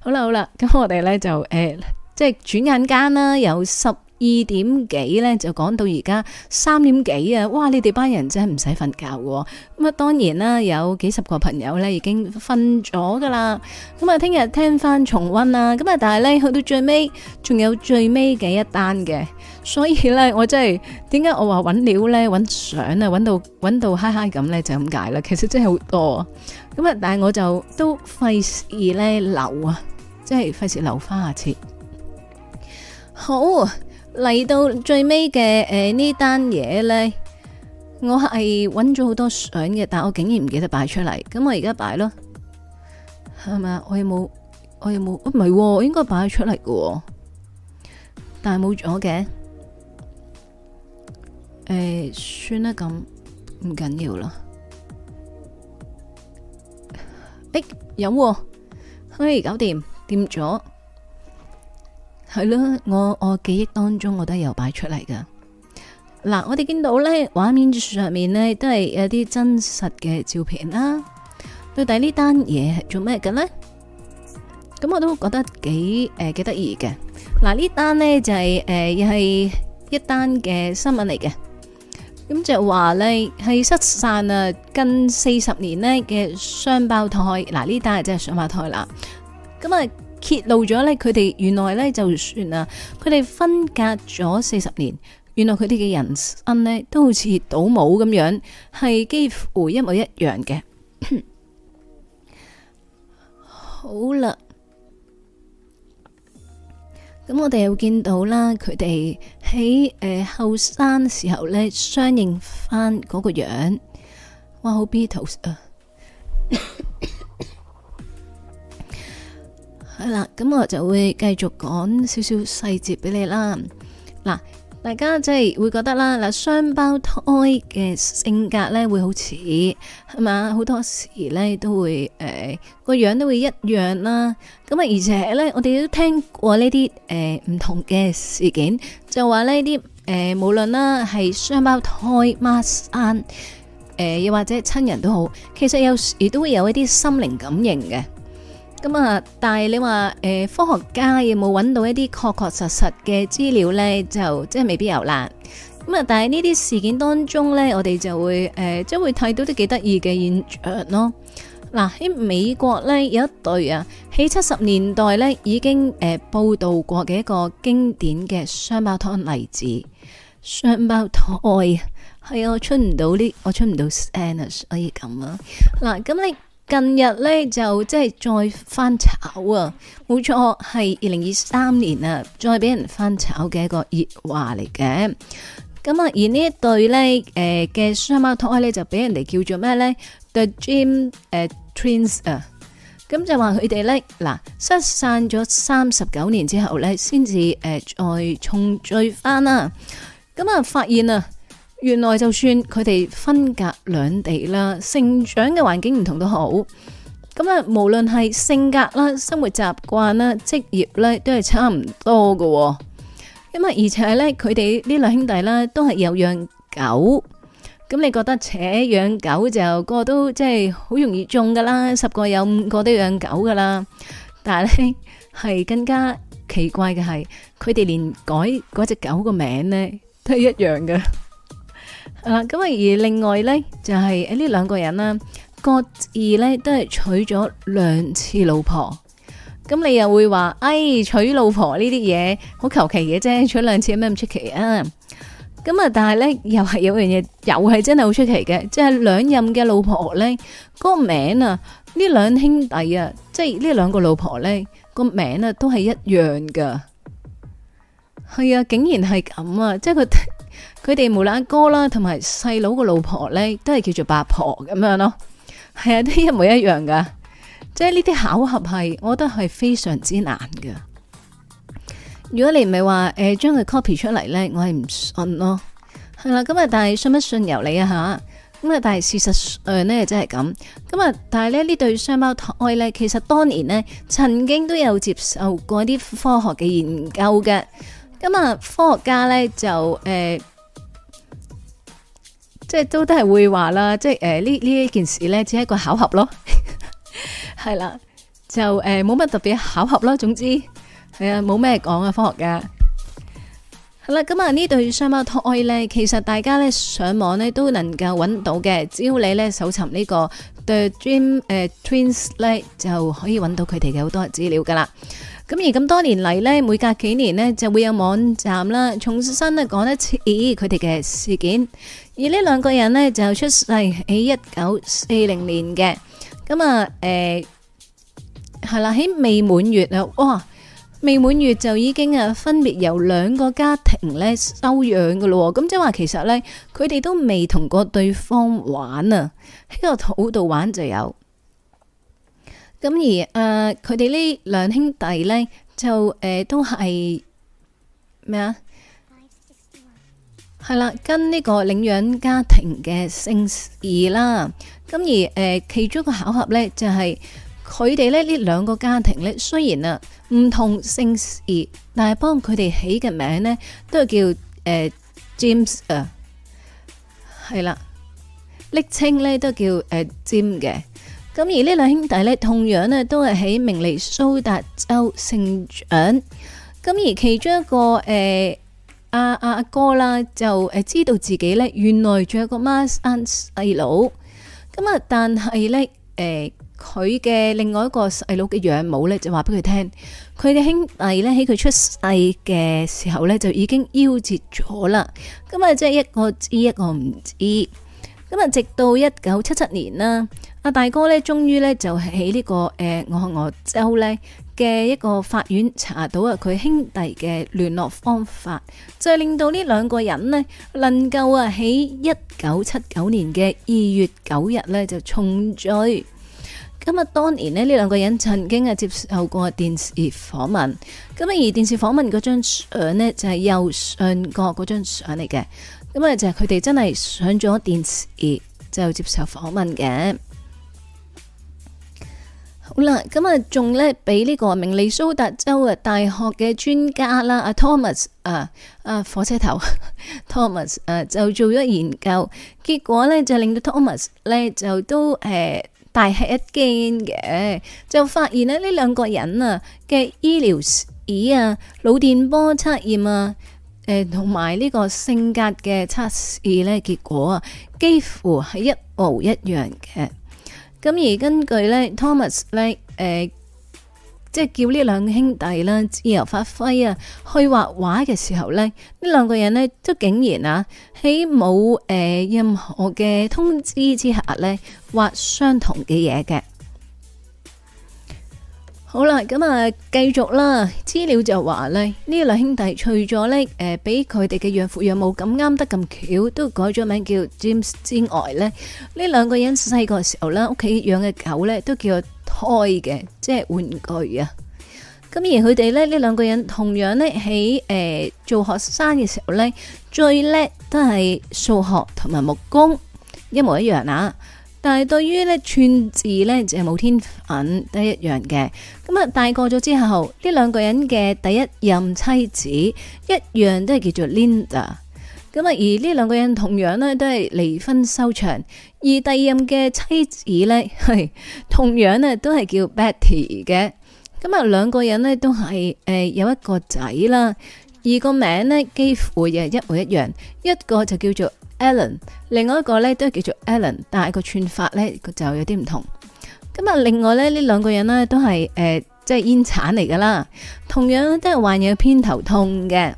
好啦，好啦，咁我哋呢就誒，即係轉眼間啦，由十二點幾呢就講到而家三點幾啊！哇，你哋班人真係唔使瞓覺嘅咁啊！當然啦，有幾十個朋友呢已經瞓咗噶啦，咁啊聽日聽翻重温啦，咁啊但係呢去到最尾，仲有最尾嘅一單嘅。所以咧，我真係點解我話揾料咧揾相啊，揾到揾到嗨嗨咁咧就咁解啦。其實真係好多咁啊，但係我就都費事咧留啊，即係費事留翻下次。好，嚟到最尾嘅、呃、呢單嘢咧，我係揾咗好多相嘅，但係我竟然唔記得擺出嚟。咁我而家擺咯，係咪？我有冇？我有冇？唔係喎，我應該擺出嚟喎。但係冇咗嘅。誒，uh, 算啦，咁唔緊要啦。誒、欸，有、啊，可以搞掂掂咗，係咯。我我記憶當中，我都有擺出嚟噶。嗱， 我哋見到咧，畫面上面咧都係有啲真實嘅照片啦、啊。到底這是什麼呢單嘢，係做咩嘅咧？咁我都覺得幾誒、呃、幾得意嘅。嗱，呢單咧就係誒又係一單嘅、就是呃、新聞嚟嘅。咁就話咧，係失散啊近四十年呢嘅雙胞胎，嗱呢單係真係雙胞胎啦。咁啊揭露咗咧，佢哋原來咧就算呀，佢哋分隔咗四十年，原來佢哋嘅人生咧都好似倒模咁樣，係幾乎一模一樣嘅。 好啦。咁我哋又見到啦，佢哋喺誒後生時候咧，相認翻嗰個樣，哇好 Beatles 啊！係啦，咁 我就會繼續講少少細節俾你啦，嗱。大家即係會覺得啦，嗱，雙胞胎嘅性格咧會好似係嘛，好多時咧都會誒個、呃、樣都會一樣啦。咁啊，而且咧，我哋都聽過呢啲誒唔同嘅事件，就話呢啲誒，無論啦係雙胞胎孖生誒，又或者親人都好，其實有時都會有一啲心靈感應嘅。咁啊，但係你話誒，科學家有冇揾到一啲確確實實嘅資料呢？就即係未必有啦。咁啊，但係呢啲事件當中呢，我哋就會誒，即、呃、係會睇到啲幾得意嘅現象咯。嗱、啊、喺美國呢，有一對啊，喺七十年代呢已經誒、呃、報道過嘅一個經典嘅雙胞胎例子。雙胞胎係我出唔到啲，我出唔到 n s，可以咁啊。嗱、啊、咁你。近日咧就即係再翻炒啊，冇錯係二零二三年啊，再俾人翻炒嘅一個熱話嚟嘅。咁、呃 uh, 啊，而、嗯、呢一對咧誒嘅雙胞胎咧就俾人哋叫做咩咧？The Jim 誒 Twins 啊，咁就話佢哋咧嗱失散咗三十九年之後咧，先至誒再重聚翻啦。咁、嗯、啊，發現啊。原來就算佢哋分隔兩地啦，成長嘅環境唔同都好，咁啊，無論係性格啦、生活習慣啦、職業咧，都係差唔多噶。咁啊，而且咧，佢哋呢兩兄弟啦，都係有養狗。咁你覺得且養狗就個都即係好容易中噶啦，十個有五個都養狗噶啦。但係咧，係更加奇怪嘅係，佢哋連改嗰隻狗個名咧，都係一樣嘅。啊咁啊！而另外咧，就係誒呢兩個人啦，各自咧都係娶咗兩次老婆。咁你又會話，哎娶老婆呢啲嘢好求其嘅啫，娶兩次有咩咁出奇啊？咁啊，但係咧又係有樣嘢，又係真係好出奇嘅，即係兩任嘅老婆咧，個名啊，呢兩兄弟啊，即係呢兩個老婆咧個名啊，都係一樣噶。係啊，竟然係咁啊，即係佢。佢哋無論阿哥啦，同埋細佬個老婆咧，都係叫做八婆咁樣咯，係啊，都一模一樣噶。即係呢啲巧合係，我覺得係非常之難噶。如果你唔係話誒將佢 copy 出嚟，咧，我係唔信咯。係啦，咁啊，但係信不信由你啊吓。咁啊，但係事實上呢，真係咁。咁啊，但係咧呢對雙胞胎咧，其實當年呢，曾經都有接受過啲科學嘅研究嘅。咁、嗯、啊，科學家咧就誒。呃即係都都係會話啦，即係誒呢呢件事咧只係一個巧合咯， 係啦，就誒冇乜特別巧合咯，總之係啊冇咩講嘅科學家，係啦，咁啊呢對雙胞胎咧，其實大家咧上網咧都能夠揾到嘅，只要你咧搜尋呢個 The Dream 誒 Twins 咧就可以揾到佢哋嘅好多資料噶啦。咁而咁多年嚟呢，每隔幾年呢，就會有網站啦，重新呢講一次佢哋嘅事件。而呢兩個人呢，就出世喺一九四零年嘅，咁啊誒係啦，喺、嗯、未滿月啊，哇，未滿月就已經啊分別由兩個家庭呢收養噶咯，咁即係話其實呢，佢哋都未同過對方玩啊，喺個肚度玩就有。咁而誒，佢哋呢兩兄弟咧，就誒都係咩啊？係啦，跟呢個領養家庭嘅姓氏啦。咁而誒，其中一個巧合咧，就係佢哋咧呢兩個家庭咧，雖然啊唔同姓氏，但係幫佢哋起嘅名咧，都係叫誒 James 啊，係啦，昵稱咧都叫誒 Jim 嘅。咁而呢兩兄弟咧，同樣咧都係喺明尼蘇達州成長。咁而其中一個誒阿阿哥啦，就誒知道自己咧原來仲有個孖生細佬。咁啊，但係咧誒佢嘅另外一個細佬嘅養母咧就話俾佢聽，佢嘅兄弟咧喺佢出世嘅時候咧就已經夭折咗啦。咁啊，即係一個知一個唔知。咁啊，直到一九七七年啦。啊！大哥咧，終於咧就喺呢個誒，俄俄州咧嘅一個法院查到啊，佢兄弟嘅聯絡方法，就係令到呢兩個人咧能夠啊喺一九七九年嘅二月九日咧就重聚。咁啊，當年咧呢兩個人曾經啊接受過電視訪問。咁啊，而電視訪問嗰張相呢，就係右上角嗰張相嚟嘅。咁啊，就係佢哋真係上咗電視就接受訪問嘅。好啦，咁啊，仲咧俾呢個明尼蘇達州嘅大學嘅專家啦，阿 Thomas 啊啊火車頭 Thomas，誒、啊、就做咗研究，結果咧就令到 Thomas 咧就都誒、啊、大吃一驚嘅，就發現咧呢兩個人啊嘅醫療椅啊、腦電波測驗啊、誒同埋呢個性格嘅測試咧，結果啊幾乎係一模一樣嘅。咁而根據咧，Thomas 咧、呃，即叫呢兩兄弟咧自由發揮啊，去畫畫嘅時候咧，呢兩個人咧都竟然啊喺冇呃，任何嘅通知之下咧畫相同嘅嘢嘅。好啦，咁啊，繼續啦。資料就話咧，呢兩兄弟除咗呢誒，俾佢哋嘅養父養母咁啱得咁巧，都改咗名叫 James 之外咧，呢兩個人細個時候啦，屋企養嘅狗咧都叫 Toy 嘅，即係玩具啊。咁而佢哋咧，呢兩個人同樣咧喺誒做學生嘅時候咧，最叻都係數學同埋木工，一模一樣啊。但係對於咧串字咧就係冇天份都一樣嘅，咁啊大個咗之後，呢兩個人嘅第一任妻子一樣都係叫做 Linda，咁啊而呢兩個人同樣咧都係離婚收場，而第二任嘅妻子咧係同樣咧都係叫 Betty 嘅，咁啊兩個人呢都係誒、呃、有一個仔啦，而個名呢幾乎又係一模一樣，一個就叫做。Alan，另外一個咧都係叫做 Alan，但係個串法咧就有啲唔同。咁啊，另外咧呢兩個人咧都係誒即係煙鏟嚟㗎啦，同樣都係患有偏頭痛嘅。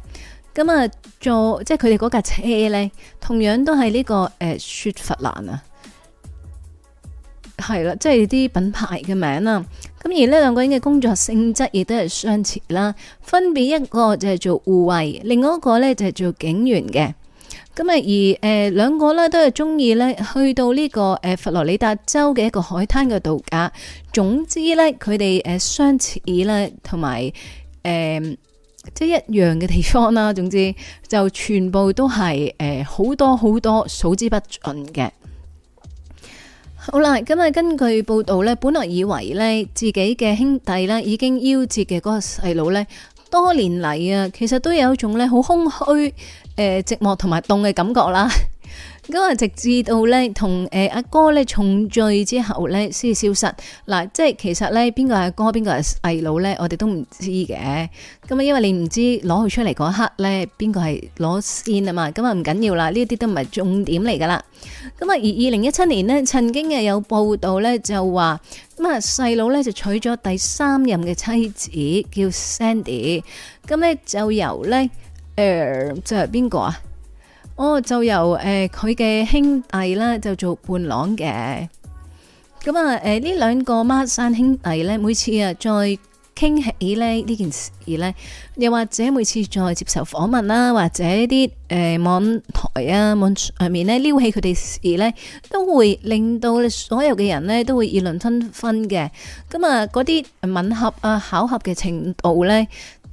咁啊，做即係佢哋嗰架車咧，同樣都係呢、這個誒、呃、雪佛蘭啊，係啦，即係啲品牌嘅名啊。咁而呢兩個人嘅工作性質亦都係相似啦，分別一個就係做護衛，另外一個咧就係做警員嘅。咁啊，而誒、呃、兩個咧都係中意咧去到呢、呢個誒、呃、佛羅里達州嘅一個海灘嘅度假。總之咧，佢哋誒相似咧，同埋誒即係一樣嘅地方啦。總之就全部都係誒好多好多數之不盡嘅。好啦，咁啊，根據報道咧，本來以為咧自己嘅兄弟咧已經夭折嘅嗰個細佬咧，多年嚟啊，其實都有一種咧好空虛。誒、呃，寂寞同埋凍嘅感覺啦，咁 啊直至到咧同誒阿哥咧重聚之後咧先至消失。嗱，即係其實咧，邊個係哥，邊個係細佬咧，我哋都唔知嘅。咁啊，因為你唔知攞佢出嚟嗰刻咧，邊個係攞先啊嘛。咁啊唔緊要啦，呢啲都唔係重點嚟噶啦。咁啊，而二零一七年呢，曾經嘅有報道咧就話，咁啊細佬咧就娶咗第三任嘅妻子叫 Sandy，咁咧就由咧。誒、呃，就係邊個啊？哦，就由誒佢嘅兄弟啦，就做伴郎嘅。咁、嗯、啊，誒、呃、呢兩個孖生兄弟咧，每次啊再傾起咧呢件事咧，又或者每次再接受訪問啦，或者啲誒、呃、網台啊網上面咧撩起佢哋事咧，都會令到所有嘅人咧都會議論紛紛嘅。咁、嗯、啊，嗰、呃、啲吻合啊巧合嘅程度咧，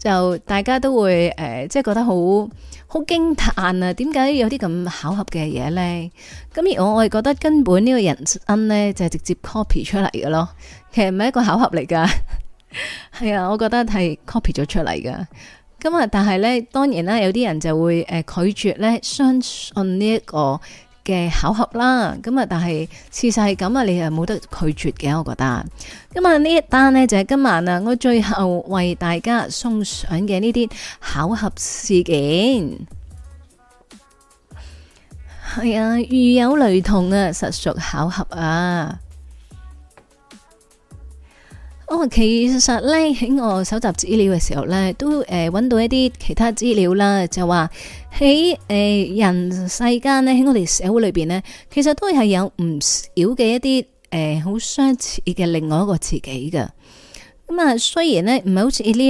就大家都會誒、呃，即係覺得好好驚嘆啊！點解有啲咁巧合嘅嘢咧？咁而我我係覺得根本呢個人生咧就係、是、直接 copy 出嚟嘅咯，其實唔係一個巧合嚟噶，係啊，我覺得係 copy 咗出嚟噶。咁啊，但係咧，當然啦，有啲人就會誒、呃、拒絕咧，相信呢、這、一個嘅巧合啦，咁啊，但係事實係咁啊，你係冇得拒絕嘅，我覺得。咁啊，呢一單呢就係、是、今晚啊，我最後為大家送上嘅呢啲巧合事件。係、哎、啊，如有雷同啊啊，實屬巧合啊！哦，其實咧喺我搜集資料嘅時候咧，都誒搵、呃、到一啲其他資料啦，就話喺誒人世間咧，喺我哋社會裏面咧，其實都係有唔少嘅一啲誒好相似嘅另外一個自己㗎。咁、嗯、啊，雖然咧唔係好似呢像這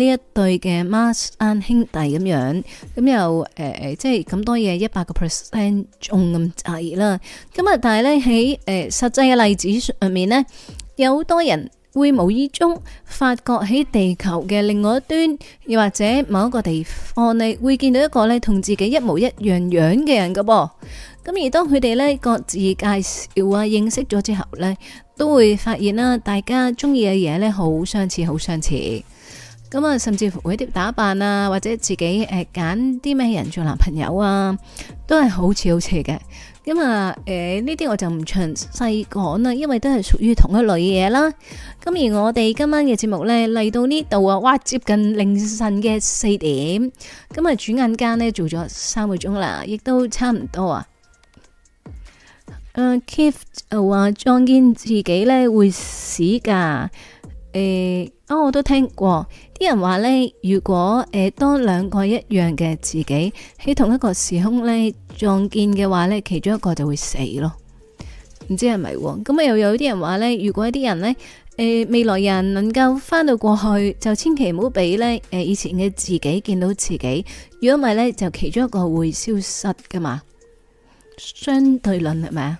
一呢一對嘅孖生兄弟咁樣，咁又誒誒，即係咁多嘢一百個 percent 中咁大啦。咁、嗯、啊，但係咧喺誒實際嘅例子上面咧，有好多人。會無意中發覺喺地球嘅另外一端，又或者某一個地方，你會見到一個呢同自己一模一樣樣嘅人噶噃。咁而當佢哋呢各自介紹啊、認識咗之後呢，都會發現啦，大家中意嘅嘢呢，好相似，好相似。咁啊，甚至乎佢啲打扮啊，或者自己誒揀啲咩人做男朋友啊，都係好似好似嘅。咁啊，誒，呢啲我就唔詳細講啦，因為都係屬於同一類嘢啦。咁而我哋今晚嘅節目咧，嚟到呢度啊，哇，接近凌晨嘅四點，咁啊，轉眼間咧做咗三個鐘啦，亦都差唔多啊。誒、呃、Keith 話撞見自己咧會死㗎，誒、呃。啊、哦！我都聽過，啲人話呢，如果誒多、呃、兩個一樣嘅自己喺同一個時空呢撞見嘅話呢，其中一個就會死咯，唔知係咪、哦？咁啊又有啲人話呢，如果一啲人呢誒、呃、未來人能夠翻到過去，就千祈唔好俾呢誒以前嘅自己見到自己，如果唔係呢，就其中一個會消失噶嘛，相對論係咪？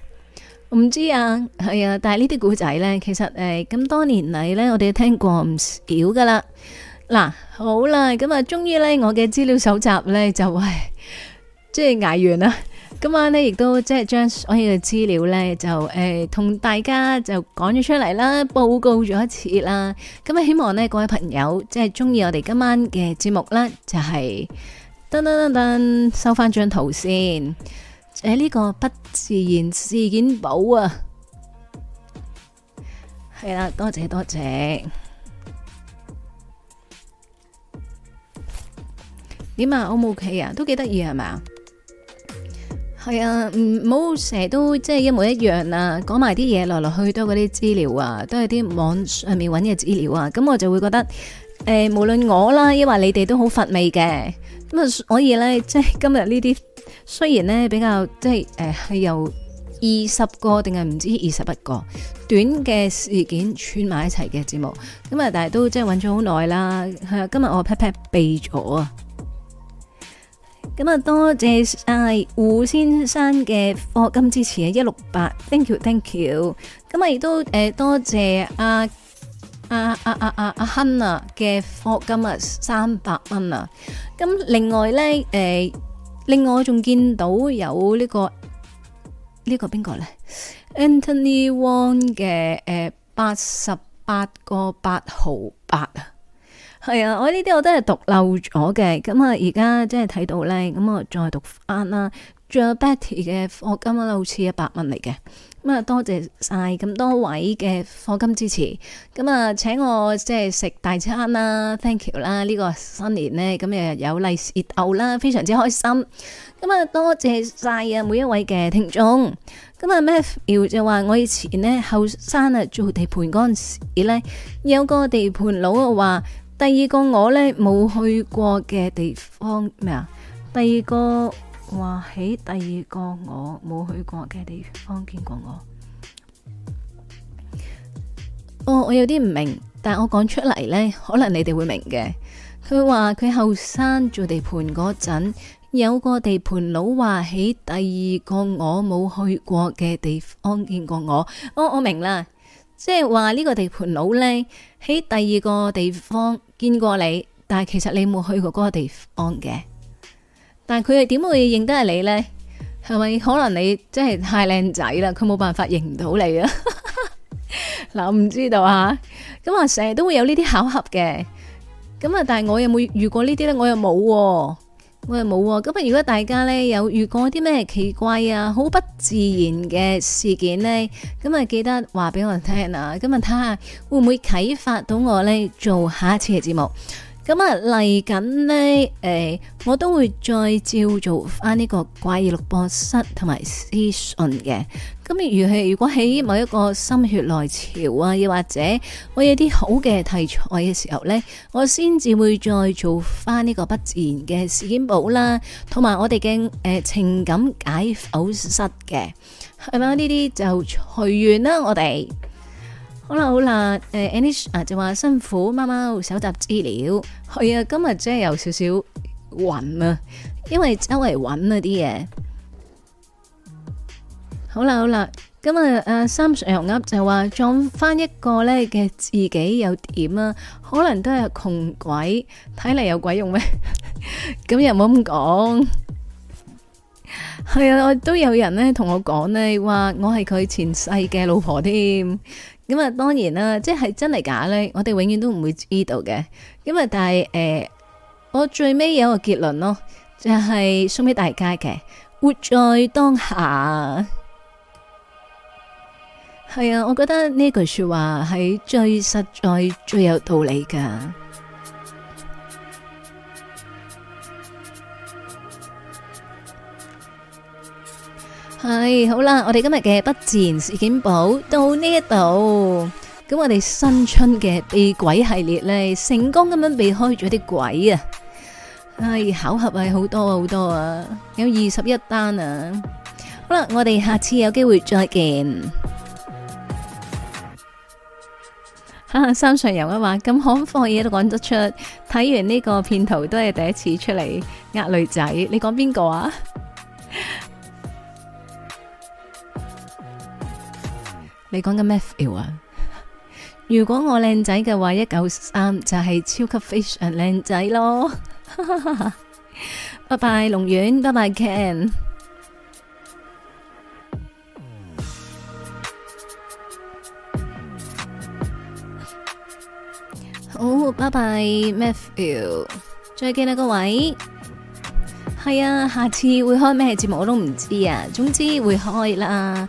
唔知啊，係啊，但係呢啲古仔呢，其實誒咁、呃、多年嚟呢，我哋都聽過唔少噶啦。嗱，好啦，咁、嗯、啊，終於呢，我嘅資料搜集呢，就喂，即係捱完啦。今晚呢亦都即係將所有嘅資料呢，就誒同、呃、大家就講咗出嚟啦，報告咗一次啦。咁、嗯、啊，希望呢各位朋友即係中意我哋今晚嘅節目啦，就係噔噔噔噔收翻張圖先。誒，呢個不自然事件簿啊，係啦，多謝多謝。點啊，O 唔 O K 啊？都幾得意係嘛？係啊，唔好成日都即係一模一樣啊。講埋啲嘢，來來去去都嗰啲資料啊，都係啲網上面搵嘅資料啊。咁我就會覺得，誒、呃，無論我啦，抑或你哋都好乏味嘅。咁啊，所以咧，即係今日呢啲。雖然咧比較即係誒、呃，有二十個定係唔知二十一個短嘅事件串埋一齊嘅節目，咁、嗯、啊，但係都即係揾咗好耐啦。今日我 pat pat 備咗啊，咁、嗯、啊多謝啊、呃、胡先生嘅課金支持啊一六八，thank you thank you。咁啊亦都誒、呃、多謝阿阿阿阿阿亨啊嘅課金啊三百蚊啊。咁、嗯、另外咧誒。呃另外，我仲見到有、這個這個、呢個呢個邊個呢 Anthony Wong 嘅誒八十八個八毫八啊，係、呃、啊！我呢啲我都係讀漏咗嘅。咁啊，而家真係睇到呢。咁我再讀返啦。仲有 Betty 嘅，我今日好似一百蚊嚟嘅。咁啊，多謝晒咁多位嘅課金支持，咁啊，請我即係食大餐啦，thank you 啦，呢個新年呢，咁又有利是逗啦，非常之開心，咁啊，多謝晒啊每一位嘅聽眾，咁啊，咩 Matthew 就話我以前呢，後生啊做地盤嗰陣時咧，有個地盤佬啊話，第二個我呢，冇去過嘅地方咩啊？第二個。話喺第二個我冇去過嘅地方見過我，我、哦、我有啲唔明，但我講出嚟呢，可能你哋會明嘅。佢話佢後生做地盤嗰陣，有個地盤佬話喺第二個我冇去過嘅地方見過我，我、哦、我明啦，即係話呢個地盤佬呢，喺第二個地方見過你，但係其實你冇去過嗰個地方嘅。但係佢又點會認得係你咧？係咪可能你真係太靚仔啦？佢冇辦法認唔到你啊！嗱，唔知道啊？咁啊，成日都會有呢啲巧合嘅。咁啊，但係我又冇遇過呢啲咧，我又冇喎，我又冇喎。咁啊，如果大家咧有遇過啲咩奇怪啊、好不自然嘅事件咧，咁啊，記得話俾我聽啊！咁啊，睇下會唔會啟發到我咧，做下一次嘅節目。咁啊，嚟緊呢，誒我都會再照做翻呢個怪異錄播室同埋屍訊嘅。咁如係，如果喺某一個心血來潮啊，又或者我有啲好嘅題材嘅時候呢，我先至會再做翻呢個不自然嘅事件簿啦，同埋我哋嘅、呃、情感解剖室嘅，係嘛，呢啲就隨緣啦，我哋。好啦好啦，誒，Anish 啊，uh, An 就話辛苦貓貓搜集資料，係啊，今日真係有少少暈啊，因為周圍揾嗰啲嘢。好啦好啦，今日阿三水又噏就話撞翻一個咧嘅自己又點啊？可能都係窮鬼，睇嚟，有鬼用咩？咁 又冇咁講。係啊，我都有人咧同我講呢，話我係佢前世嘅老婆添。咁啊，當然啦，即係真係假咧，我哋永遠都唔會知道嘅。咁啊，但係誒、呃，我最尾有個結論咯，就係、是、送畀大家嘅，活在當下。係啊，我覺得呢句說話係最實在、最有道理噶。係好啦，我哋今日嘅不自然事件簿到呢一度，咁我哋新春嘅避鬼系列呢，成功咁樣避開咗啲鬼啊！唉，巧合係好多好多啊，有二十一單啊！好啦，我哋下次有機會再見。吓，三歲人嘅話咁荒唐嘢都講得出，睇完呢個片頭都係第一次出嚟，呃女仔，你講邊個啊？你講緊咩 feel 啊？如果我靚仔嘅話，一九三就係超級 face 靚仔咯。哈哈，拜拜龍苑，拜拜 Ken。好，拜拜 Matthew，再見啦，各位。係啊，下次會開咩節目我都唔知啊，總之會開啦。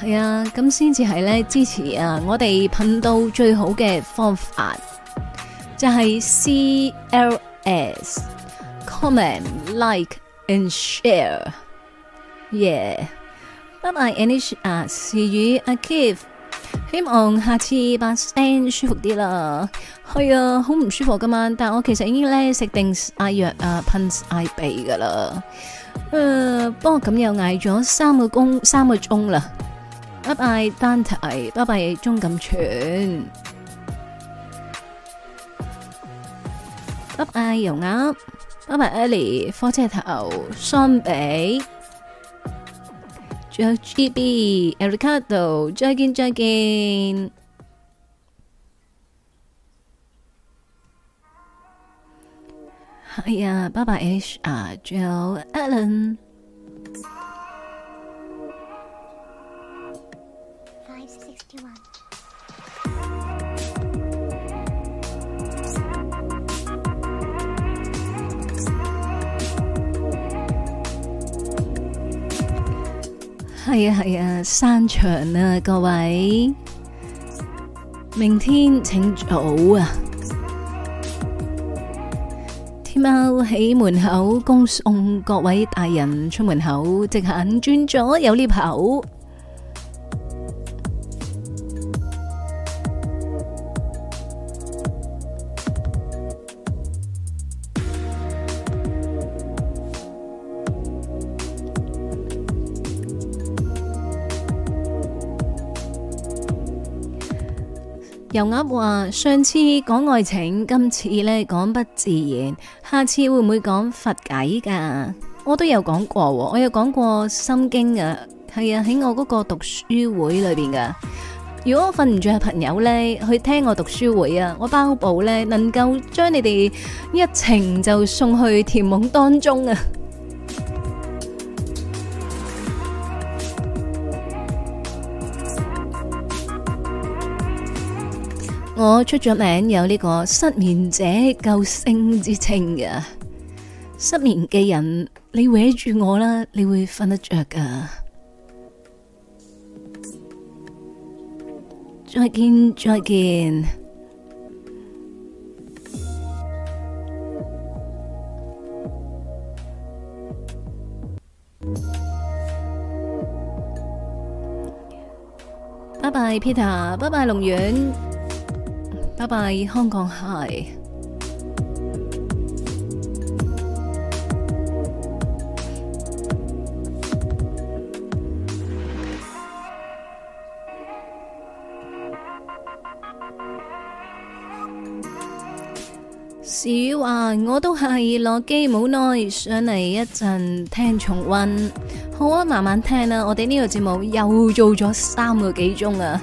係啊，咁先至係咧支持啊！我哋噴到最好嘅方法就係、是、C L S，comment like and share，yeah，拜拜，anysh 啊，事儀阿 Keith，希望下次把聲舒服啲啦。係啊，好唔舒服㗎嘛。但我其實已經咧食定嗌藥啊，噴阿鼻噶啦。誒、呃，幫我咁又嗌咗三個公三個鐘啦。拜拜丹提，拜拜鍾錦全，拜拜油鴨，拜拜 Ellie 火車頭雙臂，仲有 GB Ricardo，再見再見。係啊，拜拜 HR Joe Allen。係啊係啊，散場啊，各位，明天請早啊！天貓喺門口恭送各位大人出門口，直行轉左有 lift 口。油鴨話：上次講愛情，今次咧講不自然，下次會唔會講佛偈噶？我都有講過，我有講過心經啊，係啊，喺我嗰個讀書會裏邊噶。如果我瞓唔住嘅朋友呢，去聽我讀書會啊，我包保呢，能夠將你哋一程就送去甜夢當中啊！我出咗名，有呢個失眠者救星之稱㗎，失眠嘅人，你搲住我啦，你會瞓得着噶。再見，再見。拜拜，Peter，拜拜，龍院。拜拜，香港嗨。小華話，我都係攞機冇耐，上嚟一陣聽重溫。好啊，慢慢聽啦，我哋呢個節目又做咗三個幾鐘啊。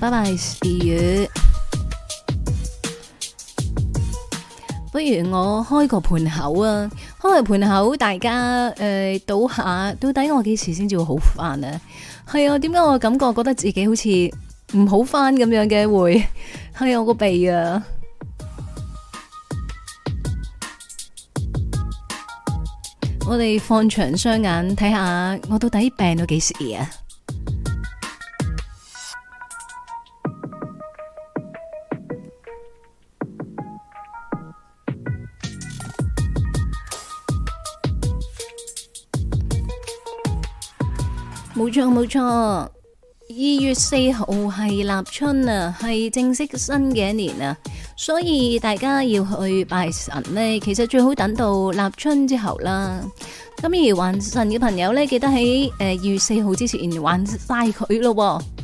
拜拜，See you。 不如我開個盤口啊，開個盤口，大家誒賭、呃、下，到底我幾時先至會好返啊？係啊，點解我感覺覺得自己好似唔好返咁樣嘅會？係我個鼻啊！我哋放長雙眼睇下，看看我到底病到幾時啊？冇錯冇錯，二月四號係立春啊，係正式新嘅一年啊，所以大家要去拜神呢，其實最好等到立春之後啦。咁而還神嘅朋友呢，記得喺誒二月四號之前還晒佢咯喎。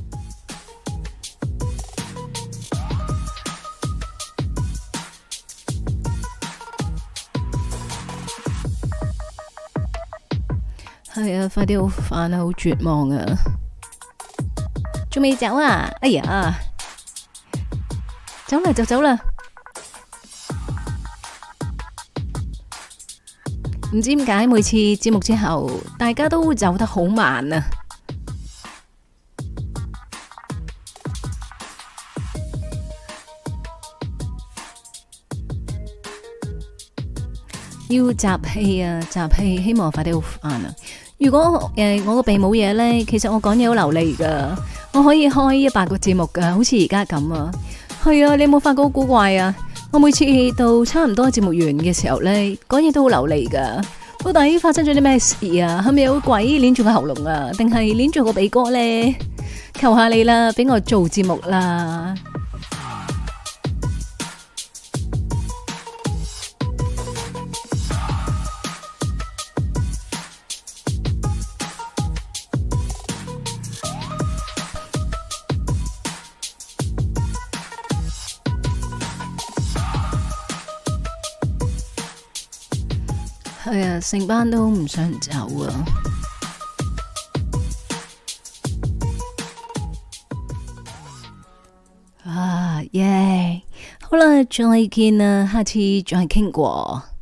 係啊，快啲好返啊，好絕望啊！仲未走啊？哎呀，走啦就走啦！唔知點解每次節目之後，大家都走得好慢啊！要集氣啊，集氣，希望快啲好返啊！如果誒我個鼻冇嘢咧，其實我講嘢好流利噶，我可以開一百個節目噶，好似而家咁啊。係啊，你有冇發覺好古怪啊？我每次到差唔多節目完嘅時候咧，講嘢都好流利噶。到底發生咗啲咩事啊？係咪有鬼捏住個喉嚨啊？定係捏住個鼻哥咧？求下你啦，俾我做節目啦！成班都唔想走啊，啊！啊耶！好啦，再見啦，下次再傾過。